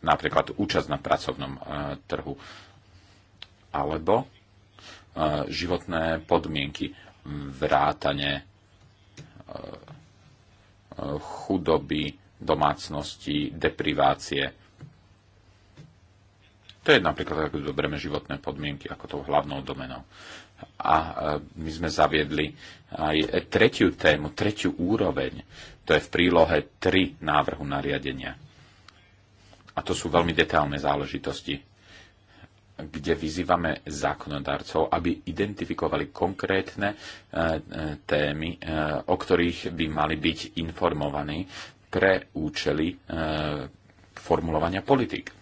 napríklad účasť na pracovnom e, trhu alebo životné podmienky, vrátane chudoby, domácnosti, deprivácie. To je napríklad, ako zoberieme životné podmienky ako tou hlavnou domenou a e, my sme zaviedli aj tretiu tému, tretiu úroveň. To je v prílohe 3 návrhu nariadenia. A to sú veľmi detailné záležitosti, kde vyzývame zákonodarcov, aby identifikovali konkrétne e, e, témy, o ktorých by mali byť informovaní pre účely formulovania politik.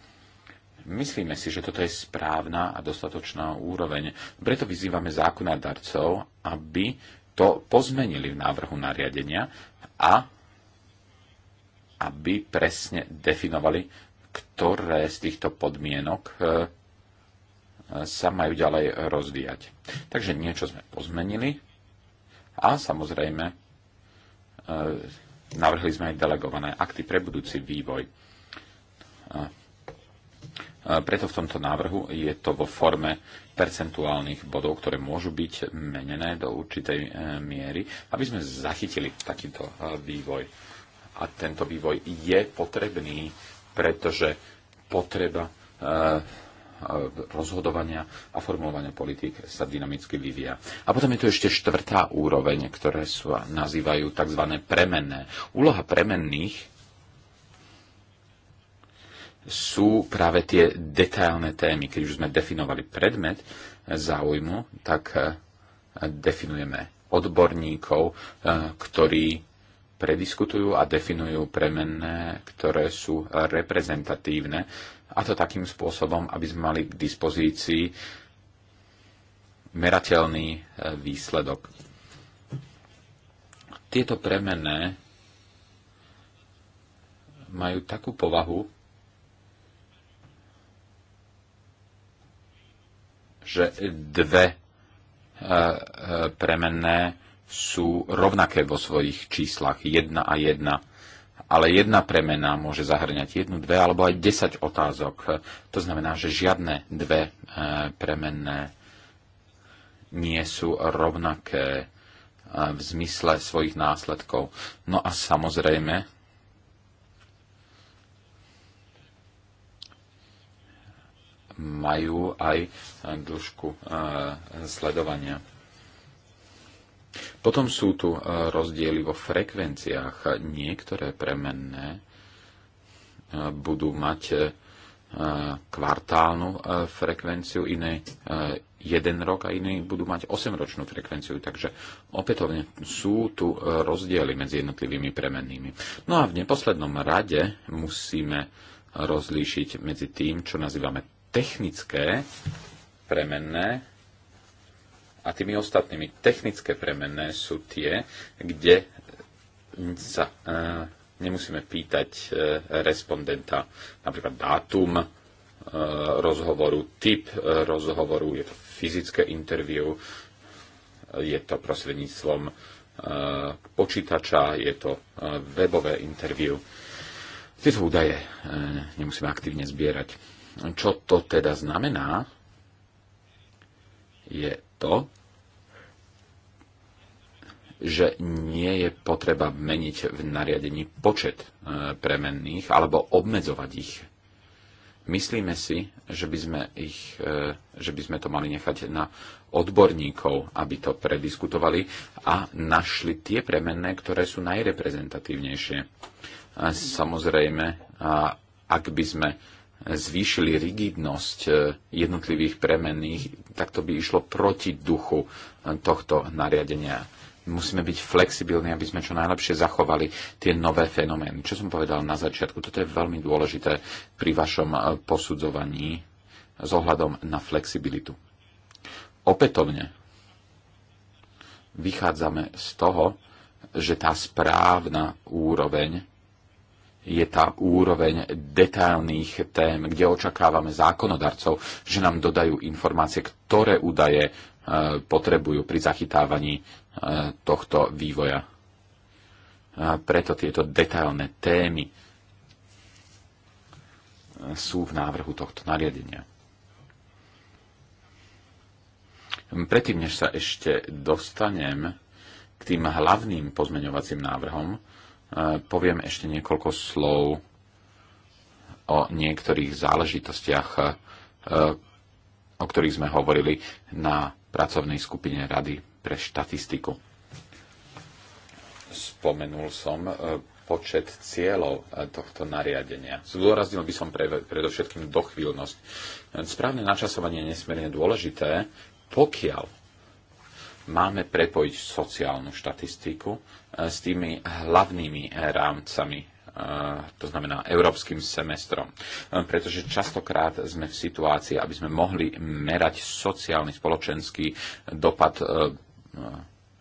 Myslíme si, že toto je správna a dostatočná úroveň. Preto vyzývame zákonodarcov, aby to pozmenili v návrhu nariadenia a aby presne definovali, ktoré z týchto podmienok e, sa majú ďalej rozvíjať. Takže niečo sme pozmenili a samozrejme e, navrhli sme aj delegované akty pre budúci vývoj e, preto v tomto návrhu je to vo forme percentuálnych bodov, ktoré môžu byť menené do určitej e, miery, aby sme zachytili takýto e, vývoj. A tento vývoj je potrebný, pretože potreba e, rozhodovania a formulovania politik sa dynamicky vyvíja. A potom je tu ešte štvrtá úroveň, ktoré sa nazývajú tzv. premenné. Úloha premenných sú práve tie detailné témy. Keď už sme definovali predmet záujmu, tak e, definujeme odborníkov, e, ktorí prediskutujú a definujú premenné, ktoré sú reprezentatívne. A to takým spôsobom, aby sme mali k dispozícii merateľný e, výsledok. Tieto premenné majú takú povahu, že dve e, e, premenné sú rovnaké vo svojich číslach 1 a 1. Ale jedna premena môže zahrňať jednu, dve alebo aj 10 otázok. To znamená, že žiadne dve e, premenné nie sú rovnaké v zmysle svojich následkov. No a samozrejme, majú aj dĺžku e, sledovania. Potom sú tu e, rozdiely vo frekvenciách. Niektoré premenné e, budú mať kvartálnu frekvenciu, iné jeden rok a iné budú mať 8-ročnú frekvenciu. Takže opätovne sú tu rozdiely medzi jednotlivými premennými. No a v neposlednom rade musíme rozlíšiť medzi tým, čo nazývame technické premenné a tými ostatnými. Technické premenné sú tie, kde sa e, nemusíme pýtať e, respondenta napríklad dátum e, rozhovoru, typ e, rozhovoru, je to fyzické interview, je to prostredníctvom e, počítača, je to e, webové interview. Tieto údaje e, nemusíme aktívne zbierať. Čo to teda znamená, je to, že nie je potreba meniť v nariadení počet e, premenných alebo obmedzovať ich. Myslíme si, že by sme, ich, e, že by sme to mali nechať na odborníkov, aby to prediskutovali a našli tie premenné, ktoré sú najreprezentatívnejšie. Samozrejme, ak by sme zvýšili rigidnosť e, jednotlivých premenných, tak to by išlo proti duchu e, tohto nariadenia. Musíme byť flexibilní, aby sme čo najlepšie zachovali tie nové fenomény. Čo som povedal na začiatku, toto je veľmi dôležité pri vašom e, posudzovaní s ohľadom na flexibilitu. Opätovne vychádzame z toho, že tá správna úroveň je tá úroveň detailných tém, kde očakávame zákonodarcov, že nám dodajú informácie, ktoré údaje e, potrebujú pri zachytávaní e, tohto vývoja. E, preto tieto detailné témy sú v návrhu tohto nariadenia. Predtým, než sa ešte dostanem k tým hlavným pozmeňovacím návrhom, E, poviem ešte niekoľko slov o niektorých záležitostiach, e, o ktorých sme hovorili na pracovnej skupine Rady pre štatistiku. Spomenul som e, počet cieľov tohto nariadenia. Zdôraznil by som pre, predovšetkým dochvíľnosť. Správne načasovanie je nesmierne dôležité, pokiaľ Máme prepojiť sociálnu štatistiku e, s tými hlavnými rámcami e, to znamená európskym semestrom. E, pretože častokrát sme v situácii, aby sme mohli merať sociálny, spoločenský dopad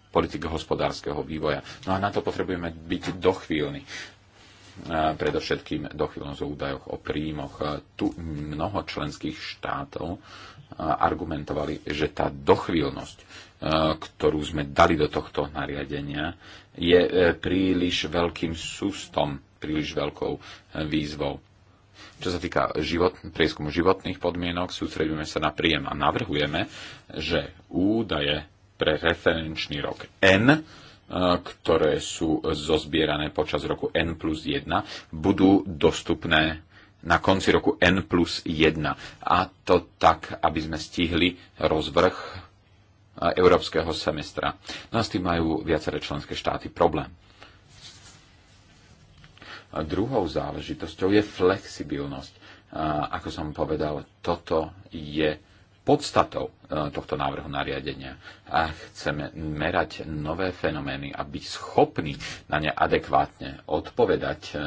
politiky hospodárskeho vývoja. No a na to potrebujeme byť dochvíľni. Predovšetkým dochvíľnosť o údajoch o príjmoch. Tu mnoho členských štátov argumentovali, že tá dochvíľnosť E, ktorú sme dali do tohto nariadenia, je e, príliš veľkým sústom, príliš veľkou e, výzvou. Čo sa týka život, prieskumu životných podmienok, sústredíme sa na príjem a navrhujeme, že údaje pre referenčný rok N, ktoré sú zozbierané počas roku N plus 1, budú dostupné na konci roku N plus 1. A to tak, aby sme stihli rozvrh európskeho semestra. No a s tým majú viaceré členské štáty problém. A druhou záležitosťou je flexibilnosť. A ako som povedal, toto je podstatou e, tohto návrhu nariadenia. A chceme merať nové fenomény a byť schopní na ne adekvátne odpovedať e,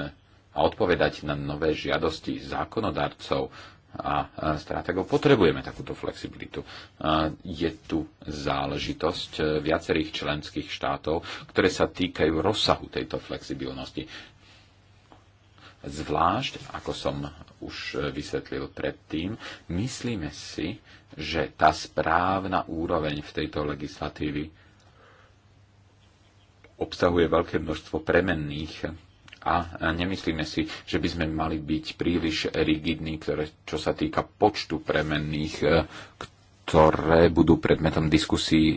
a odpovedať na nové žiadosti zákonodarcov a stratégov potrebujeme takúto flexibilitu. Je tu záležitosť e, viacerých členských štátov, ktoré sa týkajú rozsahu tejto flexibilnosti. Zvlášť, ako som už e, vysvetlil predtým, myslíme si, že tá správna úroveň v tejto legislatívy obsahuje veľké množstvo premenných, a nemyslíme si, že by sme mali byť príliš rigidní, ktoré, čo sa týka počtu premenných, e, ktoré budú predmetom diskusí e,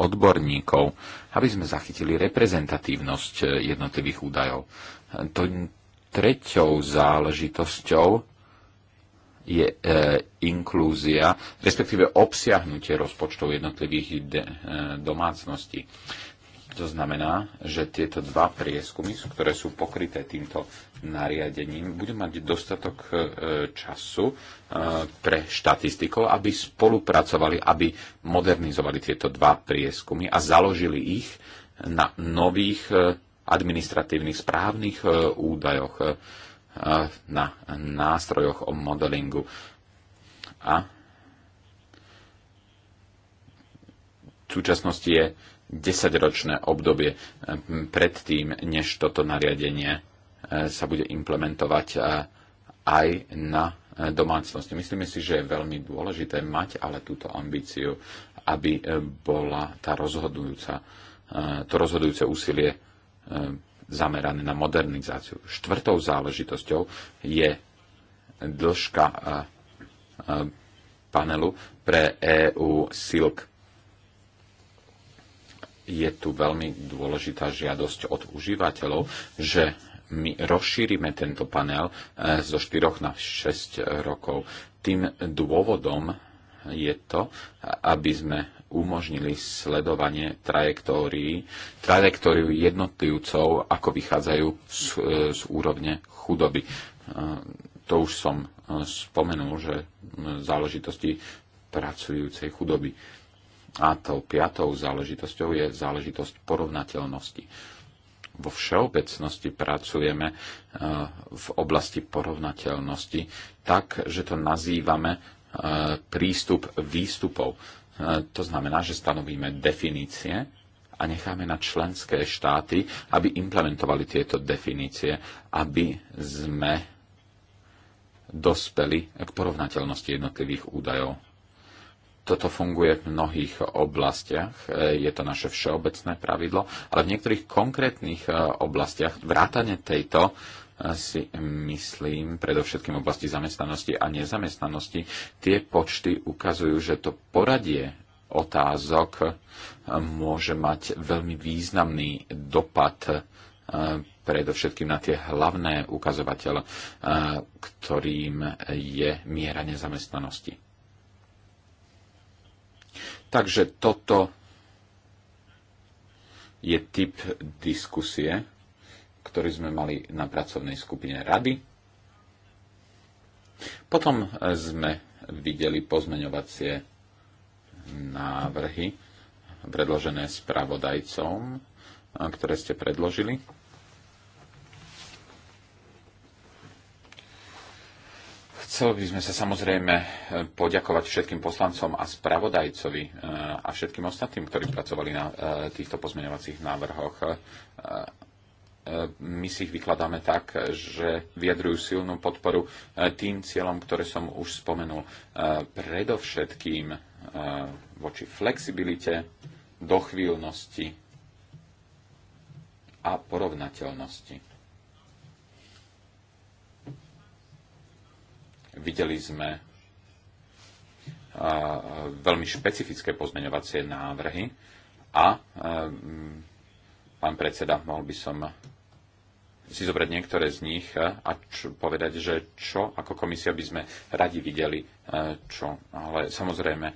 odborníkov, aby sme zachytili reprezentatívnosť e, jednotlivých údajov. To treťou záležitosťou je e, inklúzia, respektíve obsiahnutie rozpočtov jednotlivých de, e, domácností. To znamená, že tieto dva prieskumy, ktoré sú pokryté týmto nariadením, budú mať dostatok e, času e, pre štatistikov, aby spolupracovali, aby modernizovali tieto dva prieskumy a založili ich na nových e, administratívnych správnych údajoch na nástrojoch o modelingu. A v súčasnosti je desaťročné obdobie eh, predtým, než toto nariadenie eh, sa bude implementovať eh, aj na domácnosti. Myslíme si, že je veľmi dôležité mať ale túto ambíciu, aby bola tá rozhodujúca, to rozhodujúce úsilie zamerané na modernizáciu. Štvrtou záležitosťou je dĺžka panelu pre EU Silk je tu veľmi dôležitá žiadosť od užívateľov, že my rozšírime tento panel eh, zo 4 na 6 rokov. Tým dôvodom je to, aby sme umožnili sledovanie trajektórií, trajektóriu jednotlivcov, ako vychádzajú z, eh, z úrovne chudoby. Eh, to už som spomenul, že hm, záležitosti pracujúcej chudoby. A tou piatou záležitosťou je záležitosť porovnateľnosti. Vo všeobecnosti pracujeme e, v oblasti porovnateľnosti tak, že to nazývame e, prístup výstupov. E, to znamená, že stanovíme definície a necháme na členské štáty, aby implementovali tieto definície, aby sme dospeli k porovnateľnosti jednotlivých údajov toto funguje v mnohých oblastiach, e, je to naše všeobecné pravidlo, ale v niektorých konkrétnych e, oblastiach vrátane tejto e, si myslím, predovšetkým oblasti zamestnanosti a nezamestnanosti, tie počty ukazujú, že to poradie otázok môže mať veľmi významný dopad predovšetkým na tie hlavné ukazovatele, ktorým je miera nezamestnanosti. Takže toto je typ diskusie, ktorý sme mali na pracovnej skupine rady. Potom e, sme videli pozmeňovacie návrhy predložené spravodajcom, e, ktoré ste predložili. chcel by sme sa samozrejme e, poďakovať všetkým poslancom a spravodajcovi e, a všetkým ostatným, ktorí pracovali na e, týchto pozmeňovacích návrhoch. My si ich vykladáme tak, že vyjadrujú silnú podporu tým cieľom, ktoré som už spomenul. Predovšetkým voči flexibilite, dochvíľnosti a porovnateľnosti. Videli sme veľmi špecifické pozmeňovacie návrhy a mm, pán predseda, mohol by som si zobrať niektoré z nich a čo, povedať, že čo ako komisia by sme radi videli, e, čo. Ale samozrejme, e,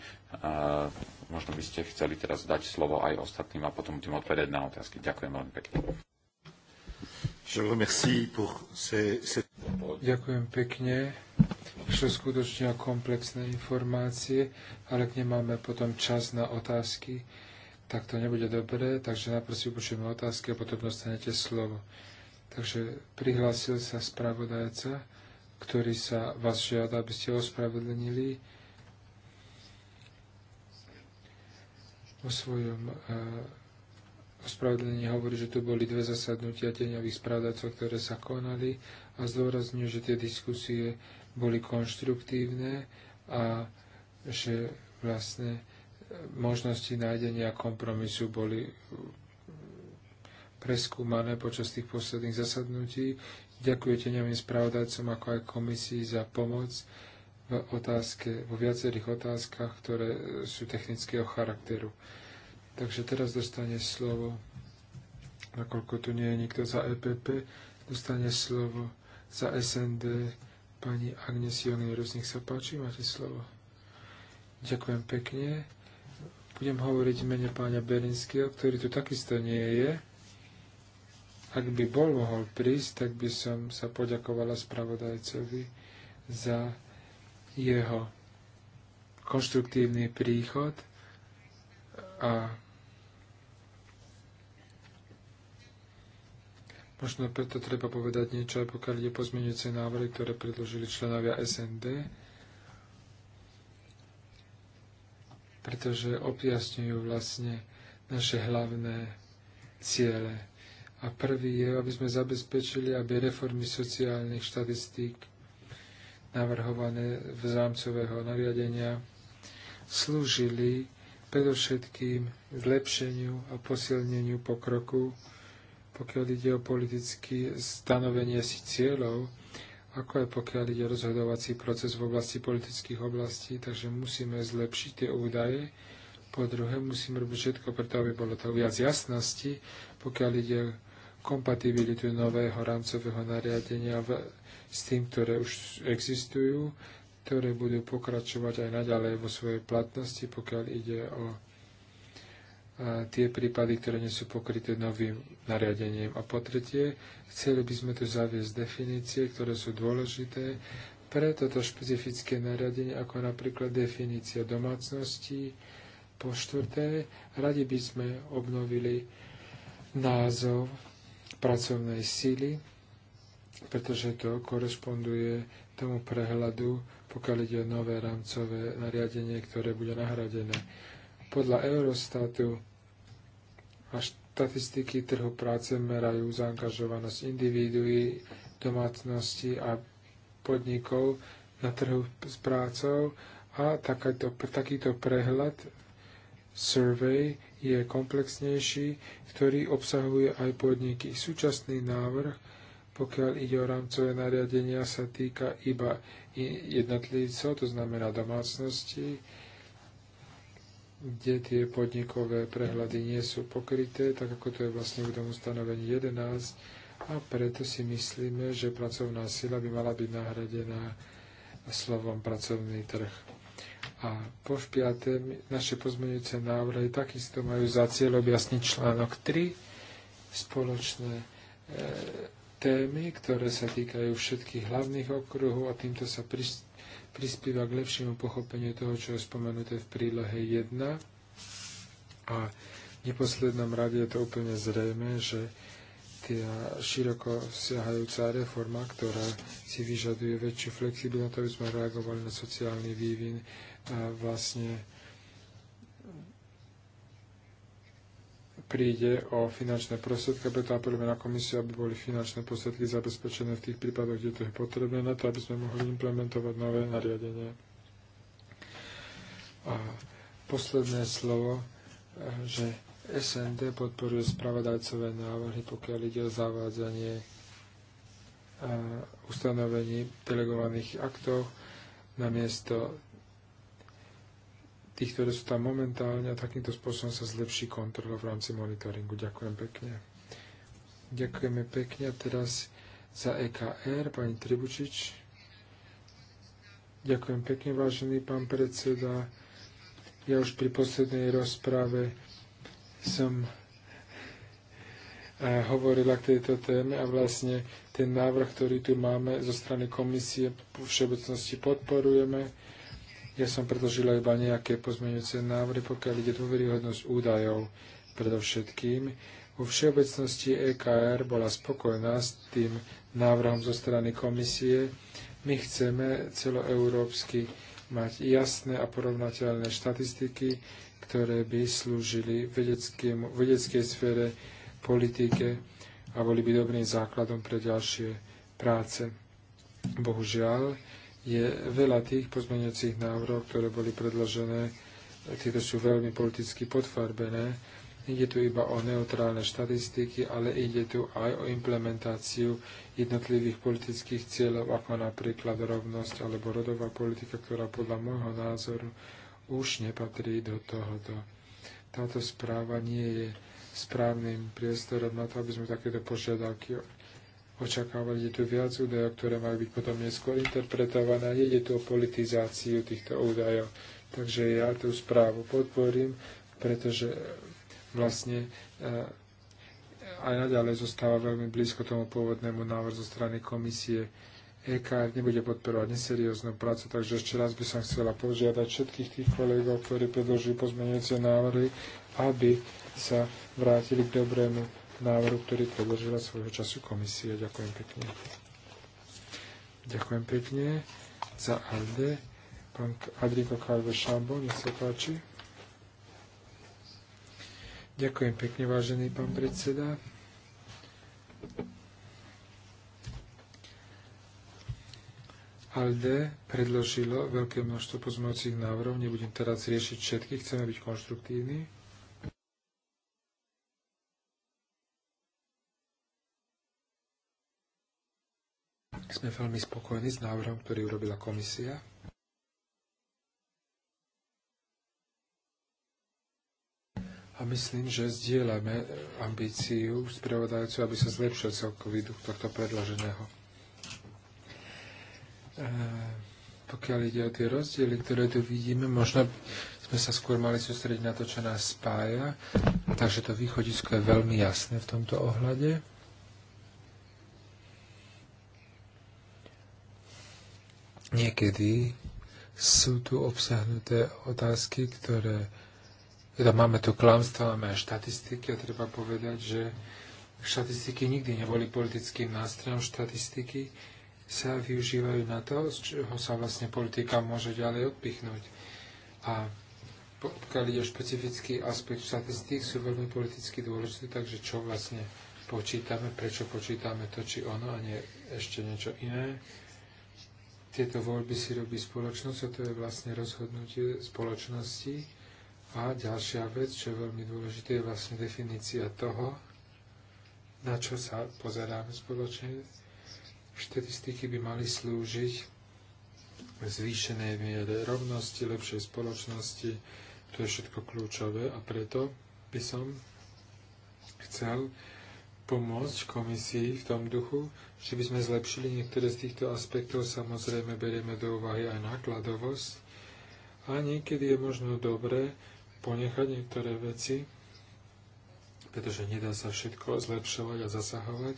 možno by ste chceli teraz dať slovo aj ostatným a potom tým odpovedať na otázky. Ďakujem veľmi pekne. Ďakujem pekne. Išlo skutočne o komplexné informácie, ale ak nemáme potom čas na otázky, tak to nebude dobré, takže najprv si upočujeme otázky a potom dostanete slovo. Takže prihlásil sa spravodajca, ktorý sa vás žiada, aby ste ospravedlnili o svojom uh, ospravedlenie hovorí, že tu boli dve zasadnutia deňových správdacov, ktoré sa konali a zdôrazňuje, že tie diskusie boli konštruktívne a že vlastne možnosti nájdenia kompromisu boli preskúmané počas tých posledných zasadnutí. Ďakujem teňovým spravodajcom ako aj komisii za pomoc v otázke, vo viacerých otázkach, ktoré sú technického charakteru. Takže teraz dostane slovo, nakoľko tu nie je nikto za EPP, dostane slovo za SND pani Agnes Jonierus. Nech sa páči, máte slovo. Ďakujem pekne. Budem hovoriť v mene pána Berinského, ktorý tu takisto nie je. Ak by bol mohol prísť, tak by som sa poďakovala spravodajcovi za jeho konštruktívny príchod a Možno preto treba povedať niečo aj pokiaľ ide pozmeňujúce návrhy, ktoré predložili členovia SND, pretože objasňujú vlastne naše hlavné ciele. A prvý je, aby sme zabezpečili, aby reformy sociálnych štatistík navrhované v zámcového nariadenia slúžili predovšetkým zlepšeniu a posilneniu pokroku pokiaľ ide o politické stanovenie si cieľov, ako aj pokiaľ ide o rozhodovací proces v oblasti politických oblastí, takže musíme zlepšiť tie údaje. Po druhé, musíme robiť všetko preto, aby bolo to viac jasnosti, pokiaľ ide o kompatibilitu nového rámcového nariadenia v, s tým, ktoré už existujú, ktoré budú pokračovať aj naďalej vo svojej platnosti, pokiaľ ide o tie prípady, ktoré nie sú pokryté novým nariadením. A po tretie, chceli by sme tu zaviesť definície, ktoré sú dôležité pre toto špecifické nariadenie, ako napríklad definícia domácnosti. Po štvrté, radi by sme obnovili názov pracovnej síly, pretože to korešponduje tomu prehľadu, pokiaľ ide o nové rámcové nariadenie, ktoré bude nahradené podľa Eurostatu a štatistiky trhu práce merajú zaangažovanosť individuí, domácnosti a podnikov na trhu s prácou a takýto, takýto prehľad survey je komplexnejší, ktorý obsahuje aj podniky. Súčasný návrh, pokiaľ ide o rámcové nariadenia, sa týka iba jednotlivcov, to znamená domácnosti, kde tie podnikové prehľady nie sú pokryté, tak ako to je vlastne v tom ustanovení 11. A preto si myslíme, že pracovná sila by mala byť nahradená slovom pracovný trh. A po špiaté, naše pozmeňujúce návrhy takisto majú za cieľ objasniť článok 3, spoločné e, témy, ktoré sa týkajú všetkých hlavných okruhov a týmto sa prispieva k lepšiemu pochopeniu toho, čo je spomenuté v prílohe 1. A v neposlednom rade je to úplne zrejme, že tá široko siahajúca reforma, ktorá si vyžaduje väčšiu flexibilitu, aby sme reagovali na sociálny vývin, vlastne príde o finančné prostriedky, preto apelujeme na komisiu, aby boli finančné prostriedky zabezpečené v tých prípadoch, kde to je potrebné, na to, aby sme mohli implementovať nové nariadenie. A posledné slovo, eh, že SND podporuje spravodajcové návrhy, pokiaľ ide o zavádzanie eh, ustanovení delegovaných aktov miesto tých, ktoré sú tam momentálne a takýmto spôsobom sa zlepší kontrola v rámci monitoringu. Ďakujem pekne. Ďakujeme pekne a teraz za EKR, pani Tribučič. Ďakujem pekne, vážený pán predseda. Ja už pri poslednej rozprave som eh, hovorila k tejto téme a vlastne ten návrh, ktorý tu máme zo strany komisie, v všeobecnosti podporujeme ja som predložila iba nejaké pozmeňujúce návrhy, pokiaľ ide dôveryhodnosť údajov predovšetkým. Vo všeobecnosti EKR bola spokojná s tým návrhom zo strany komisie. My chceme celoeurópsky mať jasné a porovnateľné štatistiky, ktoré by slúžili vedeckej sfére, politike a boli by dobrým základom pre ďalšie práce. Bohužiaľ, je veľa tých pozmeňujúcich návrhov, ktoré boli predložené. Tieto sú veľmi politicky podfarbené. Ide tu iba o neutrálne štatistiky, ale ide tu aj o implementáciu jednotlivých politických cieľov, ako napríklad rovnosť alebo rodová politika, ktorá podľa môjho názoru už nepatrí do tohoto. Táto správa nie je správnym priestorom na to, aby sme takéto požiadavky očakávali, je tu viac údajov, ktoré majú byť potom neskôr interpretované. Ide tu o politizáciu týchto údajov. Takže ja tú správu podporím, pretože eh, vlastne eh, aj naďalej zostáva veľmi blízko tomu pôvodnému návrhu zo strany komisie. EK nebude podporovať neserióznu prácu, takže ešte raz by som chcela požiadať všetkých tých kolegov, ktorí predložili pozmeňujúce návrhy, aby sa vrátili k dobrému návrhu, ktorý predložila svojho času komisia. Ďakujem pekne. Ďakujem pekne za Alde. Pán Adrico Calve Šambo, nech sa páči. Ďakujem pekne, vážený pán predseda. ALDE predložilo veľké množstvo pozmeňujúcich návrhov, nebudem teraz riešiť všetky, chceme byť konštruktívni. Sme veľmi spokojní s návrhom, ktorý urobila komisia. A myslím, že zdieľame e, ambíciu spravodajcu, aby sa zlepšil celkový duch tohto predloženého. E, pokiaľ ide o tie rozdiely, ktoré tu vidíme, možno sme sa skôr mali sústrediť na to, čo nás spája. Takže to východisko je veľmi jasné v tomto ohľade. Niekedy sú tu obsahnuté otázky, ktoré... Teda máme tu klamstvo, máme aj štatistiky a treba povedať, že štatistiky nikdy neboli politickým nástrojom. Štatistiky sa využívajú na to, z čoho sa vlastne politika môže ďalej odpichnúť. A pokiaľ ide o špecifický aspekt štatistík, sú veľmi politicky dôležité, takže čo vlastne počítame, prečo počítame to či ono a nie ešte niečo iné tieto voľby si robí spoločnosť a to je vlastne rozhodnutie spoločnosti. A ďalšia vec, čo je veľmi dôležité, je vlastne definícia toho, na čo sa pozeráme spoločne. Štatistiky by mali slúžiť zvýšenej miere rovnosti, lepšej spoločnosti. To je všetko kľúčové a preto by som chcel, pomôcť komisii v tom duchu, že by sme zlepšili niektoré z týchto aspektov. Samozrejme, berieme do úvahy aj nákladovosť. A niekedy je možno dobré ponechať niektoré veci, pretože nedá sa všetko zlepšovať a zasahovať.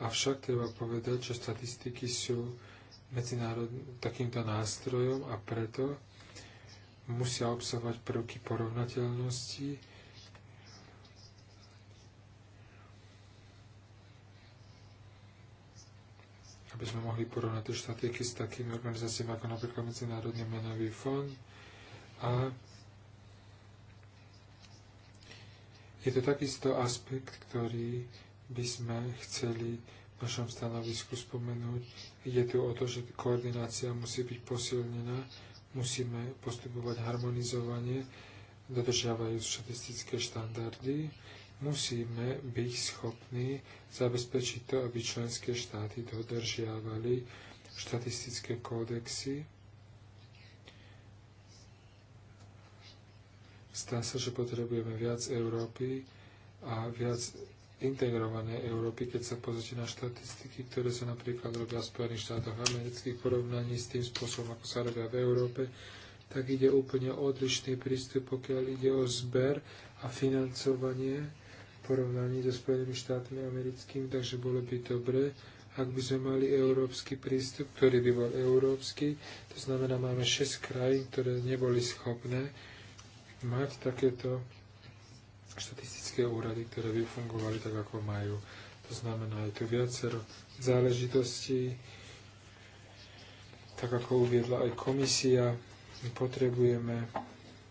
Avšak treba povedať, že statistiky sú medzinárodným takýmto nástrojom a preto musia obsahovať prvky porovnateľnosti, aby sme mohli porovnať tie štatiky s takými organizáciami ako napríklad Medzinárodný menový fond a je to takisto aspekt, ktorý by sme chceli v našom stanovisku spomenúť. Ide tu o to, že koordinácia musí byť posilnená, musíme postupovať harmonizovanie, dodržiavajú štatistické štandardy musíme byť schopní zabezpečiť to, aby členské štáty dodržiavali štatistické kódexy. Zdá sa, že potrebujeme viac Európy a viac integrované Európy, keď sa pozrite na štatistiky, ktoré sa napríklad robia v Spojených štátoch amerických v porovnaní s tým spôsobom, ako sa robia v Európe, tak ide úplne odlišný prístup, pokiaľ ide o zber a financovanie porovnaní so Spojenými štátmi americkými, takže bolo by dobre, ak by sme mali európsky prístup, ktorý by bol európsky, to znamená, máme 6 krajín, ktoré neboli schopné mať takéto štatistické úrady, ktoré by fungovali tak, ako majú. To znamená, je tu viacero záležitostí, tak ako uviedla aj komisia, my potrebujeme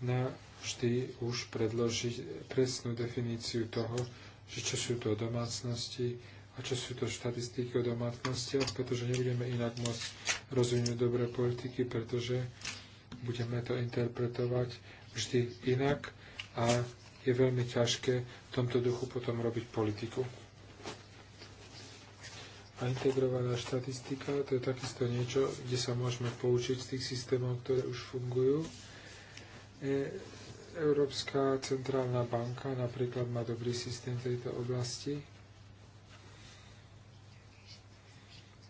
na vždy už predložiť presnú definíciu toho, že čo sú to domácnosti a čo sú to štatistiky o domácnostiach, pretože nebudeme inak môcť rozvinúť dobré politiky, pretože budeme to interpretovať vždy inak a je veľmi ťažké v tomto duchu potom robiť politiku. A integrovaná štatistika, to je takisto niečo, kde sa môžeme poučiť z tých systémov, ktoré už fungujú. E, Európska centrálna banka napríklad má dobrý systém v tejto oblasti.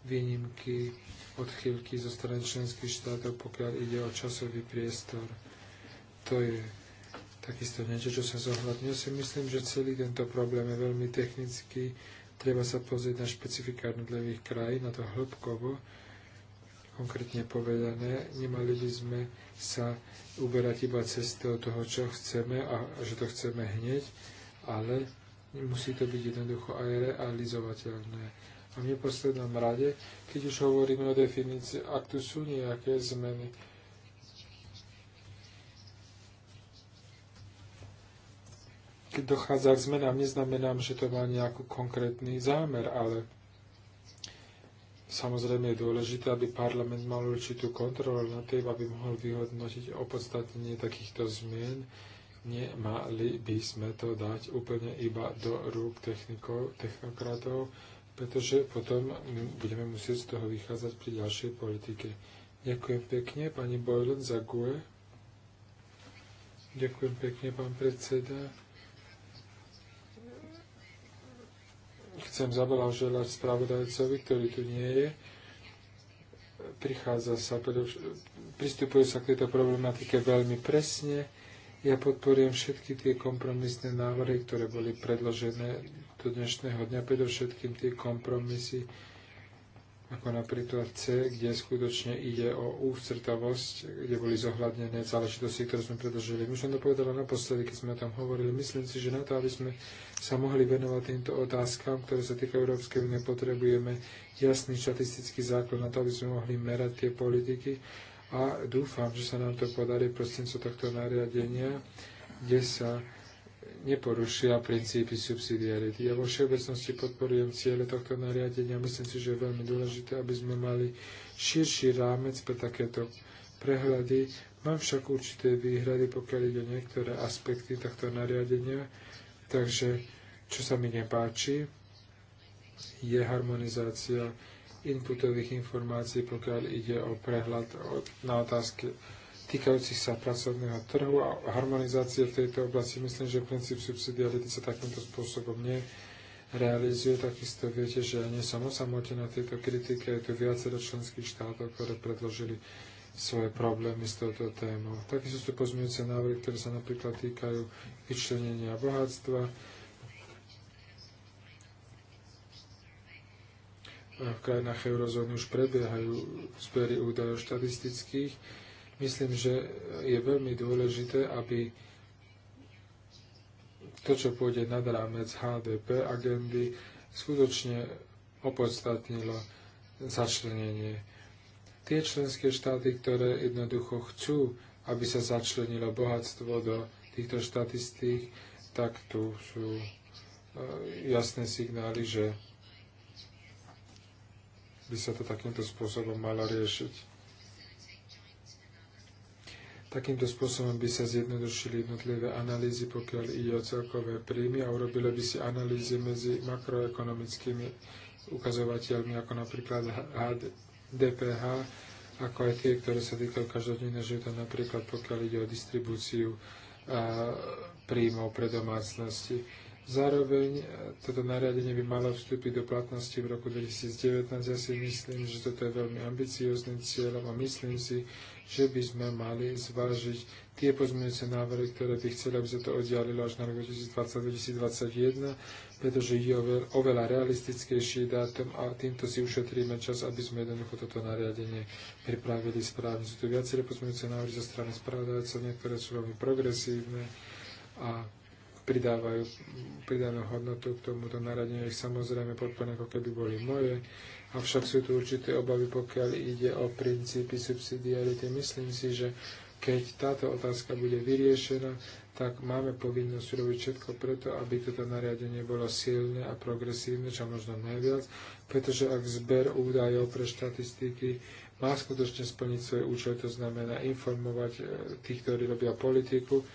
Výnimky, odchýlky zo strany členských štátov, pokiaľ ide o časový priestor. To je takisto niečo, čo sa zohľadňuje. Si myslím, že celý tento problém je veľmi technický. Treba sa pozrieť na špecifika jednotlivých krajín, na to hĺbkovo konkrétne povedané, nemali by sme sa uberať iba cestou toho, čo chceme a že to chceme hneď, ale musí to byť jednoducho aj realizovateľné. A v neposlednom rade, keď už hovoríme o definícii, ak tu sú nejaké zmeny, keď dochádza k zmenám, neznamenám, že to má nejaký konkrétny zámer, ale Samozrejme je dôležité, aby parlament mal určitú kontrolu na tým, aby mohol vyhodnotiť opodstatnenie takýchto zmien. Nemali by sme to dať úplne iba do rúk technikov, technokratov, pretože potom budeme musieť z toho vychádzať pri ďalšej politike. Ďakujem pekne, pani Boylan za GUE. Ďakujem pekne, pán predseda. chcem zablahoželať spravodajcovi, ktorý tu nie je. Prichádza sa, pristupuje sa k tejto problematike veľmi presne. Ja podporujem všetky tie kompromisné návrhy, ktoré boli predložené do dnešného dňa, predovšetkým tie kompromisy, ako napríklad C, kde skutočne ide o ústretavosť, kde boli zohľadnené záležitosti, ktoré sme predložili. Už som to povedala naposledy, keď sme o tom hovorili. Myslím si, že na to, aby sme sa mohli venovať týmto otázkam, ktoré sa týkajú Európskej únie, potrebujeme jasný štatistický základ na to, aby sme mohli merať tie politiky. A dúfam, že sa nám to podarí prostredníctvom tohto nariadenia, kde sa neporušila princípy subsidiarity. Ja vo všeobecnosti podporujem cieľe tohto nariadenia. Myslím si, že je veľmi dôležité, aby sme mali širší rámec pre takéto prehľady. Mám však určité výhrady, pokiaľ ide o niektoré aspekty tohto nariadenia. Takže, čo sa mi nepáči, je harmonizácia inputových informácií, pokiaľ ide o prehľad na otázky týkajúcich sa pracovného trhu a harmonizácie v tejto oblasti. Myslím, že princíp subsidiarity sa takýmto spôsobom nerealizuje. Takisto viete, že ja nie som na tejto kritike. Je tu viacero členských štátov, ktoré predložili svoje problémy s touto témou. Takisto sú tu pozmeňujúce návrhy, ktoré sa napríklad týkajú vyčlenenia bohatstva, v krajinách eurozóny už prebiehajú zbery údajov štatistických Myslím, že je veľmi dôležité, aby to, čo pôjde nad rámec HDP agendy, skutočne opodstatnilo začlenenie. Tie členské štáty, ktoré jednoducho chcú, aby sa začlenilo bohatstvo do týchto štatistík, tak tu sú e, jasné signály, že by sa to takýmto spôsobom malo riešiť. Takýmto spôsobom by sa zjednodušili jednotlivé analýzy, pokiaľ ide o celkové príjmy a urobilo by si analýzy medzi makroekonomickými ukazovateľmi, ako napríklad DPH, ako aj tie, ktoré sa týkajú každodenného života, napríklad pokiaľ ide o distribúciu príjmov pre domácnosti. Zároveň e, toto nariadenie by malo vstúpiť do platnosti v roku 2019. Ja si myslím, že toto je veľmi ambiciozným cieľom a myslím si, že by sme mali zvážiť tie pozmeňujúce návrhy, ktoré by chceli, aby sa to oddialilo až na rok 2020-2021, pretože je oveľa realistickejší dátum a týmto si ušetríme čas, aby sme jednoducho toto nariadenie pripravili správne. Sú tu viaceré pozmeňujúce návrhy zo strany spravodajcov, niektoré sú veľmi progresívne a pridávajú pridanú hodnotu k tomuto nariadeniu. Ich samozrejme podporujem, ako keby boli moje. Avšak sú tu určité obavy, pokiaľ ide o princípy subsidiarity. Myslím si, že keď táto otázka bude vyriešená, tak máme povinnosť robiť všetko preto, aby toto nariadenie bolo silné a progresívne, čo možno najviac, pretože ak zber údajov pre štatistiky má skutočne splniť svoj účel, to znamená informovať eh, tých, ktorí robia politiku,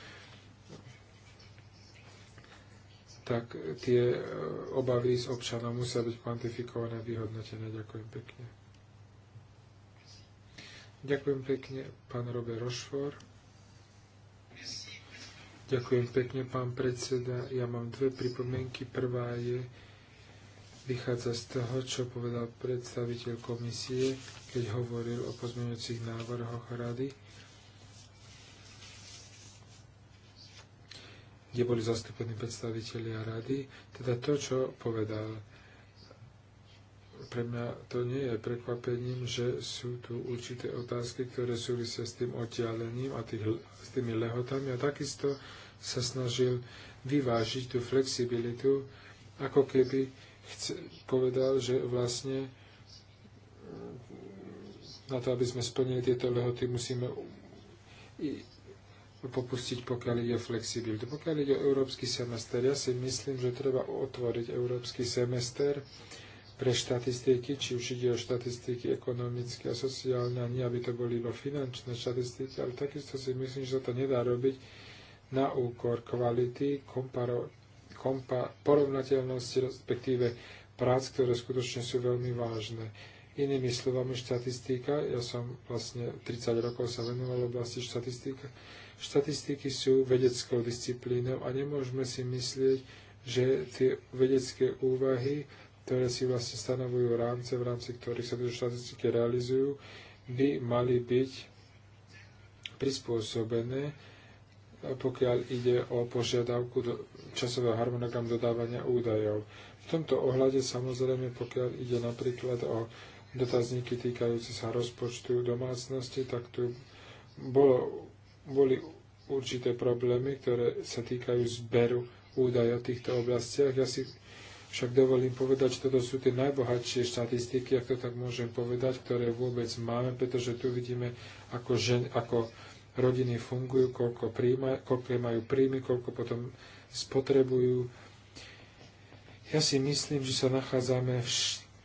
tak tie e, obavy z občanov musia byť kvantifikované a vyhodnotené. Ďakujem pekne. Ďakujem pekne, pán Robert Rošfor. Ďakujem pekne, pán predseda. Ja mám dve pripomienky. Prvá je, vychádza z toho, čo povedal predstaviteľ komisie, keď hovoril o pozmeňujúcich návrhoch rady kde boli zastúpení a rady. Teda to, čo povedal. Pre mňa to nie je prekvapením, že sú tu určité otázky, ktoré súvisia s tým oddialením a tých, s tými lehotami. A takisto sa snažil vyvážiť tú flexibilitu, ako keby chce, povedal, že vlastne mm, na to, aby sme splnili tieto lehoty, musíme popustiť, pokiaľ ide o flexibilitu. Pokiaľ ide o európsky semester, ja si myslím, že treba otvoriť európsky semester pre štatistiky, či už ide o štatistiky ekonomické a sociálne, a nie aby to boli iba finančné štatistiky, ale takisto si myslím, že sa to nedá robiť na úkor kvality, komparo, kompa, porovnateľnosti, respektíve prác, ktoré skutočne sú veľmi vážne. Inými slovami, štatistika, ja som vlastne 30 rokov sa venoval oblasti štatistika, Štatistiky sú vedeckou disciplínou a nemôžeme si myslieť, že tie vedecké úvahy, ktoré si vlastne stanovujú rámce, v rámci ktorých sa tieto štatistiky realizujú, by mali byť prispôsobené, pokiaľ ide o požiadavku do časového harmonogramu dodávania údajov. V tomto ohľade samozrejme, pokiaľ ide napríklad o dotazníky týkajúce sa rozpočtu domácnosti, tak tu bolo boli určité problémy, ktoré sa týkajú zberu údaj o týchto oblastiach. Ja si však dovolím povedať, že toto sú tie najbohatšie štatistiky, ak to tak môžem povedať, ktoré vôbec máme, pretože tu vidíme, ako, žen, ako rodiny fungujú, koľko, príjma, koľko majú príjmy, koľko potom spotrebujú. Ja si myslím, že sa nachádzame v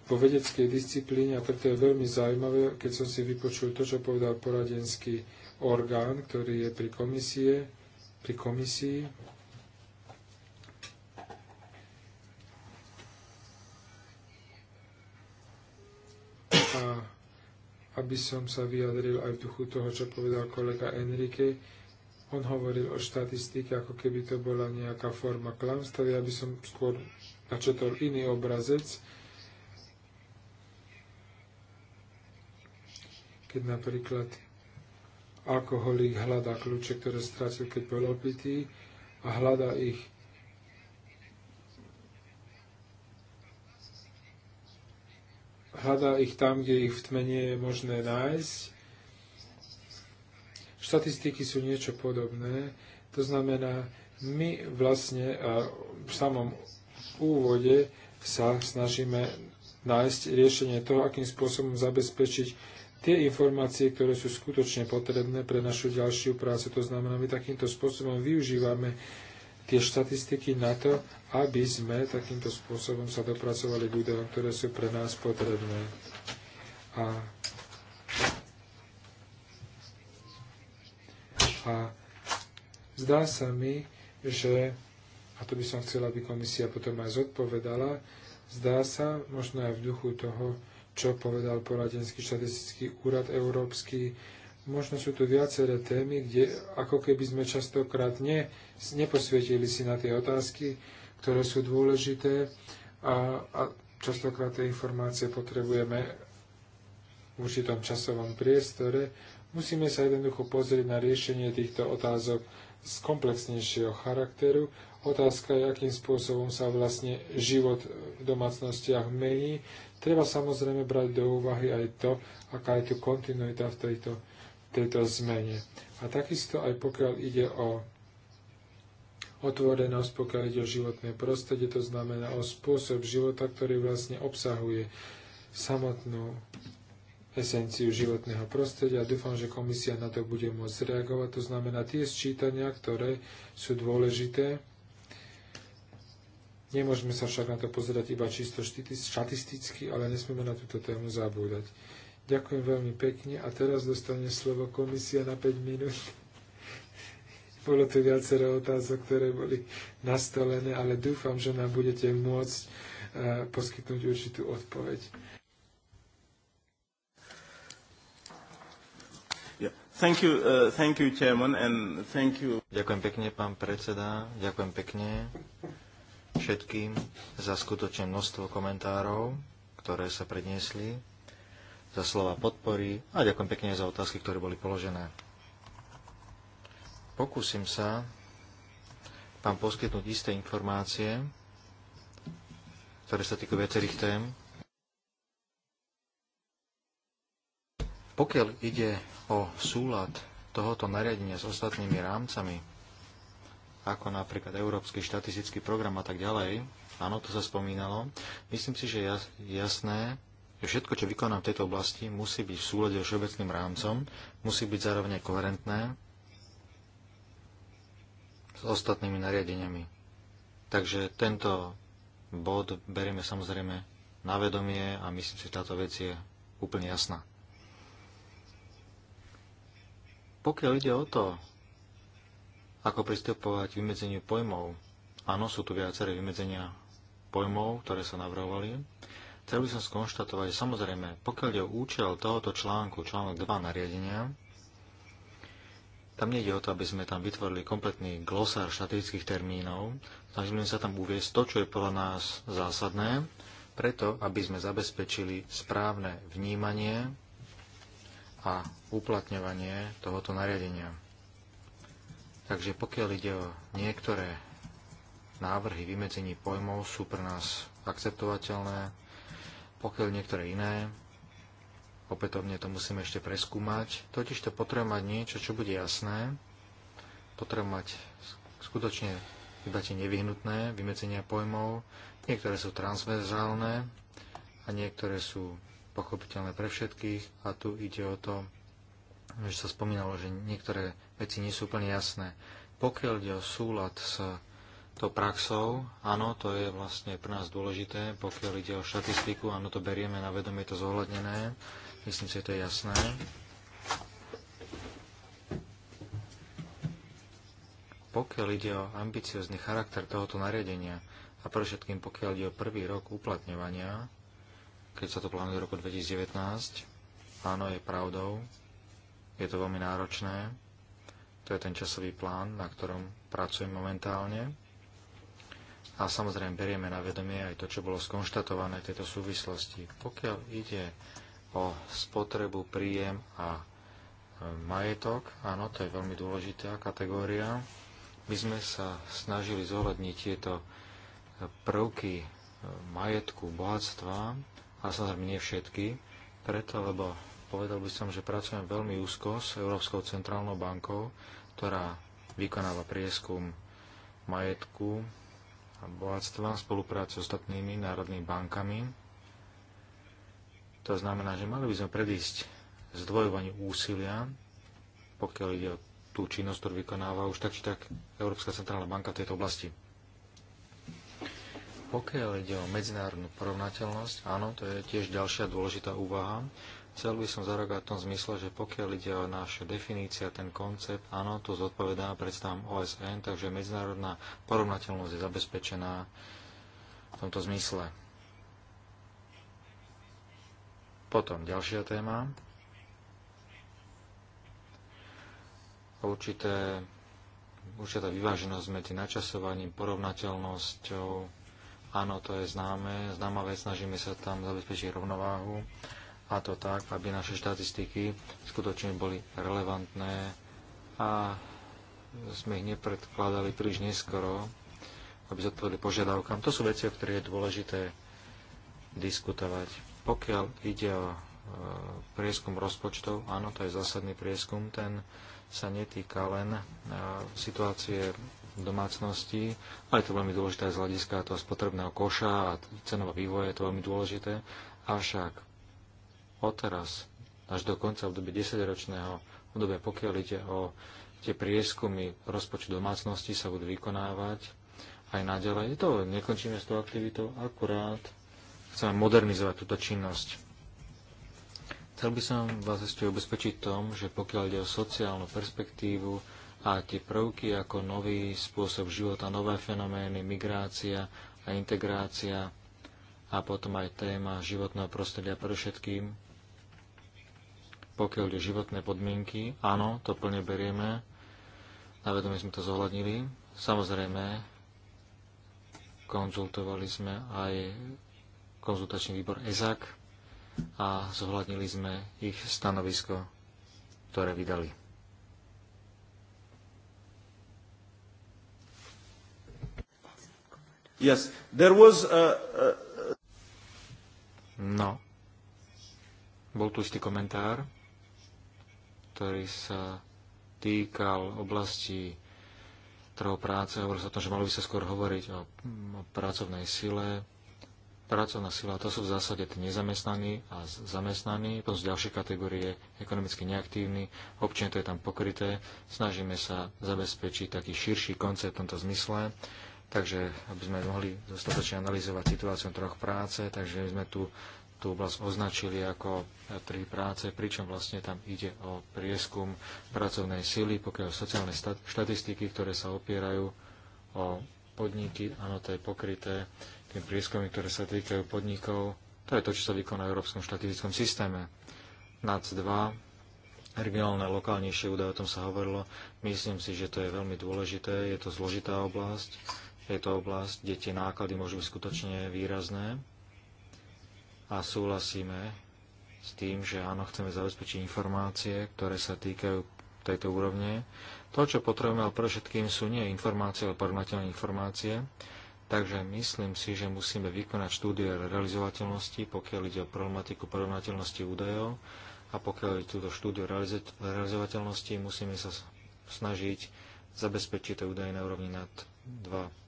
vo vedeckej disciplíne a preto je veľmi zaujímavé, keď som si vypočul to, čo povedal poradenský orgán, ktorý je pri komisie, pri komisii. A aby som sa vyjadril aj v duchu toho, čo povedal kolega Enrique, on hovoril o štatistike, ako keby to bola nejaká forma klamstva. Ja by som skôr načetol iný obrazec, keď napríklad alkoholík hľadá kľúče, ktoré stratil, keď bol opitý a hľadá ich hľadá ich tam, kde ich v tme nie je možné nájsť. Štatistiky sú niečo podobné. To znamená, my vlastne v samom úvode sa snažíme nájsť riešenie toho, akým spôsobom zabezpečiť tie informácie, ktoré sú skutočne potrebné pre našu ďalšiu prácu. To znamená, my takýmto spôsobom využívame tie štatistiky na to, aby sme takýmto spôsobom sa dopracovali k údajom, ktoré sú pre nás potrebné. A, a zdá sa mi, že, a to by som chcela, aby komisia potom aj zodpovedala, zdá sa, možno aj v duchu toho, čo povedal poradenský štatistický úrad európsky. Možno sú tu viaceré témy, kde ako keby sme častokrát ne, neposvietili si na tie otázky, ktoré sú dôležité a, a častokrát tie informácie potrebujeme v určitom časovom priestore. Musíme sa jednoducho pozrieť na riešenie týchto otázok z komplexnejšieho charakteru Otázka je, akým spôsobom sa vlastne život v domácnostiach mení. Treba samozrejme brať do úvahy aj to, aká je tu kontinuita v tejto, tejto zmene. A takisto aj pokiaľ ide o otvorenosť, pokiaľ ide o životné prostredie, to znamená o spôsob života, ktorý vlastne obsahuje samotnú esenciu životného prostredia. Dúfam, že komisia na to bude môcť reagovať. To znamená tie sčítania, ktoré sú dôležité Nemôžeme sa však na to pozerať iba čisto štatisticky, ale nesmieme na túto tému zabúdať. Ďakujem veľmi pekne a teraz dostane slovo komisia na 5 minút. <laughs> Bolo tu viacero otázok, ktoré boli nastolené, ale dúfam, že nám budete môcť e, poskytnúť určitú odpoveď. Thank you, uh, thank you, chairman, and thank you. Ďakujem pekne, pán predseda. Ďakujem pekne všetkým za skutočne množstvo komentárov, ktoré sa predniesli, za slova podpory a ďakujem pekne za otázky, ktoré boli položené. Pokúsim sa vám poskytnúť isté informácie, ktoré sa týkajú viacerých tém. Pokiaľ ide o súlad tohoto nariadenia s ostatnými rámcami, ako napríklad Európsky štatistický program a tak ďalej. Áno, to sa spomínalo. Myslím si, že je jasné, že všetko, čo vykonám v tejto oblasti, musí byť v súlade s všeobecným rámcom, musí byť zároveň koherentné s ostatnými nariadeniami. Takže tento bod berieme samozrejme na vedomie a myslím si, že táto vec je úplne jasná. Pokiaľ ide o to, ako pristupovať k vymedzeniu pojmov. Áno, sú tu viaceré vymedzenia pojmov, ktoré sa navrhovali. Chcel by som skonštatovať, že samozrejme, pokiaľ je účel tohoto článku, článok 2 nariadenia, tam nejde o to, aby sme tam vytvorili kompletný glosár štatických termínov, snažili sa tam uviezť to, čo je podľa nás zásadné, preto, aby sme zabezpečili správne vnímanie a uplatňovanie tohoto nariadenia. Takže pokiaľ ide o niektoré návrhy vymedzení pojmov, sú pre nás akceptovateľné, pokiaľ niektoré iné, opätovne to musíme ešte preskúmať. Totiž to potrebujeme mať niečo, čo bude jasné, potrebujeme mať skutočne iba tie nevyhnutné vymedzenia pojmov, niektoré sú transverzálne a niektoré sú pochopiteľné pre všetkých a tu ide o to že sa spomínalo, že niektoré veci nie sú úplne jasné. Pokiaľ ide o súlad s to praxou, áno, to je vlastne pre nás dôležité, pokiaľ ide o štatistiku, áno, to berieme na vedomie, je to zohľadnené, myslím si, že to je jasné. Pokiaľ ide o ambiciozný charakter tohoto nariadenia a pre všetkým pokiaľ ide o prvý rok uplatňovania, keď sa to plánuje v roku 2019, áno, je pravdou, je to veľmi náročné. To je ten časový plán, na ktorom pracujem momentálne. A samozrejme berieme na vedomie aj to, čo bolo skonštatované v tejto súvislosti. Pokiaľ ide o spotrebu, príjem a e, majetok, áno, to je veľmi dôležitá kategória. My sme sa snažili zohľadniť tieto e, prvky e, majetku, bohatstva, a samozrejme nie všetky, preto, lebo povedal by som, že pracujem veľmi úzko s Európskou centrálnou bankou, ktorá vykonáva prieskum majetku a bohatstva v spolupráci s ostatnými národnými bankami. To znamená, že mali by sme predísť zdvojovaniu úsilia, pokiaľ ide o tú činnosť, ktorú vykonáva už tak či tak Európska centrálna banka v tejto oblasti. Pokiaľ ide o medzinárodnú porovnateľnosť, áno, to je tiež ďalšia dôležitá úvaha. Chcel by som zarogať v tom zmysle, že pokiaľ ide o našu definícia, ten koncept, áno, to zodpovedá predstavám OSN, takže medzinárodná porovnateľnosť je zabezpečená v tomto zmysle. Potom ďalšia téma. Určité, určitá vyváženosť medzi načasovaním, porovnateľnosťou. Áno, to je známe, známa vec, snažíme sa tam zabezpečiť rovnováhu a to tak, aby naše štatistiky skutočne boli relevantné a sme ich nepredkladali príliš neskoro, aby zodpovedali požiadavkám. To sú veci, o ktorých je dôležité diskutovať. Pokiaľ ide o e, prieskum rozpočtov, áno, to je zásadný prieskum, ten sa netýka len e, situácie domácnosti, ale je to veľmi dôležité z hľadiska toho spotrebného koša a cenového vývoja je to veľmi dôležité. Avšak odteraz až do konca obdobia 10-ročného obdobia, pokiaľ ide o tie prieskumy rozpočtu domácnosti sa budú vykonávať aj naďalej. To nekončíme s tou aktivitou, akurát chceme modernizovať túto činnosť. Chcel by som vás ešte ubezpečiť tom, že pokiaľ ide o sociálnu perspektívu a tie prvky ako nový spôsob života, nové fenomény, migrácia a integrácia a potom aj téma životného prostredia pre všetkým, pokiaľ ide životné podmienky, áno, to plne berieme. Na vedomie sme to zohľadnili. Samozrejme, konzultovali sme aj konzultačný výbor EZAK a zohľadnili sme ich stanovisko, ktoré vydali. Yes, there was a, a... No. Bol tu istý komentár ktorý sa týkal oblasti trhu práce. Hovorí sa o tom, že malo by sa skôr hovoriť o, o pracovnej sile. Pracovná sila, to sú v zásade tí nezamestnaní a zamestnaní. Potom sú ďalšie kategórie, ekonomicky neaktívni. Občine to je tam pokryté. Snažíme sa zabezpečiť taký širší koncept v tomto zmysle. Takže, aby sme mohli dostatočne analyzovať situáciu troch práce, takže sme tu tú oblasť označili ako e, trhy práce, pričom vlastne tam ide o prieskum pracovnej sily, pokiaľ sociálne štatistiky, ktoré sa opierajú o podniky, áno, to je pokryté tým prieskumy, ktoré sa týkajú podnikov. To je to, čo sa vykoná v Európskom štatistickom systéme. NAC 2, regionálne, lokálnejšie údaje, o tom sa hovorilo. Myslím si, že to je veľmi dôležité, je to zložitá oblasť, je to oblasť, kde tie náklady môžu byť skutočne výrazné a súhlasíme s tým, že áno, chceme zabezpečiť informácie, ktoré sa týkajú tejto úrovne. To, čo potrebujeme ale všetkým, sú nie informácie, ale porovnateľné informácie. Takže myslím si, že musíme vykonať štúdie realizovateľnosti, pokiaľ ide o problematiku porovnateľnosti údajov a pokiaľ ide túto štúdiu realizovateľnosti, musíme sa snažiť zabezpečiť tie údaje na úrovni nad 2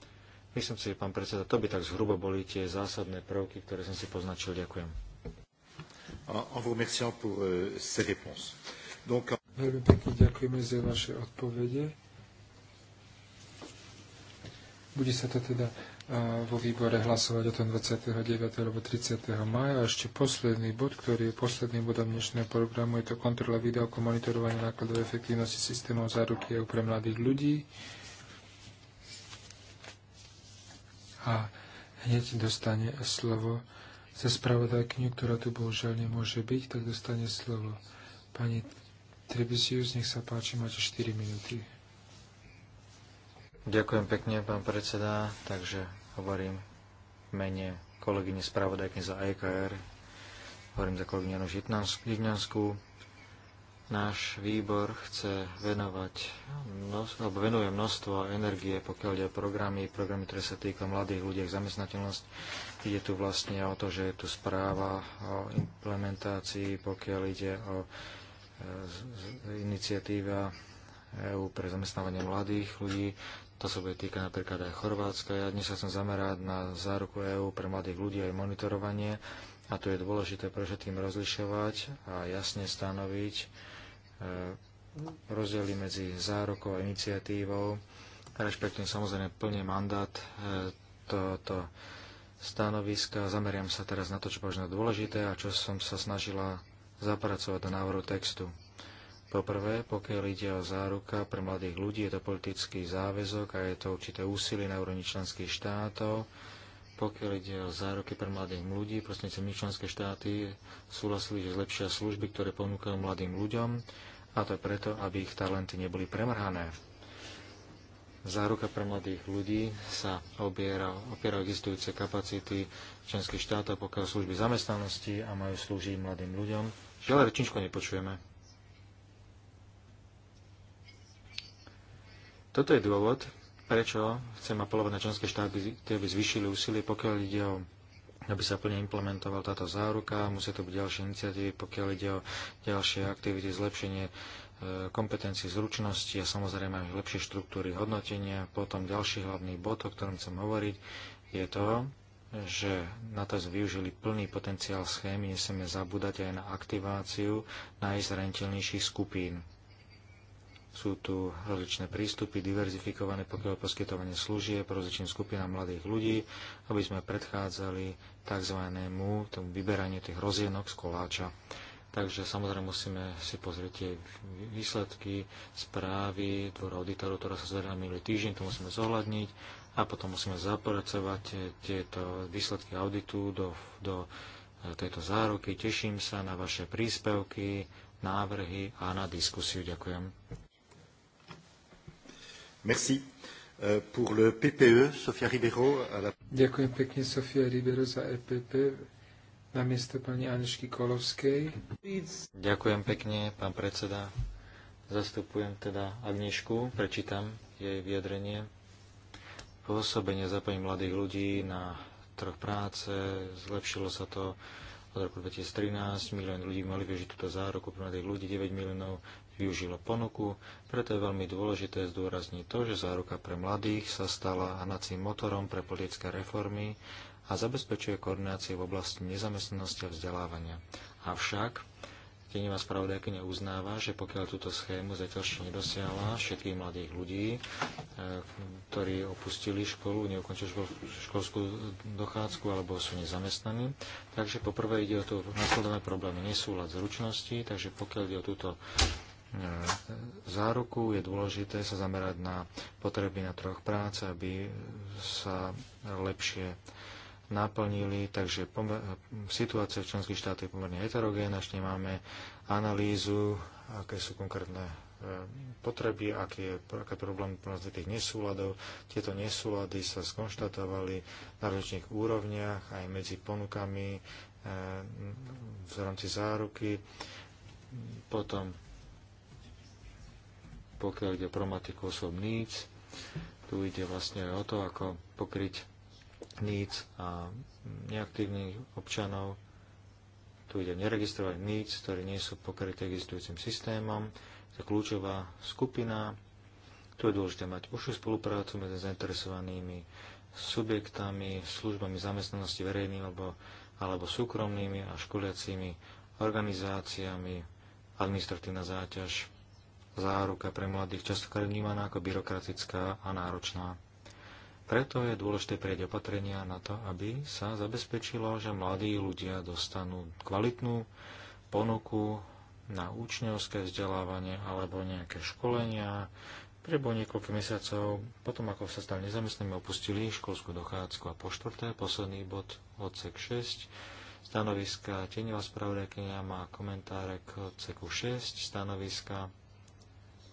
Myslím si, že pán predseda, to by tak zhruba boli tie zásadné prvky, ktoré som si poznačil. Ďakujem. Euh, Veľmi pekne ďakujeme za vaše odpovede. Bude sa to teda vo výbore hlasovať o tom 29. alebo 30. maja. A ešte posledný bod, ktorý je posledným bodom dnešného programu, je to kontrola videokomonitorovania monitorovania nákladov efektívnosti systémov záruky EU pre mladých ľudí. a hneď dostane slovo za spravodajkyňu, ktorá tu bohužiaľ nemôže byť, tak dostane slovo pani Trebisius, nech sa páči, máte 4 minúty. Ďakujem pekne, pán predseda, takže hovorím v mene kolegyne spravodajky za EKR, hovorím za kolegyňu Žitňanskú, Náš výbor chce venovať, množstvo, alebo venuje množstvo energie, pokiaľ ide o programy, programy, ktoré sa týka mladých ľudí, zamestnateľnosť. Ide tu vlastne o to, že je tu správa o implementácii, pokiaľ ide o e, iniciatíva EÚ pre zamestnávanie mladých ľudí. To sa bude týka napríklad aj Chorvátska. Ja dnes sa chcem zamerať na záruku EÚ pre mladých ľudí aj monitorovanie. A tu je dôležité pre všetkým rozlišovať a jasne stanoviť, E, rozdiely medzi zárokou a iniciatívou. Rešpektujem samozrejme plne mandát e, tohoto stanoviska. Zameriam sa teraz na to, čo považujem dôležité a čo som sa snažila zapracovať do návrhu textu. Poprvé, pokiaľ ide o záruka pre mladých ľudí, je to politický záväzok a je to určité úsilie na úrovni členských štátov. Pokiaľ ide o záruky pre mladých ľudí, prostredníctvom členské štáty súhlasili, že zlepšia služby, ktoré ponúkajú mladým ľuďom a to je preto, aby ich talenty neboli premrhané. Záruka pre mladých ľudí sa obiera, opiera existujúce kapacity členských štátov, pokiaľ služby zamestnanosti a majú slúžiť mladým ľuďom. Žiaľ, rečničko nepočujeme. Toto je dôvod, prečo chcem apelovať na členské štáty, aby zvyšili úsilie, pokiaľ ide o aby sa plne implementovala táto záruka. Musia to byť ďalšie iniciatívy, pokiaľ ide o ďalšie aktivity, zlepšenie e, kompetencií, zručnosti a samozrejme aj lepšie štruktúry hodnotenia. Potom ďalší hlavný bod, o ktorom chcem hovoriť, je to, že na to využili plný potenciál schémy, nesmieme zabúdať aj na aktiváciu najzraniteľnejších skupín. Sú tu rozličné prístupy, diverzifikované pokiaľ poskytovanie služieb rozličným skupinám mladých ľudí, aby sme predchádzali takzvanému tomu vyberaniu tých rozienok z koláča. Takže samozrejme musíme si pozrieť tie výsledky, správy dvora auditorov, ktoré sa zverejnila minulý týždeň, to musíme zohľadniť a potom musíme zapracovať tieto výsledky auditu do, do tejto záruky. Teším sa na vaše príspevky, návrhy a na diskusiu. Ďakujem. Merci. Euh, pour le PPE, Sofia Ribeiro. la... Ďakujem pekne, Sofia Ribeiro za EPP na miesto pani Anešky Kolovskej. Ďakujem pekne, pán predseda. Zastupujem teda Agnišku, prečítam jej vyjadrenie. Pôsobenie zapojení mladých ľudí na trh práce, zlepšilo sa to od roku 2013, milión ľudí mali využiť túto záruku pre mladých ľudí, 9 miliónov využilo ponuku, preto je veľmi dôležité zdôrazniť to, že záruka pre mladých sa stala hnacím motorom pre politické reformy a zabezpečuje koordinácie v oblasti nezamestnanosti a vzdelávania. Avšak Tenivá spravodajkyňa uznáva, že pokiaľ túto schému zatiaľ ešte nedosiahla všetkých mladých ľudí, eh, ktorí opustili školu, neukončili školskú dochádzku alebo sú nezamestnaní. Takže poprvé ide o to nasledovné problémy nesúlad zručnosti, takže pokiaľ ide o túto E, záruku, je dôležité sa zamerať na potreby na troch práce, aby sa lepšie naplnili, takže situácia v členských štátoch je pomerne heterogénna, ešte nemáme analýzu, aké sú konkrétne e, potreby, aké aké problém plnosti tých nesúladov. Tieto nesúlady sa skonštatovali na rôznych úrovniach, aj medzi ponukami e, v rámci záruky, potom pokiaľ ide o problematiku osob níc. Tu ide vlastne o to, ako pokryť níc a neaktívnych občanov. Tu ide o neregistrovaných níc, ktorí nie sú pokryté existujúcim systémom. To je kľúčová skupina. Tu je dôležité mať užšiu spoluprácu medzi zainteresovanými subjektami, službami zamestnanosti verejnými alebo, alebo súkromnými a školiacimi organizáciami, administratívna záťaž záruka pre mladých častokrát vnímaná ako byrokratická a náročná. Preto je dôležité prieť opatrenia na to, aby sa zabezpečilo, že mladí ľudia dostanú kvalitnú ponuku na učňovské vzdelávanie alebo nejaké školenia. Prebo niekoľko mesiacov, potom ako sa stali nezamestnými, opustili školskú dochádzku. A po štvrté, posledný bod, odsek 6, stanoviska tenila spravodajkynia má komentáre k odseku 6, stanoviska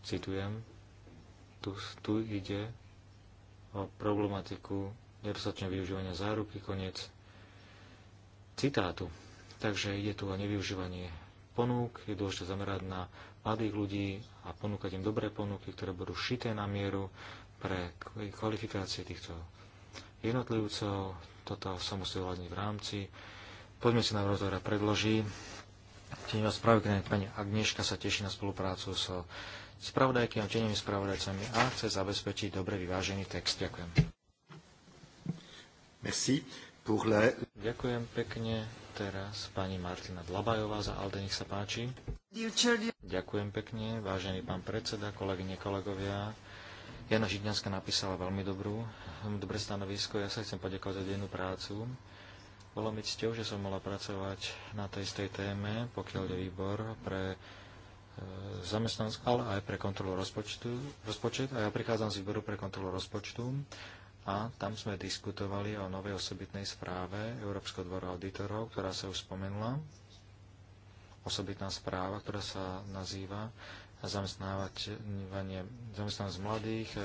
citujem, tu, tu ide o problematiku nedostatočného využívania záruky, koniec citátu. Takže ide tu o nevyužívanie ponúk, je dôležité zamerať na mladých ľudí a ponúkať im dobré ponuky, ktoré budú šité na mieru pre kvalifikácie týchto jednotlivcov. Toto sa musí uľadniť v rámci. Poďme si na ktorá predloží. Tieňová spravodajkynia pani Agneška sa teší na spoluprácu so spravodajky a tenými spravodajcami a chce zabezpečiť dobre vyvážený text. Ďakujem. Merci pour le... Ďakujem pekne. Teraz pani Martina Dlabajová za Alde, nech sa páči. Ďakujem pekne, vážený pán predseda, kolegyne, kolegovia. Jana Židňanská napísala veľmi dobrú, dobré stanovisko. Ja sa chcem poďakovať za dennú prácu. Bolo mi cťou, že som mohla pracovať na tej istej téme, pokiaľ je výbor pre E, zamestnanosť, ale aj pre kontrolu rozpočtu, rozpočet. A ja prichádzam z výboru pre kontrolu rozpočtu a tam sme diskutovali o novej osobitnej správe Európskeho dvora auditorov, ktorá sa už spomenula. Osobitná správa, ktorá sa nazýva zamestnávanie, zamestnanosť mladých, e,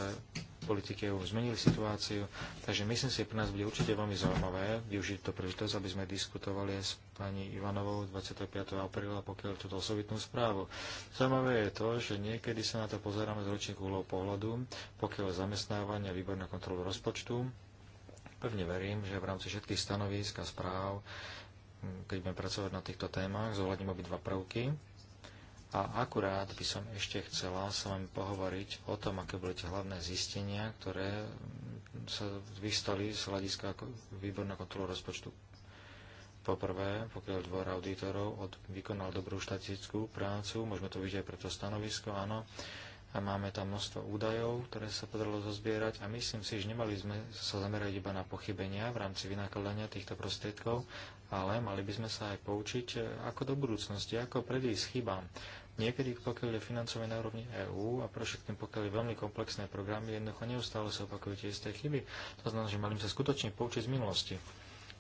politiky EU zmenili situáciu, takže myslím si, pre nás bude určite veľmi zaujímavé využiť to príležitosť, aby sme diskutovali s pani Ivanovou 25. apríla, pokiaľ túto osobitnú správu. Zaujímavé je to, že niekedy sa na to pozeráme z ročných uhlov pohľadu, pokiaľ zamestnávanie a výbor na kontrolu rozpočtu. Pevne verím, že v rámci všetkých stanovísk a správ, hm, keď budeme pracovať na týchto témach, zohľadním obidva prvky, a akurát by som ešte chcela s vami pohovoriť o tom, aké boli tie hlavné zistenia, ktoré sa vystali z hľadiska výborného kontrolu rozpočtu. Poprvé, pokiaľ dvor auditorov od, vykonal dobrú štatickú prácu, môžeme to vidieť aj pre to stanovisko, áno, a máme tam množstvo údajov, ktoré sa podarilo zozbierať a myslím si, že nemali sme sa zamerať iba na pochybenia v rámci vynakladania týchto prostriedkov, ale mali by sme sa aj poučiť, eh, ako do budúcnosti, ako predísť chybám. Niekedy, pokiaľ je financovanie na úrovni EÚ a pre všetkým pokiaľ je veľmi komplexné programy, jednoducho neustále sa opakujú tie isté chyby. To znamená, že mali sa skutočne poučiť z minulosti.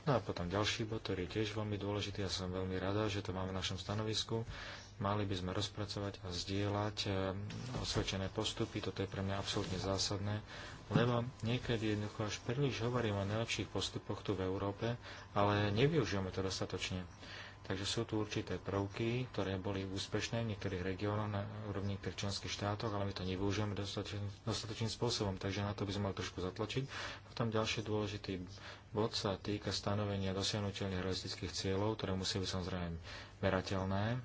No a potom ďalší bod, ktorý je tiež veľmi dôležitý a som veľmi rada, že to máme v našom stanovisku. Mali by sme rozpracovať a zdieľať e, osvedčené postupy, toto je pre mňa absolútne zásadné, lebo niekedy jednoducho až príliš hovorím o najlepších postupoch tu v Európe, ale nevyužijeme to dostatočne. Takže sú tu určité prvky, ktoré boli úspešné v niektorých regiónoch na úrovni niektorých členských štátoch, ale my to nevyužijeme dostatočným, dostatočným spôsobom, takže na to by sme mali trošku zatlačiť. Potom ďalší dôležitý bod sa týka stanovenia dosiahnuteľných realistických cieľov, ktoré musí byť samozrejme merateľné.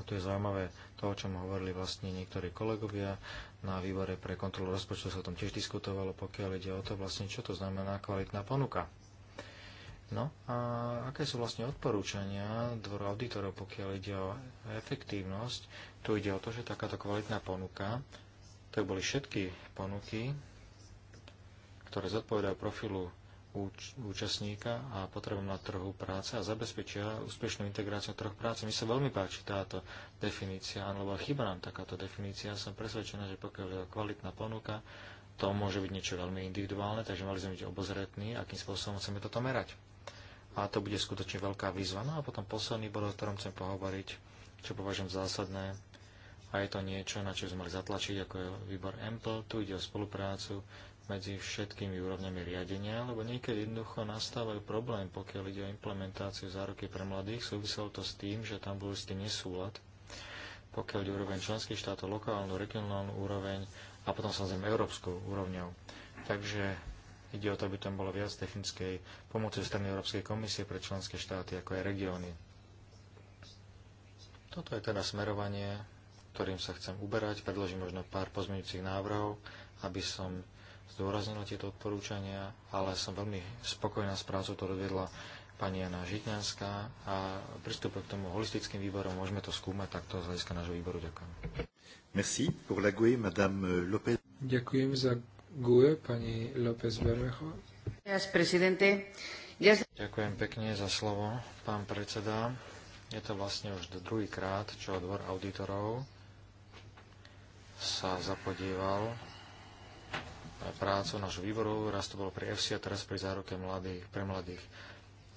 A tu je zaujímavé to, o čom hovorili vlastne niektorí kolegovia. Na výbore pre kontrolu rozpočtu sa o tom tiež diskutovalo, pokiaľ ide o to vlastne, čo to znamená kvalitná ponuka. No a aké sú vlastne odporúčania dvoru auditorov, pokiaľ ide o efektívnosť? Tu ide o to, že takáto kvalitná ponuka, to boli všetky ponuky, ktoré zodpovedajú profilu úč- účastníka a potrebom na trhu práce a zabezpečia úspešnú integráciu na trh práce. Mi sa veľmi páči táto definícia, lebo chyba nám takáto definícia. Som presvedčená, že pokiaľ je kvalitná ponuka, to môže byť niečo veľmi individuálne, takže mali sme byť obozretní, akým spôsobom chceme toto merať a to bude skutočne veľká výzva. No a potom posledný bod, o ktorom chcem pohovoriť, čo považujem zásadné, a je to niečo, na čo sme mali zatlačiť, ako je výbor MPL, Tu ide o spoluprácu medzi všetkými úrovňami riadenia, lebo niekedy jednoducho nastávajú problém, pokiaľ ide o implementáciu záruky pre mladých. Súviselo to s tým, že tam bol istý nesúlad, pokiaľ ide úroveň členských štátov, lokálnu, regionálnu úroveň a potom samozrejme európskou úrovňou. Takže Ide o to, aby tam bolo viac technickej pomoci zo strany Európskej komisie pre členské štáty, ako aj regióny. Toto je teda smerovanie, ktorým sa chcem uberať. Predložím možno pár pozmeňujúcich návrhov, aby som zdôraznila tieto odporúčania, ale som veľmi spokojná s prácou, ktorú vedla pani Jana Žitňanská a pristúpe k tomu holistickým výborom. Môžeme to skúmať takto z hľadiska nášho výboru. Ďakujem. Merci pour la Madame Lopez. Ďakujem za GUE, pani López Bermejo. Ďakujem pekne za slovo, pán predseda. Je to vlastne už druhý krát, čo dvor auditorov sa zapodieval prácu našu výboru. Raz to bolo pri FC a teraz pri záruke mladých, pre mladých.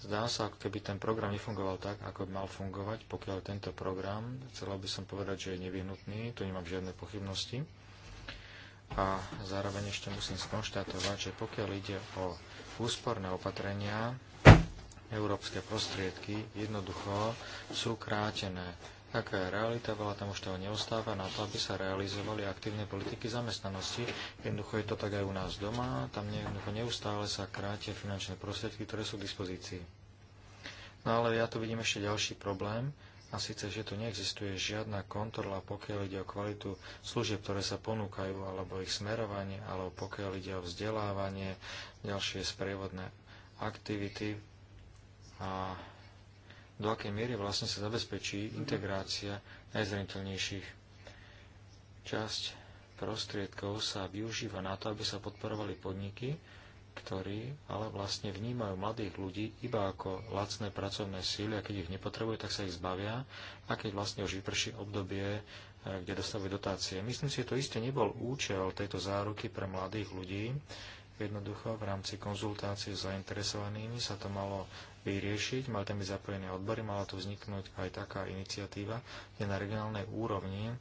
Zdá sa, ako keby ten program nefungoval tak, ako by mal fungovať, pokiaľ tento program, chcel by som povedať, že je nevyhnutný, tu nemám žiadne pochybnosti a zároveň ešte musím skonštatovať, že pokiaľ ide o úsporné opatrenia, európske prostriedky jednoducho sú krátené. Taká je realita, veľa tam už toho neostáva na to, aby sa realizovali aktívne politiky zamestnanosti. Jednoducho je to tak aj u nás doma, tam jednoducho neustále sa krátia finančné prostriedky, ktoré sú k dispozícii. No ale ja tu vidím ešte ďalší problém, a síce, že tu neexistuje žiadna kontrola, pokiaľ ide o kvalitu služieb, ktoré sa ponúkajú, alebo ich smerovanie, alebo pokiaľ ide o vzdelávanie, ďalšie sprievodné aktivity a do akej miery vlastne sa zabezpečí integrácia najzriteľnejších Časť prostriedkov sa využíva na to, aby sa podporovali podniky, ktorí ale vlastne vnímajú mladých ľudí iba ako lacné pracovné síly a keď ich nepotrebujú, tak sa ich zbavia a keď vlastne už vyprší obdobie, eh, kde dostavujú dotácie. Myslím si, že to isté nebol účel tejto záruky pre mladých ľudí. Jednoducho v rámci konzultácií s zainteresovanými sa to malo vyriešiť, mali tam byť zapojené odbory, mala tu vzniknúť aj taká iniciatíva, kde na regionálnej úrovni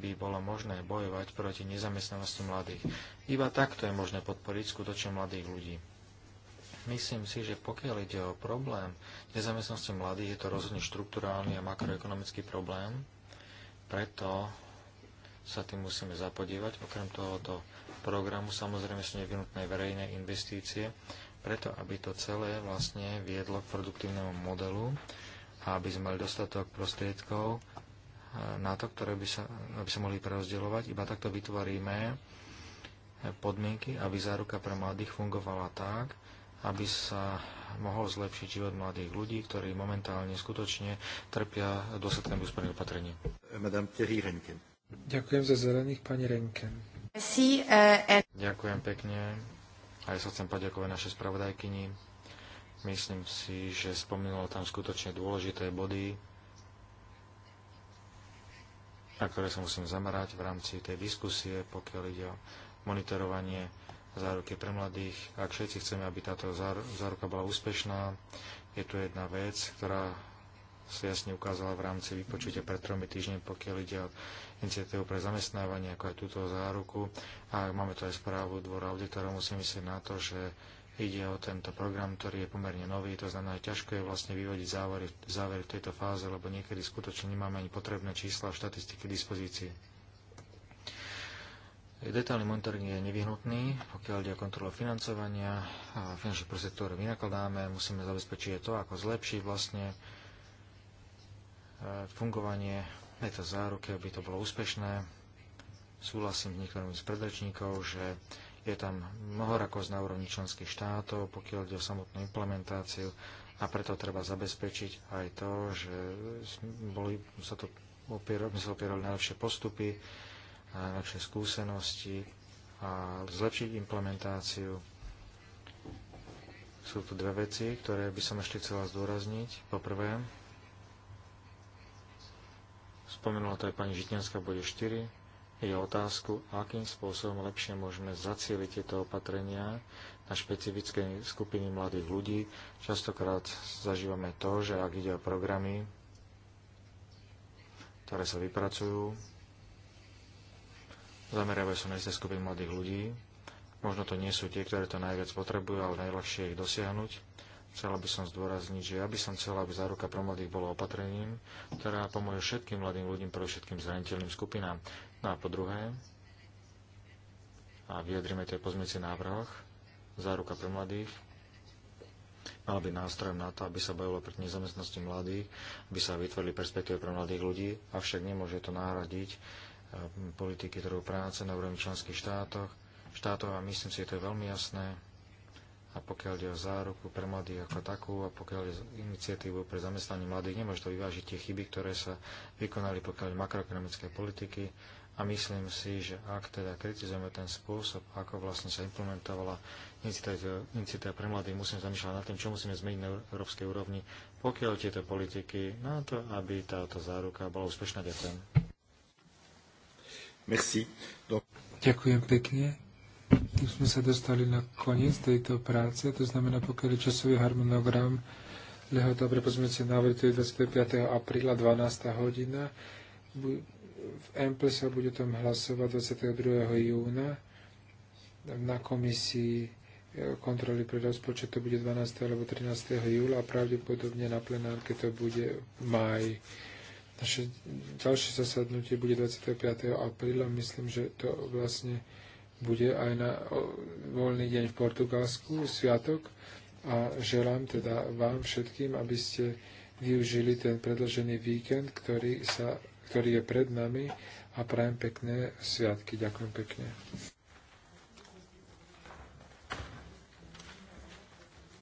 by bolo možné bojovať proti nezamestnanosti mladých. Iba takto je možné podporiť skutočne mladých ľudí. Myslím si, že pokiaľ ide o problém nezamestnanosti mladých, je to rozhodne štruktúrálny a makroekonomický problém, preto sa tým musíme zapodievať. Okrem tohoto programu samozrejme sú nevyhnutné verejné investície, preto aby to celé vlastne viedlo k produktívnemu modelu a aby sme mali dostatok prostriedkov na to, ktoré by sa, aby sa mohli prerozdielovať. Iba takto vytvoríme podmienky, aby záruka pre mladých fungovala tak, aby sa mohol zlepšiť život mladých ľudí, ktorí momentálne skutočne trpia dôsledkami úsporných opatrení. Ďakujem za zelených, pani Renken. Eh, eh. Ďakujem pekne. Aj sa chcem poďakovať našej spravodajkyni. Myslím si, že spomínalo tam skutočne dôležité body, na ktoré sa musím zamerať v rámci tej diskusie, pokiaľ ide o monitorovanie záruky pre mladých. Ak všetci chceme, aby táto záruka bola úspešná, je tu jedna vec, ktorá sa jasne ukázala v rámci vypočutia pred tromi týždňami, pokiaľ ide o iniciatívu pre zamestnávanie, ako aj túto záruku. A máme tu aj správu dvora auditorov, musím myslieť na to, že Ide o tento program, ktorý je pomerne nový, to znamená, že ťažko je vlastne vyvodiť závery, závery v tejto fáze, lebo niekedy skutočne nemáme ani potrebné čísla a štatistiky k dispozícii. Detálny monitoring je nevyhnutný, pokiaľ ide o kontrolu financovania a finančných prostriedkov, ktoré vynakladáme. Musíme zabezpečiť to, ako zlepšiť vlastne e, fungovanie tejto záruky, aby to bolo úspešné. Súhlasím s niektorými z predrečníkov, že je tam mnohorakosť na úrovni členských štátov, pokiaľ ide o samotnú implementáciu a preto treba zabezpečiť aj to, že boli, sa to opierali, sa opierali najlepšie postupy, najlepšie skúsenosti a zlepšiť implementáciu. Sú tu dve veci, ktoré by som ešte chcela zdôrazniť. Po prvé, spomenula to aj pani Žitňanská v bode 4, Ide o otázku, akým spôsobom lepšie môžeme zacieliť tieto opatrenia na špecifické skupiny mladých ľudí. Častokrát zažívame to, že ak ide o programy, ktoré sa vypracujú, zameriavajú sa na isté skupiny mladých ľudí. Možno to nie sú tie, ktoré to najviac potrebujú, ale najľahšie ich dosiahnuť. Chcela by som zdôrazniť, že ja by som chcela, aby záruka pre mladých bola opatrením, ktorá pomôže všetkým mladým ľuďom, pre všetkým zraniteľným skupinám. No a po druhé, a vyjadrime to aj pozmeci návrhoch, záruka pre mladých, mala byť nástrojom na to, aby sa bojovalo proti nezamestnosti mladých, aby sa vytvorili perspektívy pre mladých ľudí, avšak nemôže to nahradiť e, politiky trhu práce na úrovni členských štátoch, štátov a myslím si, že to je veľmi jasné. A pokiaľ ide o záruku pre mladých ako takú a pokiaľ ide o iniciatívu pre zamestnanie mladých, nemôže to vyvážiť tie chyby, ktoré sa vykonali pokiaľ makroekonomické politiky, a myslím si, že ak teda kritizujeme ten spôsob, ako vlastne sa implementovala iniciatíva pre mladých, musím zamýšľať nad tým, čo musíme zmeniť na európskej úrovni, pokiaľ tieto politiky, na to, aby táto záruka bola úspešná. Ďakujem. Merci. Do... Ďakujem pekne. Tým sme sa dostali na koniec tejto práce, to znamená, pokiaľ je časový harmonogram lehota pre pozmeňujúce návrhy, to je 25. apríla 12. hodina v EMPL sa bude tom hlasovať 22. júna na komisii e, kontroly pre rozpočet to bude 12. alebo 13. júla a pravdepodobne na plenárke to bude maj. Naše ďalšie zasadnutie bude 25. apríla. Myslím, že to vlastne bude aj na voľný deň v Portugalsku, sviatok. A želám teda vám všetkým, aby ste využili ten predlžený víkend, ktorý sa ktorý je pred nami a prajem pekné sviatky. Ďakujem pekne.